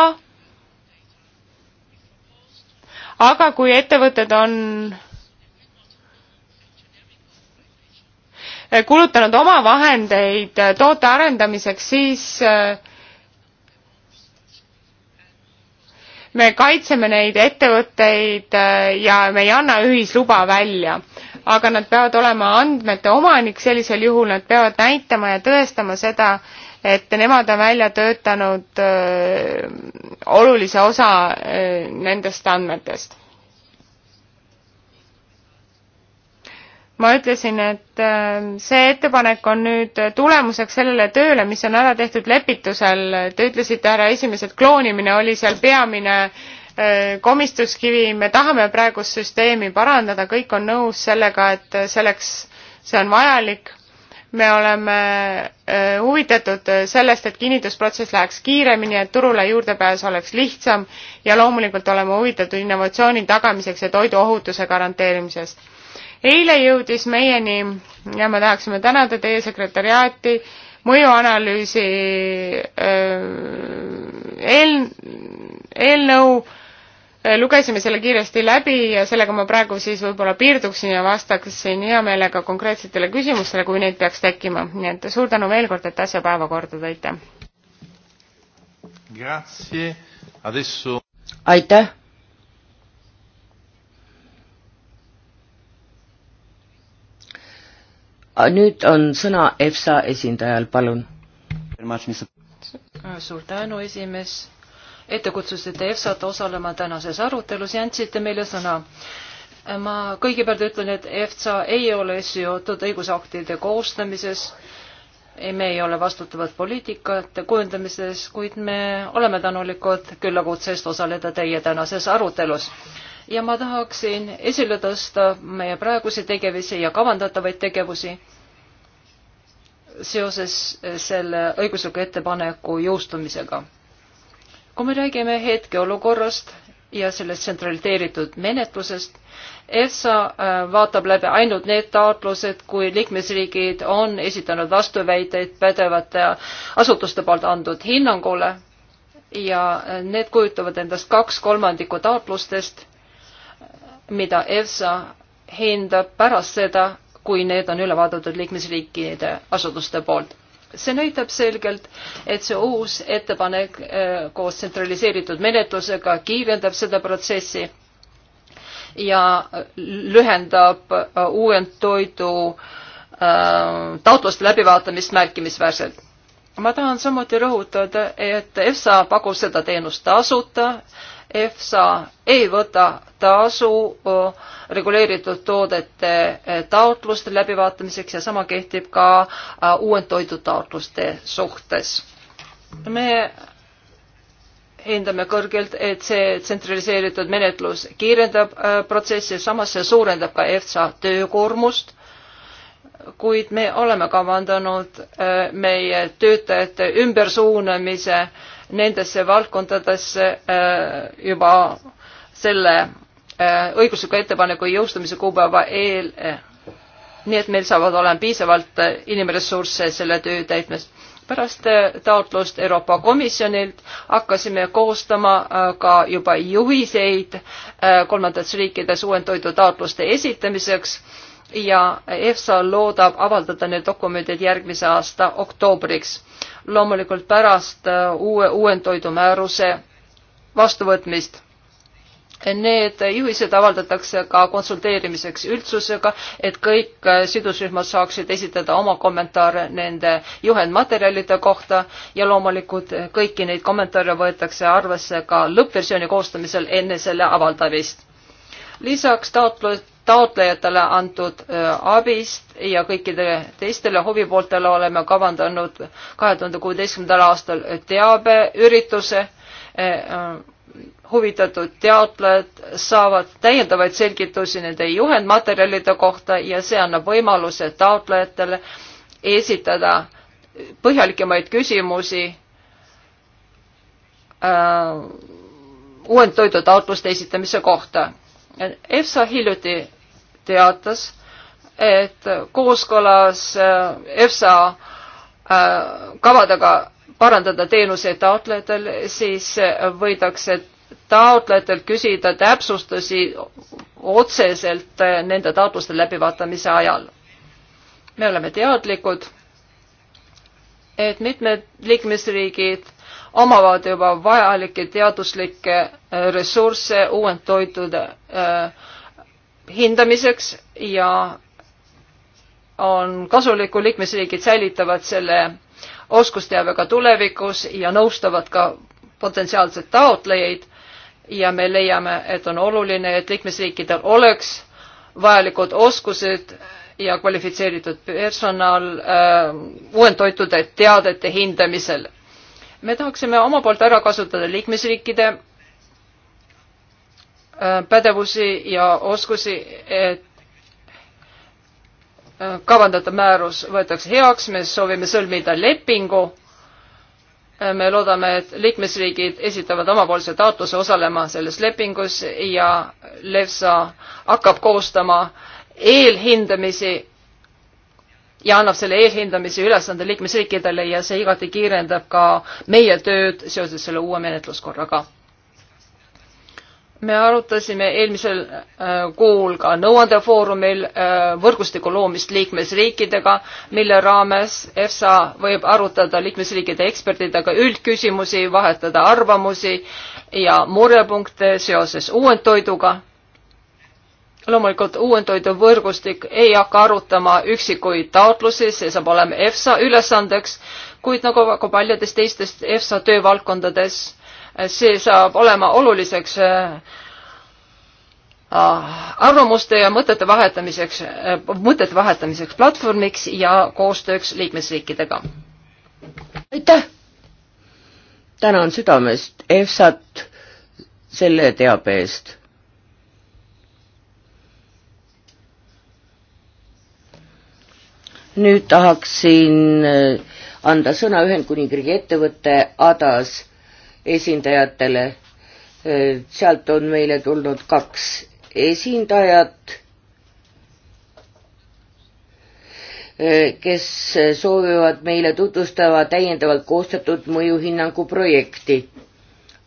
aga kui ettevõtted on Eh, kulutanud oma vahendeid eh, toote arendamiseks, siis eh, me kaitseme neid ettevõtteid ja me ei anna ühisluba välja. aga nad peavad olema andmete omanik, sellisel juhul nad peavad näitama ja tõestama seda, et nemad on välja töötanud öö, olulise osa öö, nendest andmetest ma ütlesin, et ähm, see ettepanek on nüüd tulemuseks sellele tööle, mis on ära tehtud lepitusel. Te ütlesite, härra esimees, et kloonimine oli seal peamine äh, komistuskivi, me tahame praegust süsteemi parandada, kõik on nõus sellega, et selleks see on vajalik. me oleme äh, huvitatud sellest, et kinnitusprotsess läheks kiiremini, et turule juurdepääs oleks lihtsam ja loomulikult oleme huvitatud innovatsiooni tagamiseks ja toiduohutuse garanteerimisest eile jõudis meieni ja me tahaksime tänada teie sekretäriaati mõjuanalüüsi eel-, eelnõu, lugesime selle kiiresti läbi ja sellega ma praegu siis võib-olla piirduksin ja vastaksin hea meelega konkreetsetele küsimustele, kui neid peaks tekkima. nii et suur tänu veel kord, et asja päevakorda tõite. aitäh Ah, nüüd on sõna EFSA esindajal, palun. suur tänu, esimees. ette kutsusite EFSA-t osalema tänases arutelus ja andsite meile sõna ma kõigepealt ütlen, et EFSA ei ole seotud õigusaktide koostamises, me ei ole vastutavad poliitikate kujundamises, kuid me oleme tänulikud küllakutse eest osaleda teie tänases arutelus ja ma tahaksin esile tõsta meie praeguse tegevusi ja kavandatavaid tegevusi seoses eh, selle õigusliku ettepaneku jõustumisega. kui me räägime hetkeolukorrast ja sellest tsentraliseeritud menetlusest, EFSA eh, vaatab läbi ainult need taotlused, kui liikmesriigid on esitanud vastuväiteid pädevate asutuste poolt antud hinnangule ja eh, need kujutavad endast kaks kolmandikku taotlustest mida EFSA hindab pärast seda, kui need on üle vaadatud liikmesriikide asutuste poolt. see näitab selgelt, et see uus ettepanek äh, koos tsentraliseeritud menetlusega kiirendab seda protsessi ja lühendab äh, uuend toidu äh, taotluste läbivaatamist märkimisväärselt. ma tahan samuti rõhutada, et EFSA pakub seda teenust tasuta ta EFSA ei võta tasu reguleeritud toodete taotluste läbivaatamiseks ja sama kehtib ka uuendtoidutaotluste suhtes. me hindame kõrgelt, et see tsentraliseeritud menetlus kiirendab protsessi, samas see suurendab ka EFSA töökoormust kuid me oleme kavandanud äh, meie töötajate ümbersuunamise nendesse valdkondadesse äh, juba selle äh, õigusliku ettepaneku jõustumise kuupäeva eel. nii et meil saavad olema piisavalt inimressursse selle töö täitmiseks. pärast taotlust Euroopa Komisjonilt hakkasime koostama ka juba juhiseid kolmandates riikides uuendtoidu taotluste esitamiseks ja EFSA loodab avaldada need dokumendid järgmise aasta oktoobriks. loomulikult pärast äh, uue uuendtoidumääruse vastuvõtmist. Need juhised avaldatakse ka konsulteerimiseks üldsusega, et kõik äh, sidusrühmad saaksid esitada oma kommentaare nende juhendmaterjalide kohta ja loomulikult äh, kõiki neid kommentaare võetakse arvesse ka lõppversiooni koostamisel enne selle avaldamist lisaks taotlus, taotlejatele antud abist ja kõikidele teistele huvipooltele oleme kavandanud kahe tuhande kuueteistkümnendal aastal teabeürituse. huvitatud teadlejad saavad täiendavaid selgitusi nende juhendmaterjalide kohta ja see annab võimaluse taotlejatele esitada põhjalikumaid küsimusi uuendtoidu taotluste esitamise kohta. EFSA hiljuti teatas, et kooskõlas äh, EFSA äh, kavadega parandada teenuse taotlejatel, siis äh, võidakse taotlejatelt küsida täpsustusi otseselt nende taotluste läbivaatamise ajal. me oleme teadlikud, et mitmed liikmesriigid omavad juba vajalikke teaduslikke ressursse uuendtoitude äh, hindamiseks ja on kasulik, kui liikmesriigid säilitavad selle oskusteave ka tulevikus ja nõustavad ka potentsiaalseid taotlejaid ja me leiame, et on oluline, et liikmesriikidel oleks vajalikud oskused ja kvalifitseeritud personal äh, uuendtoitude teadete hindamisel. me tahaksime oma poolt ära kasutada liikmesriikide pädevusi ja oskusi, et kavandatav määrus võetakse heaks, me soovime sõlmida lepingu. me loodame, et liikmesriigid esitavad omapoolse taotluse osalema selles lepingus ja Levsa hakkab koostama eelhindamisi ja annab selle eelhindamise ülesande liikmesriikidele ja see igati kiirendab ka meie tööd seoses selle uue menetluskorraga me arutasime eelmisel äh, kuul ka nõuandefoorumil äh, võrgustiku loomist liikmesriikidega, mille raames EFSA võib arutada liikmesriikide ekspertidega üldküsimusi, vahetada arvamusi ja murepunkte seoses uuendtoiduga. loomulikult uuendtoidu võrgustik ei hakka arutama üksikuid taotlusi, see saab olema EFSA ülesandeks, kuid nagu väga paljudes teistes EFSA töövaldkondades see saab olema oluliseks äh, äh, arvamuste ja mõtete vahetamiseks, äh, mõtete vahetamiseks platvormiks ja koostööks liikmesriikidega. aitäh! tänan südamest EFSA-t selle teabe eest. nüüd tahaksin anda sõna Ühendkuningriigi ettevõtte ADAS esindajatele. sealt on meile tulnud kaks esindajat, kes soovivad meile tutvustava täiendavalt koostatud mõjuhinnangu projekti.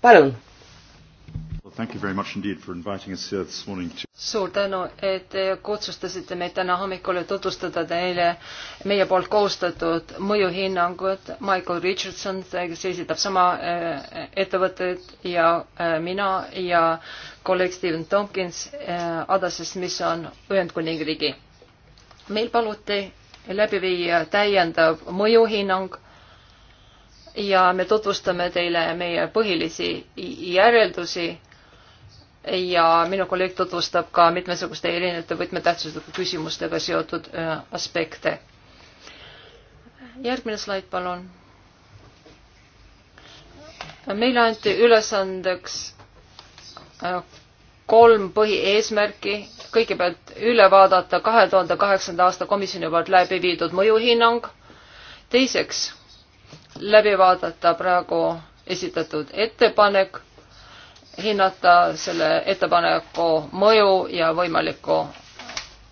palun Thank you very much indeed for inviting us here this morning to... suur tänu, et kutsustasite meid täna hommikul tutvustada teile meie poolt koostatud mõjuhinnangut. Michael Richardson, kes esitab sama äh, ettevõtet ja äh, mina ja kolleeg Steven Tompkins äh, Adasest, mis on Ühendkuningriigi. meil paluti läbi viia täiendav mõjuhinnang ja me tutvustame teile meie põhilisi järeldusi ja minu kolleeg tutvustab ka mitmesuguste erinevate võtmetähtsusega küsimustega seotud äh, aspekte. järgmine slaid, palun. meile anti ülesandeks äh, kolm põhieesmärki. kõigepealt üle vaadata kahe tuhande kaheksanda aasta komisjoni poolt läbi viidud mõjuhinnang. teiseks läbi vaadata praegu esitatud ettepanek hinnata selle ettepaneku mõju ja võimalikku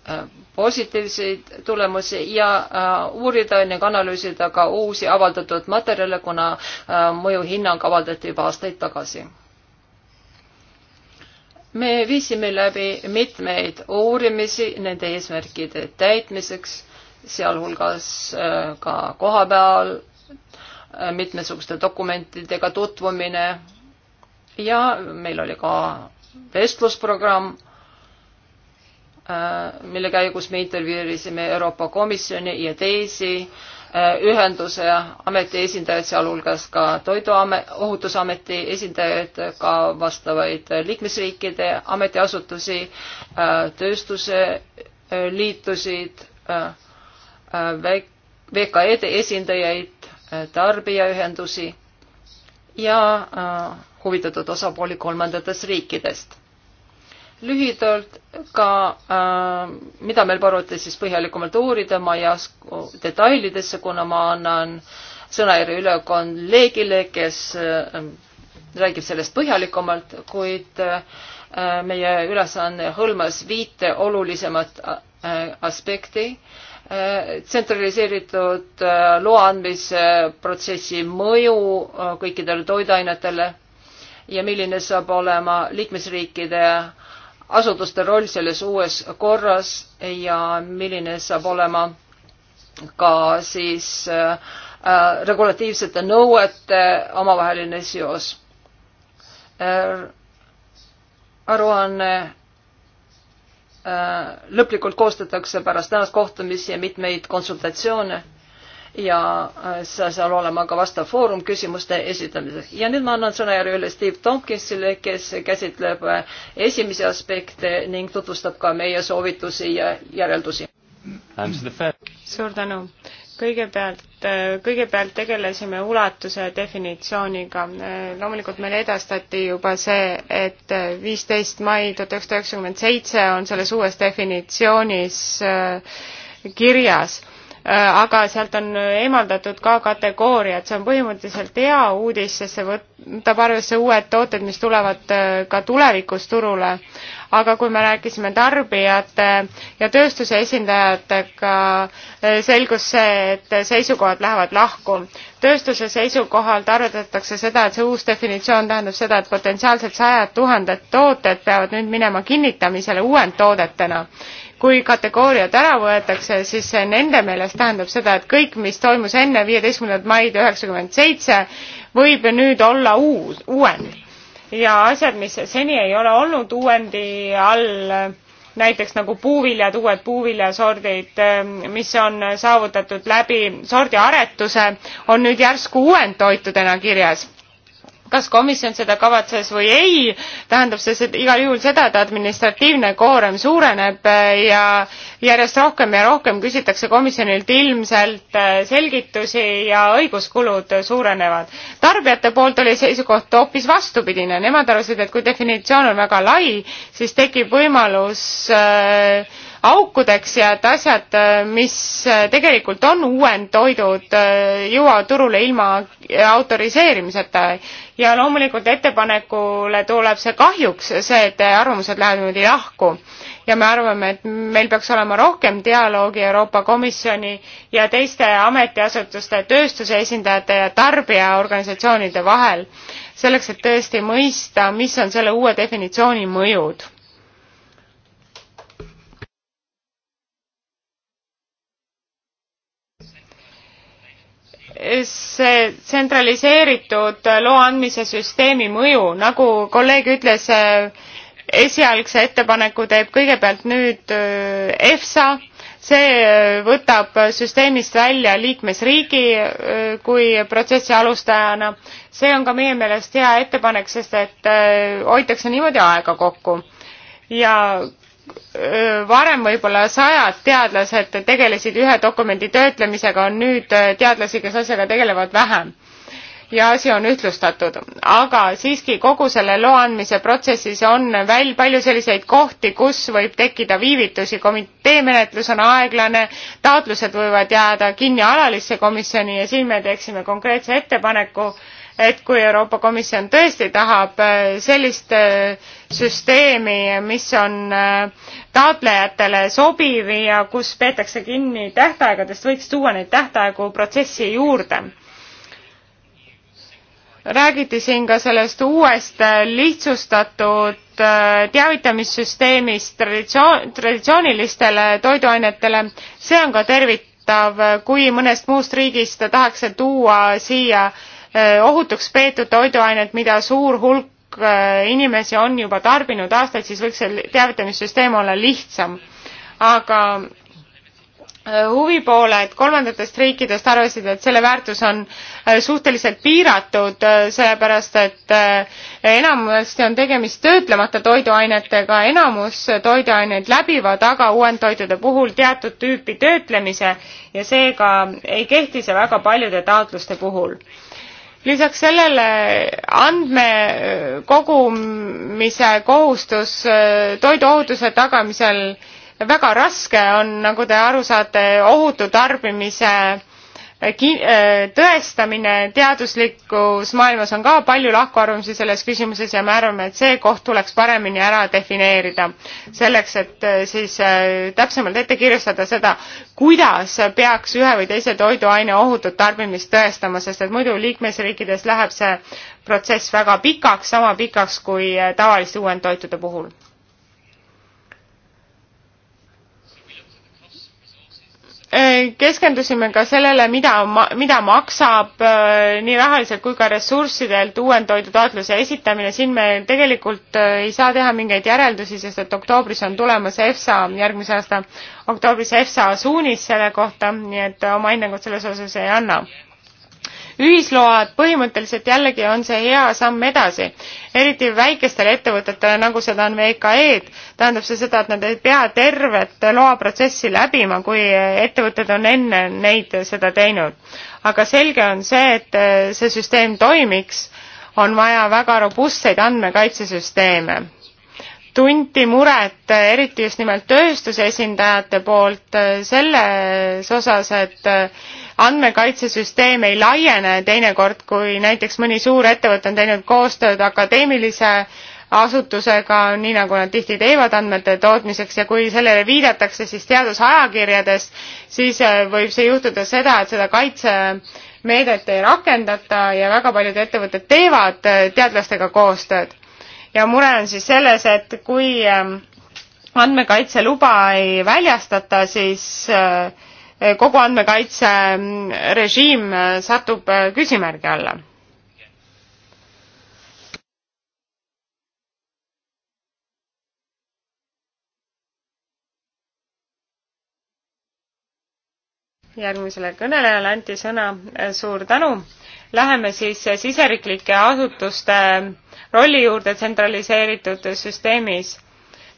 äh, positiivseid tulemusi ja äh, uurida ning analüüsida ka uusi avaldatud materjale, kuna äh, mõjuhinnang avaldati juba aastaid tagasi. me viisime läbi mitmeid uurimisi nende eesmärkide täitmiseks, sealhulgas ka kohapeal mitmesuguste dokumentidega tutvumine ja meil oli ka vestlusprogramm, äh, mille käigus me intervjueerisime Euroopa Komisjoni ja teisi äh, ühenduse ameti esindajaid, sealhulgas ka Toiduohutusameti esindajaid, ka vastavaid liikmesriikide ametiasutusi, äh, tööstuse liitusid, VKE-de esindajaid, tarbijaühendusi ja äh, huvitatud osapooli kolmandatest riikidest. lühidalt ka äh,, mida meil paluti siis põhjalikumalt uurida, ma ei asku detailidesse, kuna ma annan sõnajärje üle kolleegile, kes äh, räägib sellest põhjalikumalt, kuid äh, meie ülesanne hõlmas viite olulisemat äh, aspekti, äh, tsentraliseeritud äh, loa andmise protsessi mõju kõikidele toiduainetele ja milline saab olema liikmesriikide asutuste roll selles uues korras ja milline saab olema ka siis äh, äh regulatiivsete nõuete omavaheline seos äh,. aruanne äh, lõplikult koostatakse pärast tänast kohtumist ja mitmeid konsultatsioone ja äh, seal olema ka vastav foorum küsimuste esitamiseks. ja nüüd ma annan sõna järjele Steve Tomkinsile, kes käsitleb äh, esimesi aspekte ning tutvustab ka meie soovitusi ja järeldusi. suur tänu. kõigepealt, äh, kõigepealt tegelesime ulatuse definitsiooniga. loomulikult meile edastati juba see, et viisteist mai tuhat üheksasada üheksakümmend seitse on selles uues definitsioonis kirjas Äh, aga sealt on eemaldatud ka kategooriad, see on põhimõtteliselt hea uudis, sest see võtab arvesse uued tooted, mis tulevad äh, ka tulevikus turule. aga kui me rääkisime tarbijate ja tööstuse esindajatega, äh, selgus see, et seisukohad lähevad lahku. tööstuse seisukohalt arvatatakse seda, et see uus definitsioon tähendab seda, et potentsiaalselt sajad tuhanded tooted peavad nüüd minema kinnitamisele uuendtoodetena kui kategooriad ära võetakse, siis see nende meelest tähendab seda, et kõik, mis toimus enne viieteistkümnendat maid üheksakümmend seitse, võib nüüd olla uus, uuend. ja asjad, mis seni ei ole olnud uuendi all, näiteks nagu puuviljad, uued puuviljasordid, mis on saavutatud läbi sordiaretuse, on nüüd järsku uuendtoitudena kirjas kas komisjon seda kavatses või ei, tähendab see seda, igal juhul seda, et administratiivne koorem suureneb äh, ja järjest rohkem ja rohkem küsitakse komisjonilt ilmselt äh, selgitusi ja õiguskulud suurenevad. tarbijate poolt oli seisukoht hoopis vastupidine, nemad arvasid, et kui definitsioon on väga lai, siis tekib võimalus äh, aukudeks ja et asjad, äh, mis äh, tegelikult on uuendtoidud, äh, jõuavad turule ilma autoriseerimiseta. ja loomulikult ettepanekule tuleb see kahjuks, see, et arvamused lähevad niimoodi lahku. ja me arvame, et meil peaks olema rohkem dialoogi Euroopa Komisjoni ja teiste ametiasutuste, tööstuse esindajate ja tarbijaorganisatsioonide vahel, selleks et tõesti mõista, mis on selle uue definitsiooni mõjud see tsentraliseeritud loa andmise süsteemi mõju, nagu kolleeg ütles, äh, esialgse ettepaneku teeb kõigepealt nüüd äh, EFSA, see äh, võtab süsteemist välja liikmesriigi kui protsessi alustajana. see on ka meie meelest hea ettepanek, sest et hoitakse niimoodi aega kokku. ja varem võib-olla sajad teadlased tegelesid ühe dokumendi töötlemisega, on nüüd teadlasi, kes asjaga tegelevad vähem. ja asi on ühtlustatud, aga siiski kogu selle loa andmise protsessis on väl palju selliseid kohti, kus võib tekkida viivitusi, komitee menetlus on aeglane, taotlused võivad jääda kinni alalisse komisjoni ja siin me teeksime konkreetse ettepaneku äh, et kui Euroopa Komisjon tõesti tahab äh, sellist äh, süsteemi, mis on äh, taotlejatele sobiv ja kus peetakse kinni tähtaegadest, võiks tuua neid tähtaegu protsessi juurde. räägiti siin ka sellest uuest lihtsustatud teavitamissüsteemist traditsioon, traditsioonilistele toiduainetele, see on ka tervitatav, kui mõnest muust riigist tahetakse tuua siia äh, Äh, ohutuks peetud toiduainet, mida suur hulk äh, inimesi on juba tarbinud aastaid, siis võiks see teavitamissüsteem olla lihtsam. aga äh, huvipooled kolmandatest riikidest arvasid, et selle väärtus on suhteliselt piiratud, sellepärast et enamasti on tegemist töötlemata toiduainetega, enamus toiduaineid läbivad aga uuendtoitude puhul teatud tüüpi töötlemise ja seega ei kehti see väga paljude taotluste puhul lisaks sellele andmekogumise kohustus äh, toiduohutuse tagamisel väga raske on, nagu te aru saate, ohutu tarbimise Äh, äh, tõestamine teaduslikus maailmas on ka palju lahkarvamusi selles küsimuses ja me arvame, et see koht tuleks paremini ära defineerida. selleks, et äh, siis täpsemalt ette kirjustada seda, kuidas peaks ühe või teise toiduaine ohutut tarbimist tõestama, sest et muidu liikmesriikides läheb see protsess väga pikaks, sama pikaks kui tavaliste uuendtoitude puhul. Äh, keskendusime ka sellele, mida ma,, mida maksab äh, nii rahaliselt kui ka ressurssidelt uuendtoidutaotluse esitamine, siin me tegelikult äh, ei saa teha mingeid järeldusi, sest et oktoobris on tulemas EFSA, järgmise aasta oktoobris EFSA suunis selle kohta, nii et oma hinnangut selles osas ei anna ühisload, põhimõtteliselt jällegi on see hea samm edasi, eriti väikestele ettevõtetele, nagu seda on VKE-d, tähendab see seda, et nad ei pea tervet loaprotsessi läbima, kui ettevõtted on enne neid seda teinud. aga selge on see, et see süsteem toimiks, on vaja väga robustseid andmekaitsesüsteeme tunti muret eriti just nimelt tööstuse esindajate poolt selles osas, et andmekaitsesüsteem ei laiene teinekord, kui näiteks mõni suur ettevõte on teinud koostööd akadeemilise asutusega, nii nagu nad tihti teevad andmete tootmiseks ja kui sellele viidatakse siis teadusajakirjades, siis äh, võib see juhtuda seda, et seda kaitsemeedet ei rakendata ja väga paljud ettevõtted teevad äh, teadlastega koostööd. ja mure on siis selles, et kui ähm, andmekaitseluba ei väljastata, siis äh, Eh, kogu andmekaitse mm, režiim eh, satub eh, küsimärgi alla. järgmisele kõnelejale anti sõna, suur tänu. Läheme siis siseriiklike asutuste rolli juurde tsentraliseeritud süsteemis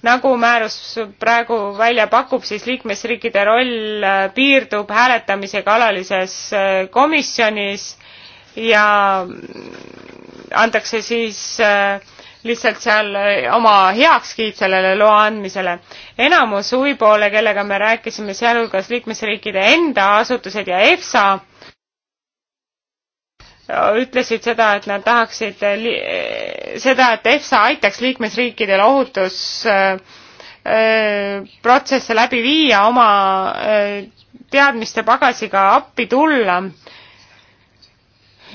nagu määrus praegu välja pakub, siis liikmesriikide roll äh, piirdub hääletamisega alalises äh, komisjonis ja mm, antakse siis äh, lihtsalt seal oma heakskiit sellele loa andmisele. enamus huvipoole, kellega me rääkisime, sealhulgas liikmesriikide enda asutused ja EFSA, ütlesid seda, et nad tahaksid seda, et EFSA aitaks liikmesriikidel ohutusprotsesse äh, äh, läbi viia, oma äh, teadmiste pagasiga appi tulla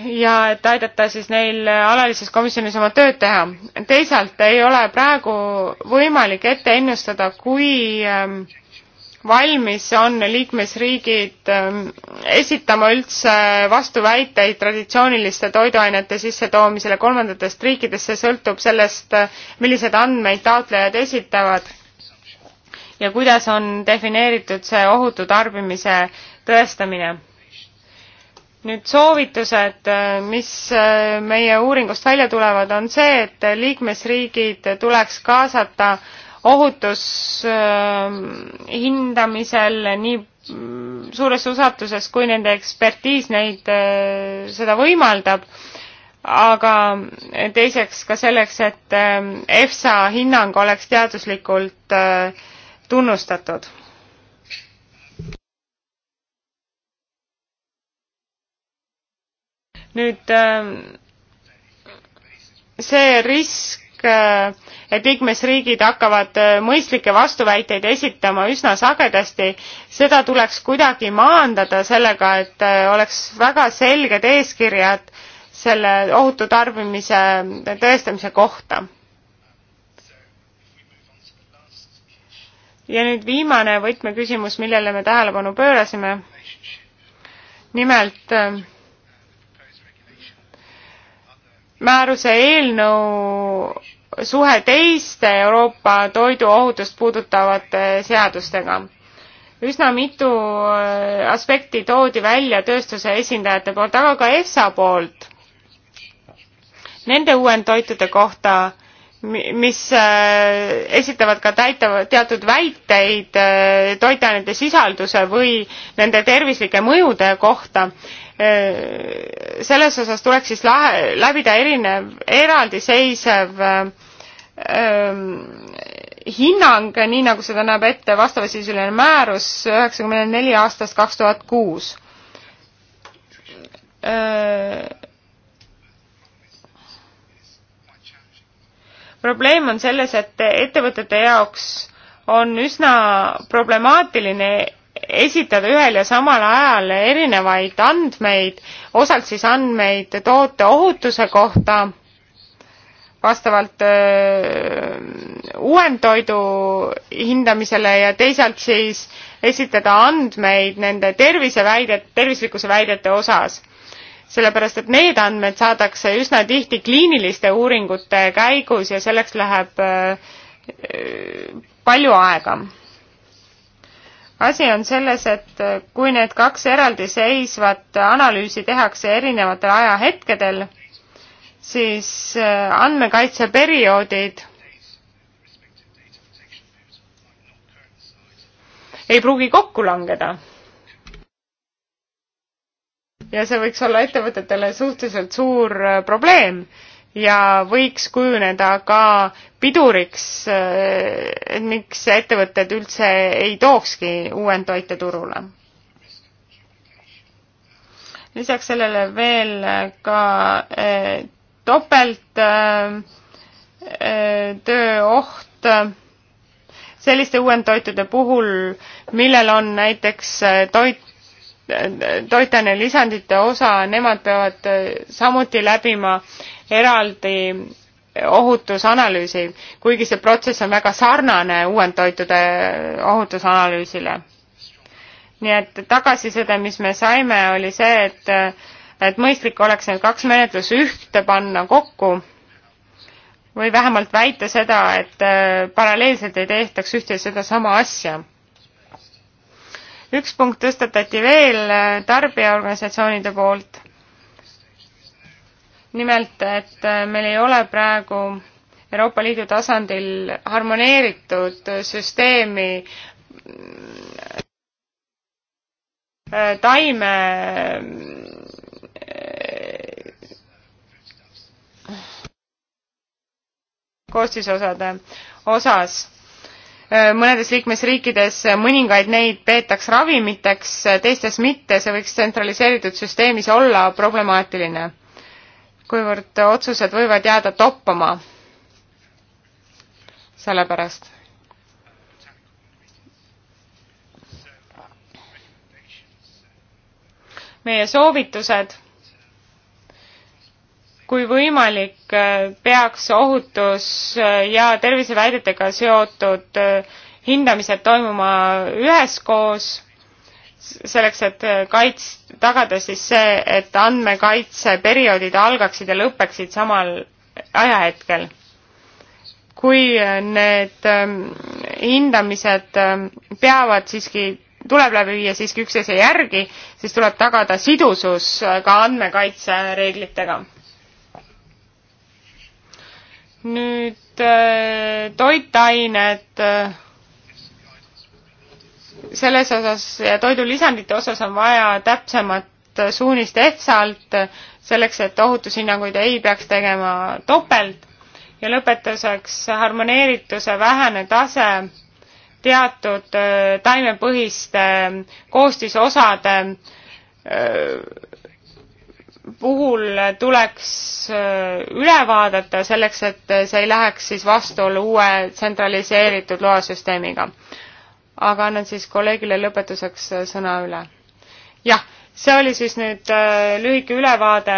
ja et aidata siis neil alalises komisjonis oma tööd teha. teisalt ei ole praegu võimalik ette ennustada, kui äh, valmis on liikmesriigid ähm, esitama üldse vastuväiteid traditsiooniliste toiduainete sissetoomisele kolmandatest riikidest, see sõltub sellest, äh, milliseid andmeid taotlejad esitavad ja kuidas on defineeritud see ohutu tarbimise tõestamine. nüüd soovitused, äh, mis äh, meie uuringust välja tulevad, on see, et liikmesriigid tuleks kaasata äh, ohutus ähm, hindamisel nii suures usatuses, kui nende ekspertiis neid, äh, seda võimaldab, aga teiseks ka selleks, et ähm, EFSA hinnang oleks teaduslikult äh, tunnustatud. nüüd ähm, see risk, risk, äh, et liikmesriigid hakkavad äh, mõistlikke vastuväiteid esitama üsna sagedasti, seda tuleks kuidagi maandada sellega, et äh, oleks väga selged eeskirjad selle ohutu tarbimise tõestamise kohta. ja nüüd viimane võtmeküsimus, millele me tähelepanu pöörasime. nimelt määruse eelnõu suhe teiste Euroopa toiduohutust puudutavate seadustega. üsna mitu äh, aspekti toodi välja tööstuse esindajate poolt, aga ka EFSA poolt. Nende uuendtoitude kohta, mis äh, esitavad ka täitav, teatud väiteid äh, toitainete sisalduse või nende tervislike mõjude kohta Äh, selles osas tuleks siis lahe, läbida erinev eraldiseisev ähm, hinnang, nii nagu seda näeb ette vastavasisuline määrus üheksakümne neli aastast kaks tuhat kuus. Äh, probleem on selles, et ettevõtete jaoks on üsna problemaatiline esitada ühel ja samal ajal erinevaid andmeid, osalt siis andmeid toote ohutuse kohta, vastavalt öö, uuendtoidu hindamisele ja teisalt siis esitada andmeid nende terviseväidet, tervislikkuse väidete osas sellepärast et need andmed saadakse üsna tihti kliiniliste uuringute käigus ja selleks läheb palju aega asi on selles, et äh, kui need kaks eraldiseisvat analüüsi tehakse erinevatel ajahetkedel, siis äh, andmekaitseperioodid ei pruugi kokku langeda. ja see võiks olla ettevõtetele suhteliselt suur äh, probleem ja võiks kujuneda ka piduriks, eh, et miks ettevõtted üldse ei tookski uuendtoite turule. lisaks sellele veel ka eh, topelttöö eh, oht selliste uuendtoitude puhul, millel on näiteks toit toitaine lisandite osa, nemad peavad samuti läbima eraldi ohutusanalüüsi, kuigi see protsess on väga sarnane uuendtoitude ohutusanalüüsile. nii et tagasiside, mis me saime, oli see, et, et mõistlik oleks need kaks menetlust ühte panna kokku või vähemalt väita seda, et äh, paralleelselt ei tehtaks ühte ja sedasama asja. üks punkt tõstatati veel äh, tarbijaorganisatsioonide poolt nimelt, et äh, meil ei ole praegu Euroopa Liidu tasandil harmoneeritud süsteemi äh, taime äh, koostisosade osas. mõnedes liikmesriikides mõningaid neid peetakse ravimiteks, teistes mitte, see võiks tsentraliseeritud süsteemis olla problemaatiline kuivõrd otsused võivad jääda toppama sellepärast. meie soovitused, kui võimalik, peaks ohutus ja terviseväidetega seotud hindamised toimuma üheskoos selleks, et äh, kaits-, tagada siis see, et andmekaitseperioodid algaksid ja lõpeksid samal ajahetkel. kui äh, need ähm, hindamised ähm, peavad siiski, tuleb läbi viia siiski üksteise järgi, siis tuleb tagada sidusus äh, ka andmekaitsereeglitega. nüüd toitained selles osas ja toidulisandite osas on vaja täpsemat suunist EFSA-lt selleks, et ohutushinnanguid ei peaks tegema topelt ja lõpetuseks harmoneerituse vähene tase teatud äh, taimepõhiste äh, koostisosade äh, puhul tuleks üle vaadata selleks, et see ei läheks siis vastuollu uue tsentraliseeritud loasüsteemiga aga annan siis kolleegile lõpetuseks äh, sõna üle. jah, see oli siis nüüd äh, lühike ülevaade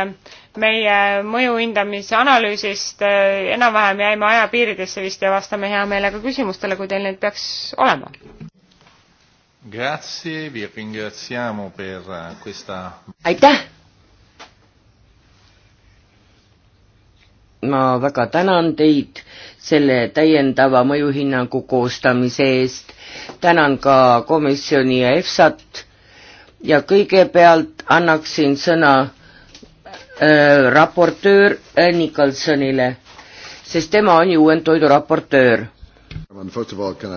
meie mõjuhindamise analüüsist, äh, enam-vähem jäime ajapiiridesse vist ja vastame hea meelega küsimustele, kui teil neid peaks olema. aitäh ma väga tänan teid selle täiendava mõjuhinnangu koostamise eest, tänan ka komisjoni ja EFSA-t ja kõigepealt annaksin sõna äh, raportöör äh, Nicholsonile, sest tema on ju toidu raportöör.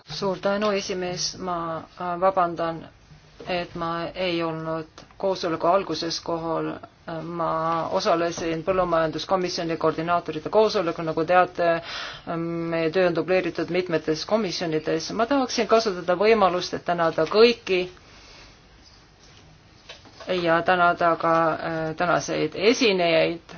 suur tänu, esimees, ma äh, vabandan, et ma ei olnud koosoleku alguses kohal ma osalesin põllumajanduskomisjoni koordinaatorite koosolekul, nagu teate, meie töö on dubleeritud mitmetes komisjonides. ma tahaksin kasutada võimalust, et tänada kõiki ja tänada ka äh, tänaseid esinejaid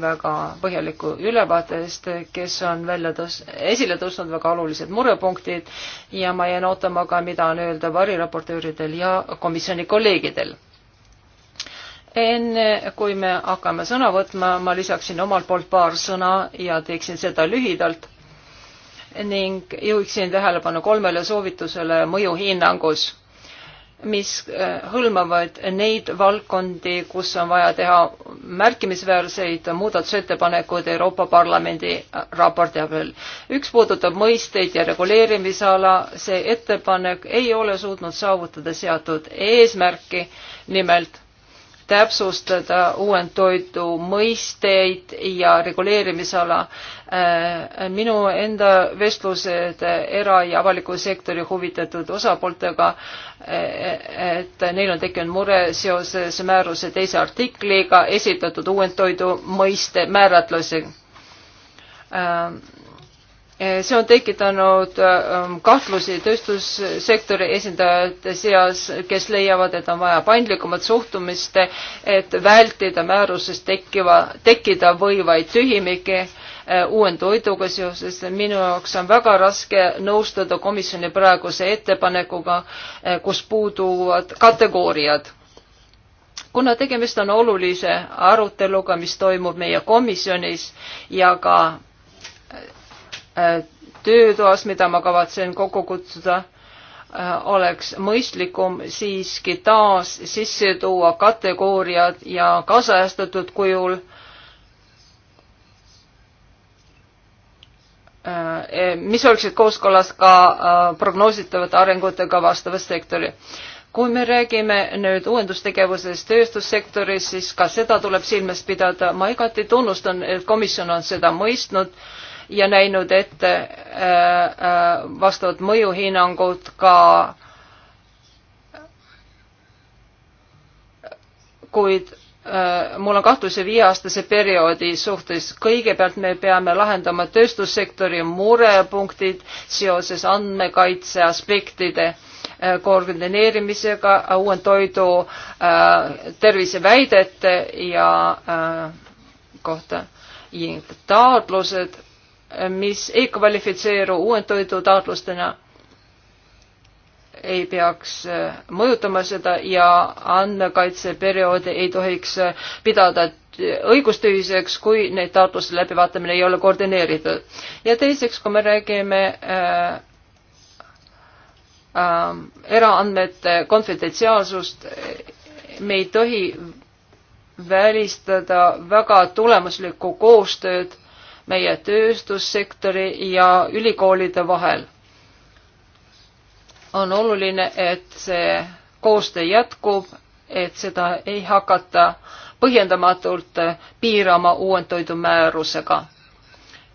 väga põhjaliku ülevaate eest, kes on välja tõs-, esile tõstnud väga olulised murepunktid ja ma jään ootama ka, mida on öelda variraportööridel ja komisjoni kolleegidel enne kui me hakkame sõna võtma, ma lisaksin omalt poolt paar sõna ja teeksin seda lühidalt ning juhiksin tähelepanu kolmele soovitusele mõjuhinnangus, mis äh, hõlmavad neid valdkondi, kus on vaja teha märkimisväärseid muudatusettepanekuid Euroopa Parlamendi äh, raporti abil. üks puudutab mõisteid ja reguleerimisala, see ettepanek ei ole suutnud saavutada seatud eesmärki, nimelt täpsustada uuendtoidu mõisteid ja reguleerimisala. Äh, minu enda vestlused era- ja avaliku sektori huvitatud osapooltega, äh, et neil on tekkinud mure seoses määruse teise artikliga esitatud uuendtoidu mõiste määratlusega äh, Eh, see on tekitanud ehm, kahtlusi tööstussektori esindajate seas, kes leiavad, et on vaja paindlikumat suhtumist, et vältida määrusest tekkiva, tekkida võivaid tühimikke eh, uuend toiduga seoses. minu jaoks on väga raske nõustuda komisjoni praeguse ettepanekuga, eh, kus puuduvad kategooriad kuna tegemist on olulise aruteluga, mis toimub meie komisjonis ja ka Äh, töötoas, mida ma kavatsen kokku kutsuda, äh, oleks mõistlikum siiski taas sisse tuua kategooriad ja kaasajastatud kujul äh, eh, mis oleksid kooskõlas ka prognoositavate arengutega vastavas sektori. kui me räägime nüüd uuendustegevusest tööstussektoris, siis ka seda tuleb silmas pidada. ma igati tunnustan, et komisjon on seda mõistnud ja näinud ette äh, äh, vastavad mõjuhinnangud ka, kuid äh, mul on kahtlusi viieaastase perioodi suhtes. kõigepealt me peame lahendama tööstussektori murepunktid seoses andmekaitse aspektide koordineerimisega, uuendtoidu terviseväidete ja kohta taotlused mis ei kvalifitseeru uuendtoidutaotlustena, ei peaks äh, mõjutama seda ja andmekaitseperioodi ei tohiks äh, pidada äh, õigustühiseks, kui neid taotluste läbivaatamine ei ole koordineeritud. ja teiseks, kui me räägime äh, äh, eraandmete konfidentsiaalsust, me ei tohi välistada väga tulemuslikku koostööd äh, meie tööstussektori ja ülikoolide vahel. on oluline, et see koostöö jätkub, et seda ei hakata põhjendamatult piirama uuendtoidumäärusega.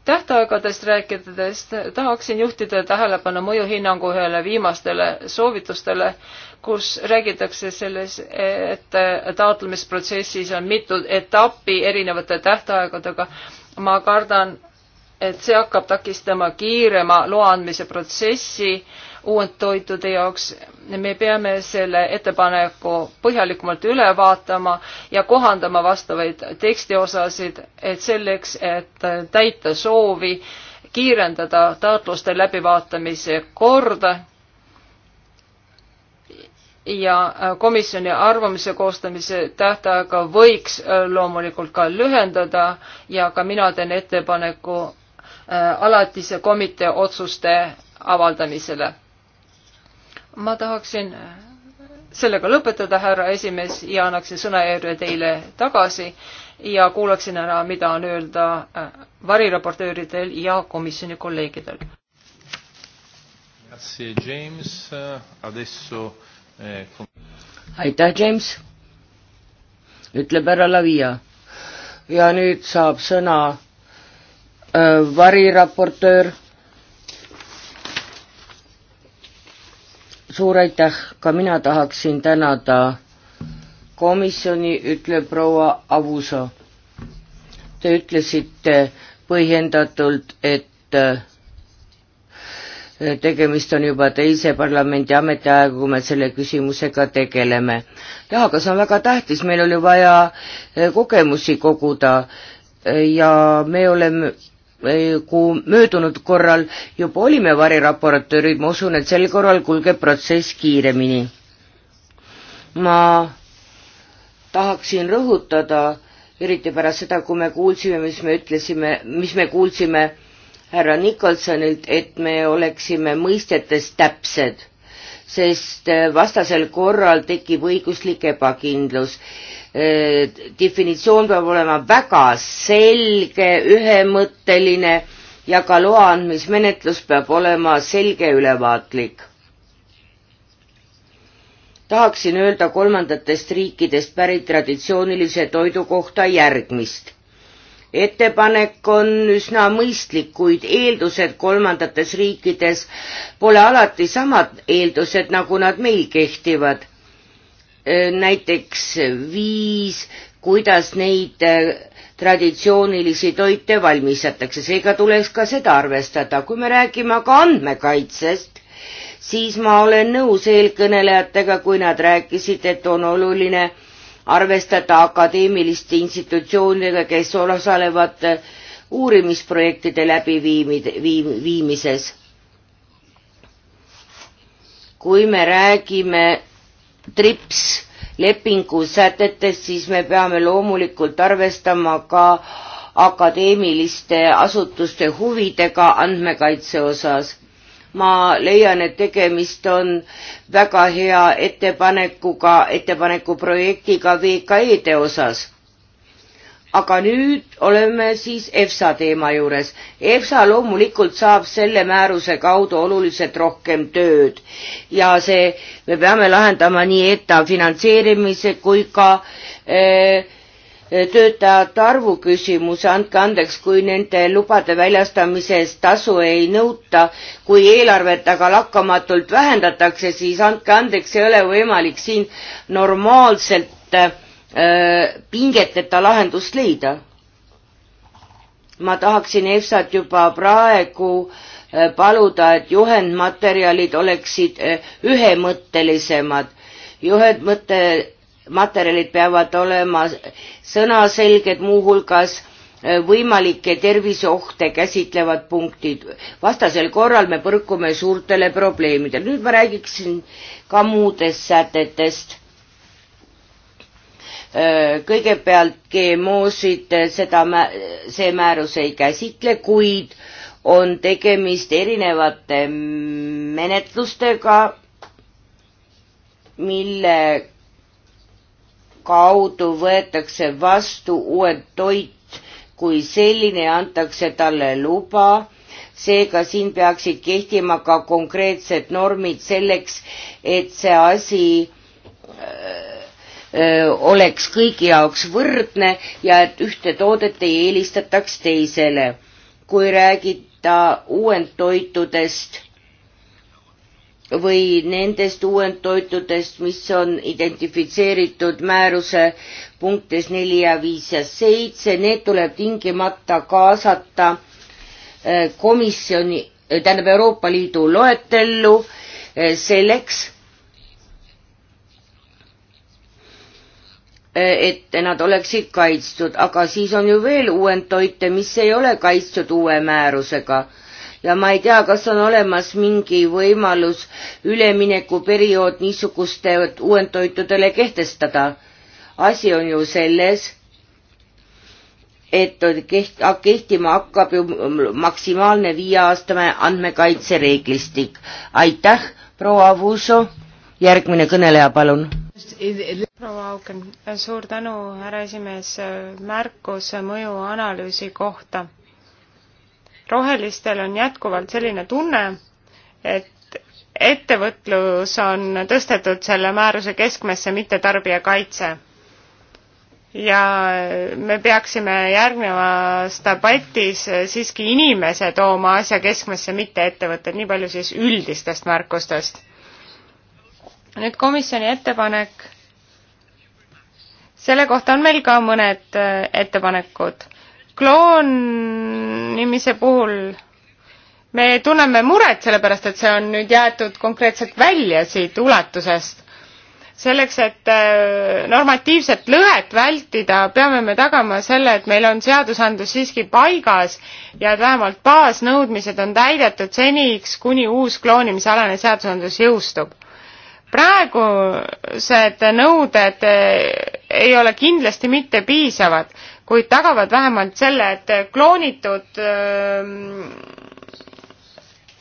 tähtaegadest rääkides tahaksin juhtida tähelepanu mõjuhinnangu ühele viimastele soovitustele, kus räägitakse selles, et taotlemisprotsessis on mitu etappi erinevate tähtaegadega ma kardan, et see hakkab takistama kiirema loa andmise protsessi uuendtoitude jaoks. me peame selle ettepaneku põhjalikumalt üle vaatama ja kohandama vastavaid tekstiosasid, et selleks, et täita soovi kiirendada taotluste läbivaatamise korda ja äh, komisjoni arvamuse koostamise tähtaega võiks äh, loomulikult ka lühendada ja ka mina teen ettepaneku äh, alatise komitee otsuste avaldamisele. ma tahaksin sellega lõpetada, härra esimees, ja annaksin sõnajärje teile tagasi ja kuulaksin ära, mida on öelda variraportööridel ja komisjoni kolleegidel. Grazie James, adesso aitäh, James, ütleb härra Lavia. ja nüüd saab sõna äh, variraportöör. suur aitäh, ka mina tahaksin tänada komisjoni, ütleb proua Avuso. Te ütlesite põhjendatult, et äh, tegemist on juba teise parlamendi ametiajaga, kui me selle küsimusega tegeleme. jah, aga see on väga tähtis, meil oli vaja eh, kogemusi koguda eh, ja me oleme eh, kui möödunud korral juba olime variraportöörid, ma usun, et sel korral kulgeb protsess kiiremini. ma tahaksin rõhutada, eriti pärast seda, kui me kuulsime, mis me ütlesime, mis me kuulsime härra Nicholsonilt, et me oleksime mõistetes täpsed, sest äh, vastasel korral tekib õiguslik ebakindlus. Äh, definitsioon peab olema väga selge, ühemõtteline ja ka loa andmismenetlus peab olema selge, ülevaatlik. tahaksin öelda kolmandatest riikidest pärit traditsioonilise toidu kohta järgmist ettepanek on üsna mõistlik, kuid eeldused kolmandates riikides pole alati samad eeldused, nagu nad meil kehtivad. Äh, näiteks viis, kuidas neid äh, traditsioonilisi toite valmistatakse, seega tuleks ka seda arvestada, kui me räägime aga andmekaitsest, siis ma olen nõus eelkõnelejatega, kui nad rääkisid, et on oluline arvestada akadeemiliste institutsioonidega, kes osalevad äh, uurimisprojektide läbiviimises. kui me räägime TRIPS lepingu sätetest, siis me peame loomulikult arvestama ka akadeemiliste asutuste huvidega andmekaitse osas ma leian, et tegemist on väga hea ettepanekuga, ettepaneku projektiga VKE-de osas. aga nüüd oleme siis EFSA teema juures. EFSA loomulikult saab selle määruse kaudu oluliselt rohkem tööd ja see, me peame lahendama nii ETA finantseerimise kui ka äh, töötajate arvu küsimus, andke andeks, kui nende lubade väljastamise eest tasu ei nõuta, kui eelarvet aga lakkamatult vähendatakse, siis andke andeks, ei ole võimalik siin normaalselt äh, pingeteta lahendust leida. ma tahaksin EFSA-t juba praegu äh, paluda, et juhendmaterjalid oleksid äh, ühemõttelisemad. juhendmõte materjalid peavad olema sõnaselged, muuhulgas äh, võimalikke terviseohte käsitlevad punktid. vastasel korral me põrkume suurtele probleemidele. nüüd ma räägiksin ka muudest sätetest. Äh, kõigepealt GMO-sid, äh, seda, see määrus ei käsitle, kuid on tegemist erinevate menetlustega, mille kaudu võetakse vastu uued toit kui selline ja antakse talle luba, seega siin peaksid kehtima ka konkreetsed normid selleks, et see asi öö, äh, äh, oleks kõigi jaoks võrdne ja et ühte toodet ei eelistataks teisele. kui räägida uuendtoitudest, või nendest uuendtoitudest, mis on identifitseeritud määruse punktis neli ja viis ja seitse, need tuleb tingimata kaasata eh, komisjoni, eh, tähendab Euroopa Liidu loetellu eh, selleks, et nad oleksid kaitstud, aga siis on ju veel uuendtoite, mis ei ole kaitstud uue määrusega ja ma ei tea, kas on olemas mingi võimalus üleminekuperiood niisuguste uuendtoitudele kehtestada. asi on ju selles, et keht-, kehtima hakkab ju maksimaalne viieaastane andmekaitsereeglistik. aitäh, proua Avuso, järgmine kõneleja, palun proua Auken, suur tänu, härra esimees, märkus mõjuanalüüsi kohta rohelistel on jätkuvalt selline tunne, et ettevõtlus on tõstetud selle määruse keskmesse, mitte tarbijakaitse. ja me peaksime järgnevas debatis siiski inimese tooma asja keskmesse, mitte ettevõtted, nii palju siis üldistest märkustest. nüüd komisjoni ettepanek. selle kohta on meil ka mõned ettepanekud kloonimise puhul me tunneme muret selle pärast, et see on nüüd jäetud konkreetselt välja siit ulatusest. selleks, et äh, normatiivset lõhet vältida, peame me tagama selle, et meil on seadusandlus siiski paigas ja et vähemalt baasnõudmised on täidetud seniks, kuni uus kloonimisalane seadusandlus jõustub praegused nõuded äh, ei ole kindlasti mitte piisavad kuid tagavad vähemalt selle, et kloonitud ähm,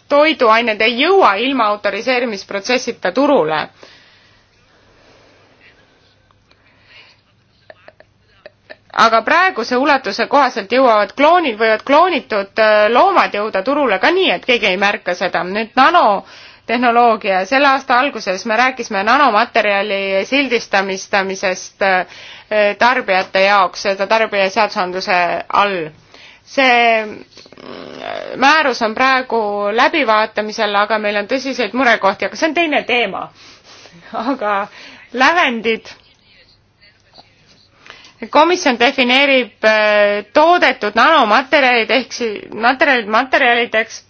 toiduained ei jõua ilma autoriseerimisprotsessita turule. aga praeguse ulatuse kohaselt jõuavad kloonid, võivad kloonitud äh, loomad jõuda turule ka nii, et keegi ei märka seda. nüüd nano tehnoloogia. selle aasta alguses me rääkisime nanomaterjali sildistamisest äh, tarbijate jaoks seda tarbija seadusandluse all. see mm, määrus on praegu läbivaatamisel, aga meil on tõsiseid murekohti, aga see on teine teema. aga lävendid komisjon defineerib äh, toodetud nanomaterjalid ehk siis materjalid materjalideks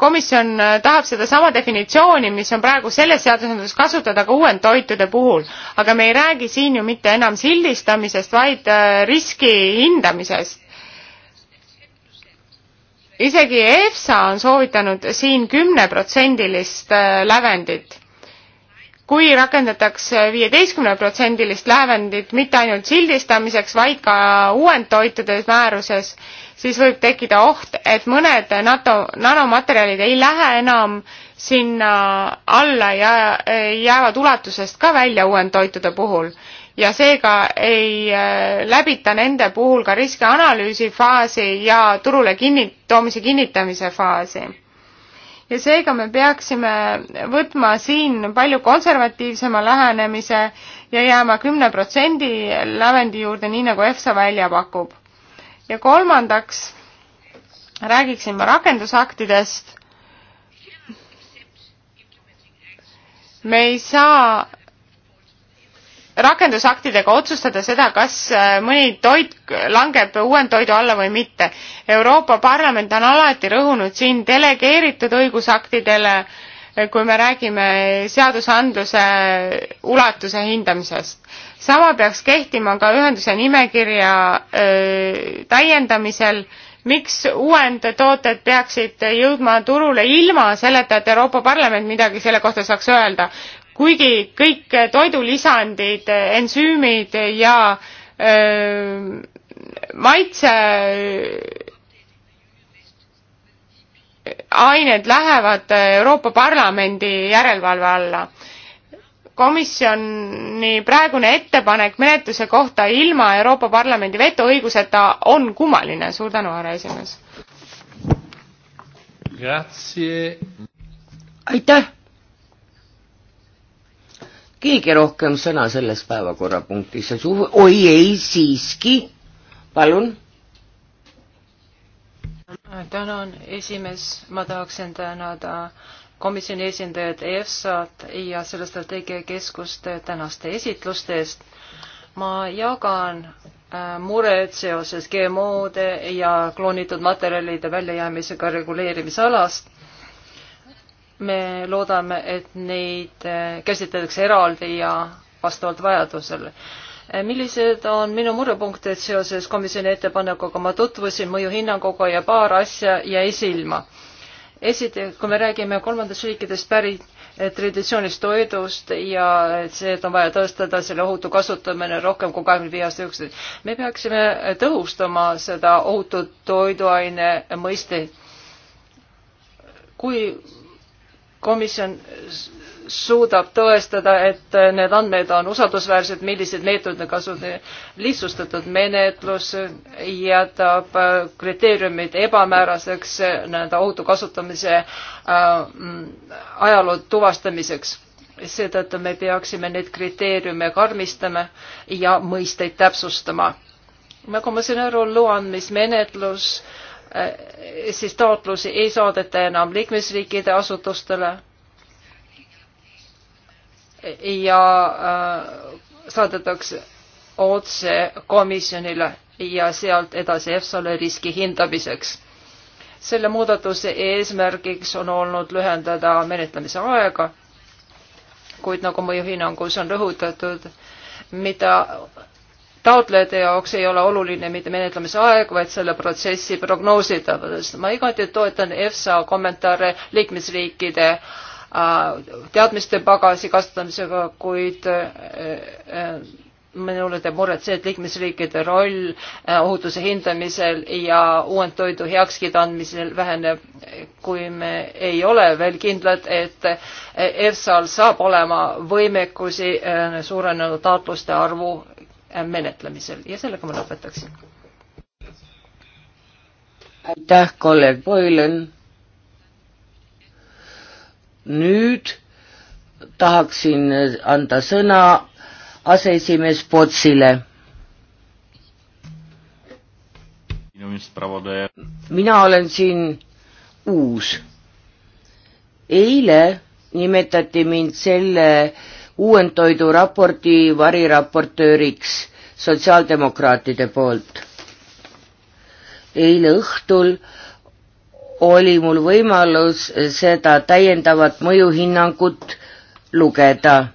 komisjon äh, tahab sedasama definitsiooni, mis on praegu selles seadusandluses kasutada ka uuendtoitude puhul, aga me ei räägi siin ju mitte enam sildistamisest, vaid äh, riski hindamisest. isegi EFSA on soovitanud siin kümneprotsendilist äh, lävendit kui rakendatakse viieteistkümneprotsendilist lävendit mitte ainult sildistamiseks, vaid ka uuendtoitude määruses siis võib tekkida oht, et mõned NATO nanomaterjalid ei lähe enam sinna alla ja jäävad ulatusest ka välja uuendtoitude puhul ja seega ei äh, läbita nende puhul ka riskianalüüsi faasi ja turule kinni, toomise kinnitamise faasi. ja seega me peaksime võtma siin palju konservatiivsema lähenemise ja jääma kümne protsendi lävendi juurde, nii nagu EFSA välja pakub ja kolmandaks räägiksin ma rakendusaktidest. me ei saa rakendusaktidega otsustada seda, kas äh, mõni toit langeb uuendtoidu alla või mitte. Euroopa Parlament on alati rõhunud siin delegeeritud õigusaktidele, äh, kui me räägime seadusandluse ulatuse hindamisest sama peaks kehtima ka ühenduse nimekirja öö, täiendamisel miks uuend tooted peaksid jõudma turule ilma selleta, et Euroopa Parlament midagi selle kohta saaks öelda, kuigi kõik toidulisandid, ensüümid ja öö, maitse ained lähevad Euroopa Parlamendi järelevalve alla komisjoni praegune ettepanek menetluse kohta ilma Euroopa Parlamendi vetoõiguseta on kummaline. suur tänu, härra esimees. aitäh. keegi rohkem sõna selles päevakorrapunktis ei suhu, oi ei, siiski, palun tänan, esimees, ma tahaksin tänada komisjoni esindajad EFSA-d ja selle strateegiakeskuste tänaste esitluste eest. ma jagan äh, mured seoses GMO-de ja kloonitud materjalide väljajäämisega reguleerimisalast. me loodame, et neid äh, käsitletakse eraldi ja vastavalt vajadusele äh, millised on minu murepunktid seoses komisjoni ettepanekuga, ma tutvusin mõjuhinnanguga ja paar asja jäi silma esiteks, kui me räägime kolmandast riikidest pärit eh, traditsioonist toidust ja see, et on vaja tõestada selle ohutu kasutamine rohkem kui kahekümne viie aasta jooksul, me peaksime tõhustama seda ohutu toiduaine mõisteid. kui komisjon suudab tõestada, et need andmed on usaldusväärsed, milliseid meetodeid kasutada, lihtsustatud menetlus jätab kriteeriumid ebamääraseks nii-öelda ohutu kasutamise äh, ajaloo tuvastamiseks. seetõttu me peaksime neid kriteeriume karmistama ja mõisteid täpsustama. nagu ma saan aru, loa andmismenetlus äh, siis taotlusi ei saadeta enam liikmesriikide asutustele ja äh, saadetakse otse komisjonile ja sealt edasi EFSA-le riski hindamiseks. selle muudatuse eesmärgiks on olnud lühendada menetlemise aega, kuid nagu mõjuhinnangus on rõhutatud, mida taotlejate jaoks ei ole oluline mitte menetlemise aeg, vaid selle protsessi prognoositavus. ma igati toetan EFSA kommentaare liikmesriikide äh, Äh, teadmiste pagasi kasutamisega, kuid äh, äh, minule teeb muret see, et liikmesriikide roll ohutuse hindamisel ja uuend toidu heakskiidu andmisel väheneb, kui me ei ole veel kindlad, et EFSA-l saab olema võimekusi suurenenud taotluste arvu menetlemisel ja sellega ma lõpetaksin. aitäh, kolleeg Boylen nüüd tahaksin anda sõna aseesimees Potsile. mina olen siin uus. eile nimetati mind selle uuendtoidu raporti variraportööriks sotsiaaldemokraatide poolt. eile õhtul äh, oli mul võimalus seda täiendavat mõjuhinnangut lugeda.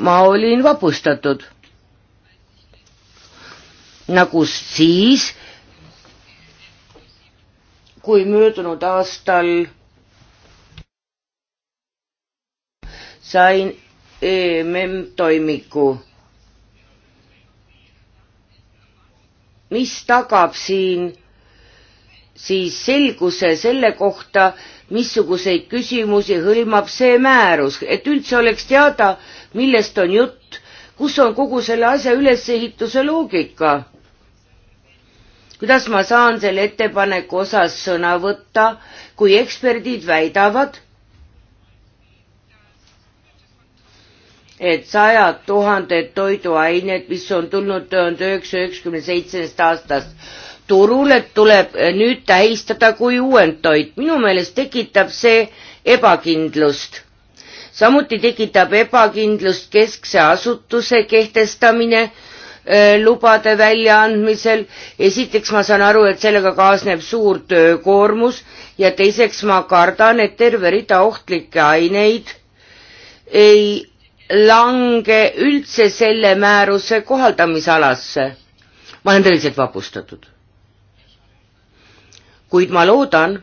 ma olin vapustatud. nagu siis, kui möödunud aastal sain EMM toimiku. mis tagab siin siis selguse selle kohta, missuguseid küsimusi hõlmab see määrus, et üldse oleks teada, millest on jutt, kus on kogu selle asja ülesehituse loogika. kuidas ma saan selle ettepaneku osas sõna võtta, kui eksperdid väidavad, et sajad tuhanded toiduained, mis on tulnud tuhande üheksasaja üheksakümne seitsmest aastast, turule tuleb eh, nüüd tähistada kui uuend toit. minu meelest tekitab see ebakindlust. samuti tekitab ebakindlust keskse asutuse kehtestamine eh, lubade väljaandmisel. esiteks ma saan aru, et sellega kaasneb suur töökoormus ja teiseks ma kardan, et terve rida ohtlikke aineid ei lange üldse selle määruse kohaldamisalasse. ma olen tõeliselt vapustatud kuid ma loodan,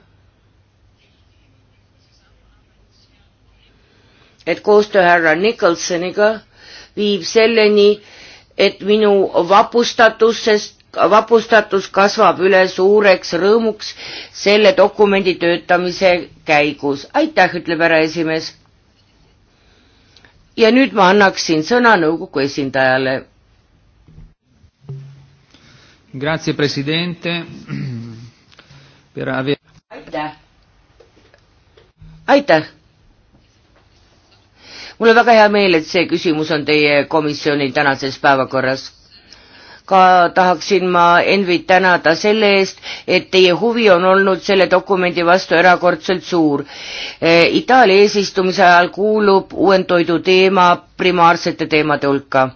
et koostöö härra Nicholsoniga viib selleni, et minu vapustatusest, vapustatus kasvab üle suureks rõõmuks selle dokumendi töötamise käigus. aitäh, ütleb härra esimees. ja nüüd ma annaksin sõna nõukogu esindajale. Grazie, presidente Piravi. aitäh! aitäh! mul on väga hea meel, et see küsimus on teie komisjoni tänases päevakorras. ka tahaksin ma Envit tänada selle eest, et teie huvi on olnud selle dokumendi vastu erakordselt suur. E, Itaalia eesistumise ajal kuulub uuendtoidu teema primaarsete teemade hulka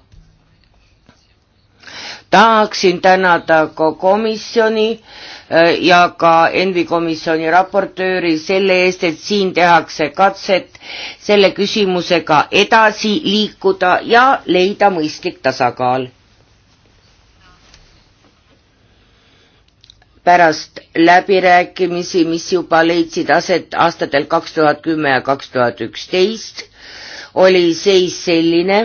tahaksin tänada ka komisjoni äh, ja ka Envi komisjoni raportööri selle eest, et siin tehakse katset selle küsimusega edasi liikuda ja leida mõistlik tasakaal. pärast läbirääkimisi, mis juba leidsid aset aastatel kaks tuhat kümme ja kaks tuhat üksteist, oli seis selline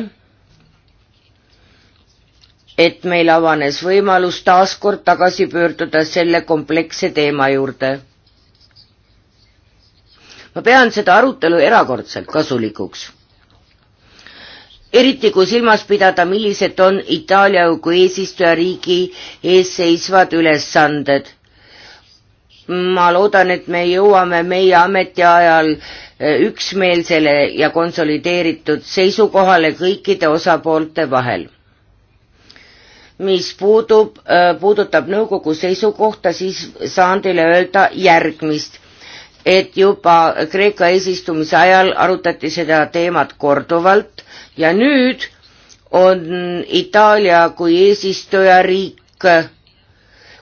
et meil avanes võimalus taaskord tagasi pöörduda selle kompleksse teema juurde. ma pean seda arutelu erakordselt kasulikuks. eriti kui silmas pidada, millised on Itaalia kui eesistujariigi ees seisvad ülesanded. ma loodan, et me jõuame meie ametiajal eh, üksmeelsele ja konsolideeritud seisukohale kõikide osapoolte vahel mis puudub, äh, puudutab nõukogu seisukohta, siis saan teile öelda järgmist, et juba Kreeka eesistumise ajal arutati seda teemat korduvalt ja nüüd on Itaalia kui eesistujariik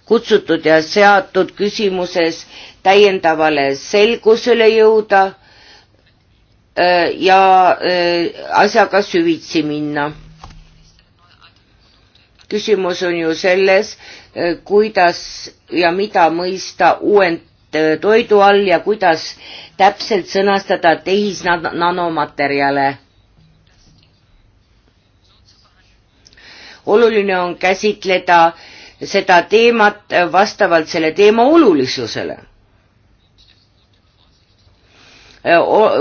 kutsutud ja seatud küsimuses täiendavale selgusele jõuda äh, ja äh, asjaga süvitsi minna küsimus on ju selles, eh, kuidas ja mida mõista uuend eh, toidu all ja kuidas täpselt sõnastada tehisnanomaterjale. oluline on käsitleda seda teemat eh, vastavalt selle teema olulisusele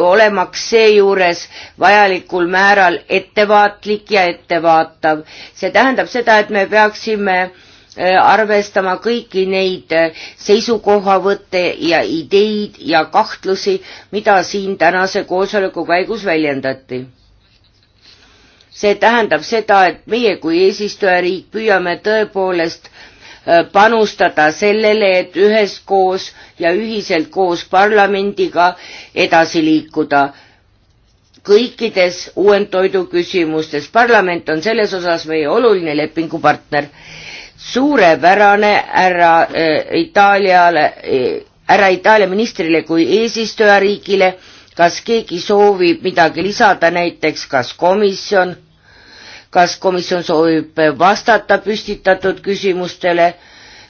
olemaks seejuures vajalikul määral ettevaatlik ja ettevaatav. see tähendab seda, et me peaksime arvestama kõiki neid seisukohavõtte ja ideid ja kahtlusi, mida siin tänase koosoleku käigus väljendati. see tähendab seda, et meie kui eesistujariik püüame tõepoolest Äh, panustada sellele, et üheskoos ja ühiselt koos parlamendiga edasi liikuda kõikides uuendtoidu küsimustes. parlament on selles osas meie oluline lepingupartner. suurepärane härra äh, Itaaliale äh,, härra Itaalia ministrile kui eesistujariigile, kas keegi soovib midagi lisada, näiteks kas komisjon kas komisjon soovib vastata püstitatud küsimustele,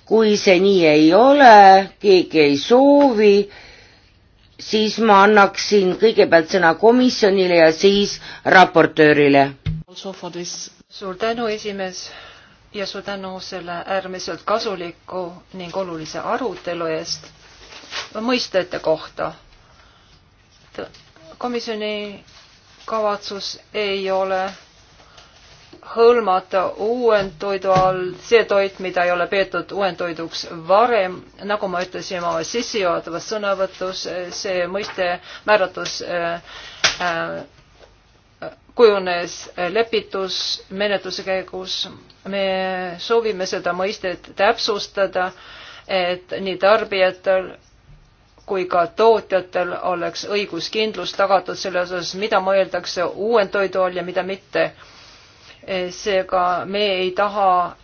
kui see nii ei ole, keegi ei soovi, siis ma annaksin kõigepealt sõna komisjonile ja siis raportöörile. suur tänu, esimees, ja suur tänu selle äärmiselt kasuliku ning olulise arutelu eest mõistete kohta. komisjoni kavatsus ei ole hõlmata uuendtoidu all see toit, mida ei ole peetud uuendtoiduks varem. nagu ma ütlesin oma sissejuhatavas sõnavõtus, see mõiste määratus äh, äh, kujunes lepitusmenetluse käigus. me soovime seda mõistet täpsustada, et nii tarbijatel kui ka tootjatel oleks õiguskindlus tagatud selle osas, mida mõeldakse uuendtoidu all ja mida mitte seega me ei taha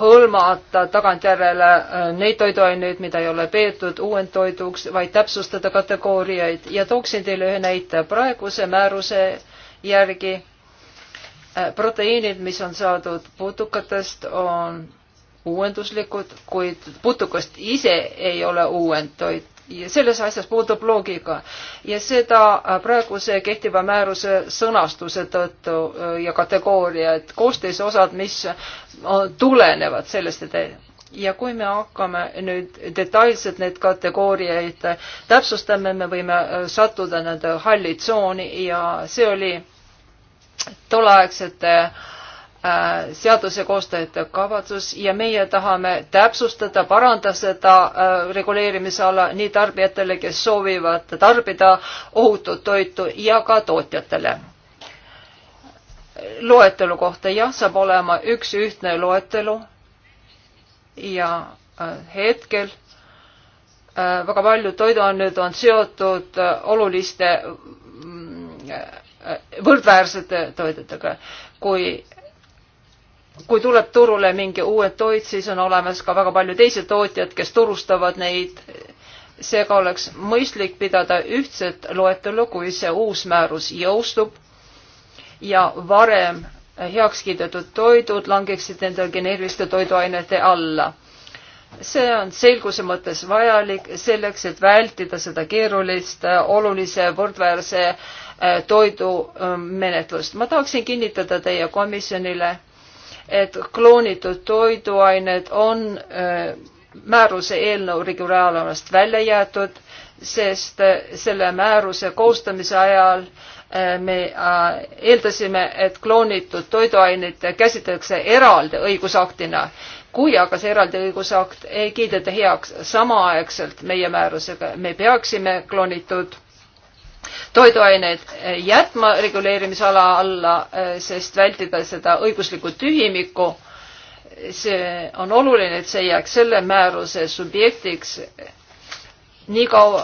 hõlmata tagantjärele äh, neid toiduaineid, mida ei ole peetud uuendtoiduks, vaid täpsustada kategooriaid ja tooksin teile ühe näite. praeguse määruse järgi äh, proteiinid, mis on saadud putukatest, on uuenduslikud, kuid putukast ise ei ole uuendtoit selles asjas puudub loogika ja seda äh, praeguse kehtiva määruse sõnastuse tõttu äh, ja kategooriad, koostisosad, mis äh, tulenevad sellest, et ja kui me hakkame nüüd detailselt neid kategooriaid täpsustama, me võime sattuda nende halli tsooni ja see oli tolleaegsete äh, Äh, seaduse koostajate kavatsus ja meie tahame täpsustada, parandada seda äh, reguleerimisala nii tarbijatele, kes soovivad tarbida ohutut toitu ja ka tootjatele. loetelu kohta jah, saab olema üks ühtne loetelu ja äh, hetkel väga paljud toiduained on seotud oluliste mm, võrdväärsete toidetega. kui kui tuleb turule mingi uue toit, siis on olemas ka väga palju teisi tootjad, kes turustavad neid. seega oleks mõistlik pidada ühtset loetelu, kui see uus määrus jõustub ja varem heaks kiidetud toidud langeksid nende geneeriliste toiduainete alla. see on selguse mõttes vajalik selleks, et vältida seda keerulist olulise võrdväärse eh, toidu eh, menetlust. ma tahaksin kinnitada teie komisjonile et kloonitud toiduained on äh, määruse eelnõu regulaalarvest välja jäetud, sest äh, selle määruse koostamise ajal äh, me eeldasime, et kloonitud toiduaineid käsitletakse eraldi õigusaktina. kui aga see eraldi õigusakt ei kiideta heaks samaaegselt meie määrusega, me peaksime kloonitud toiduaineid eh, jätma reguleerimisala alla, eh, sest vältida seda õiguslikku tühimikku. see on oluline, et see jääks selle määruse subjektiks eh, niikaua,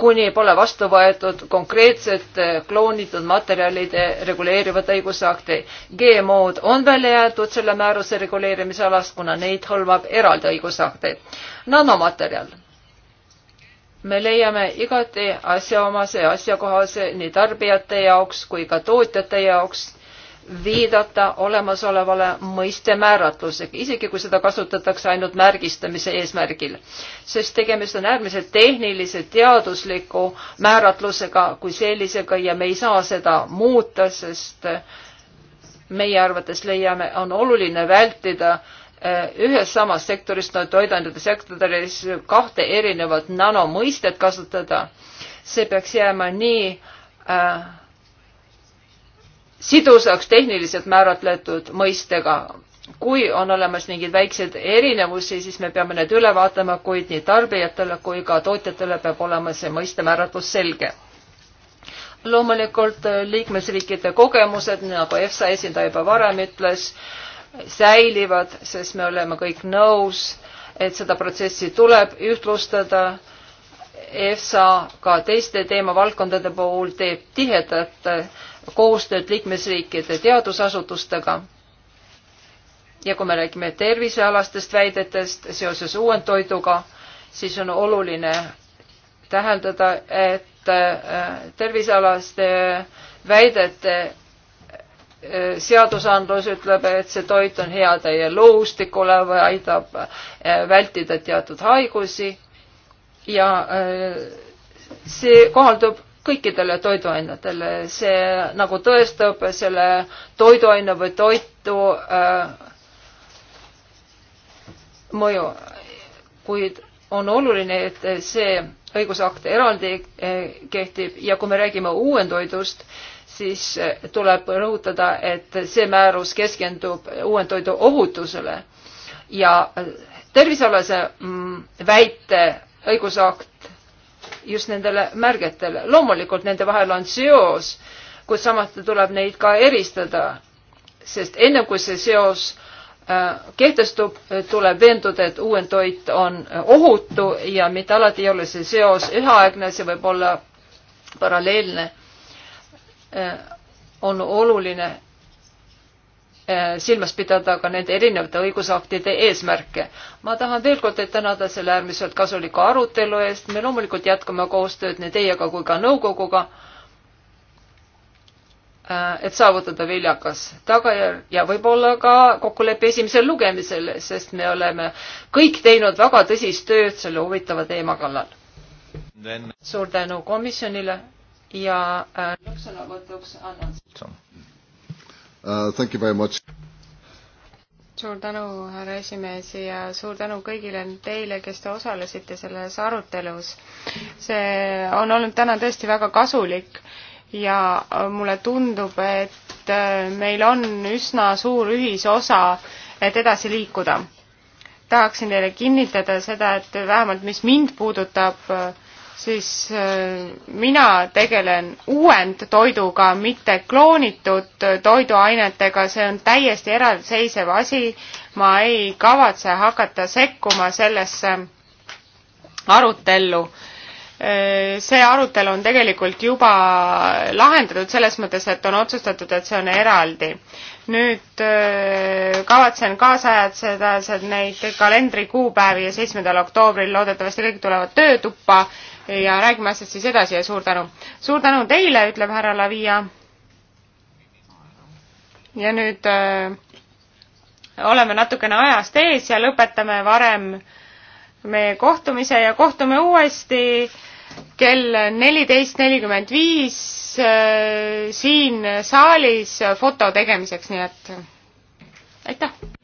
kuni pole vastu võetud konkreetsete kloonitud materjalide reguleerivat õigusakti. GMO-d on välja jäetud selle määruse reguleerimisalast, kuna neid hõlmab eraldi õigusakte. nanomaterjal me leiame igati asjaomase ja asjakohase nii tarbijate jaoks kui ka tootjate jaoks viidata olemasolevale mõiste määratlusega, isegi kui seda kasutatakse ainult märgistamise eesmärgil. sest tegemist on äärmiselt tehnilise, teadusliku määratlusega kui sellisega ja me ei saa seda muuta, sest meie arvates leiame, on oluline vältida äh, ühes samas sektoris no,, toiduainete sektoris kahte erinevat nanomõistet kasutada. see peaks jääma nii äh, sidusaks tehniliselt määratletud mõistega. kui on olemas mingeid väikseid erinevusi, siis me peame need üle vaatama, kuid nii tarbijatele kui ka tootjatele peab olema see mõistemääratlus selge loomulikult äh, liikmesriikide kogemused, nagu EFSA esindaja juba varem ütles äh,, säilivad, sest me oleme kõik nõus, et seda protsessi tuleb ühtlustada. EFSA ka teiste teemavaldkondade puhul teeb tihedat koostööd liikmesriikide teadusasutustega. ja kui me räägime tervisealastest väidetest seoses uuendtoiduga, siis on oluline täheldada, et äh, tervisealaste väidete seadusandlus ütleb, et see toit on hea teie lõustikule või aitab äh, vältida teatud haigusi ja äh, see kohaldub kõikidele toiduainetele, see nagu tõestab selle toiduaine või toitu äh, mõju, kuid on oluline, et see õigusakt eraldi kehtib ja kui me räägime uuendtoidust, siis eh, tuleb rõhutada, et see määrus keskendub uuendtoidu ohutusele ja eh, tervisealase mm, väite õigusakt just nendele märgetele. loomulikult nende vahel on seos, kuid samas tuleb neid ka eristada, sest enne kui see seos eh, kehtestub, tuleb veenduda, et uuendtoit on ohutu ja mitte alati ei ole see seos üheaegne, see võib olla paralleelne Äh, on oluline äh, silmas pidada ka nende erinevate õigusaktide eesmärke. ma tahan veel kord teid tänada selle äärmiselt kasuliku arutelu eest, me loomulikult jätkame koostööd nii teiega kui ka nõukoguga, äh, et saavutada viljakas tagajärg ja võib-olla ka kokkulepe esimesel lugemisel, sest me oleme kõik teinud väga tõsist tööd selle huvitava teema kallal. suur tänu komisjonile ja äh, lõppsõnavõtuks annan. Uh, thank you very much suur tänu, härra esimees ja suur tänu kõigile teile, kes te osalesite selles arutelus. see on olnud täna tõesti väga kasulik ja mulle tundub, et äh, meil on üsna suur ühisosa, et edasi liikuda. tahaksin teile kinnitada seda, et vähemalt mis mind puudutab, äh, siis äh, mina tegelen uuendtoiduga, mitte kloonitud toiduainetega, see on täiesti eraldiseisev asi. ma ei kavatse hakata sekkuma sellesse arutellu. Äh, see arutelu on tegelikult juba lahendatud selles mõttes, et on otsustatud, et see on eraldi. nüüd äh, kavatsen kaasajastada neid kalendrikuupäevi ja seitsmendal oktoobril loodetavasti kõik tulevad töötuppa ja räägime asjast siis edasi ja suur tänu. suur tänu teile, ütleb härra Lavia. ja nüüd öö, äh, oleme natukene ajast ees ja lõpetame varem meie kohtumise ja kohtume uuesti kell neliteist nelikümmend viis äh, siin saalis foto tegemiseks, nii et aitäh!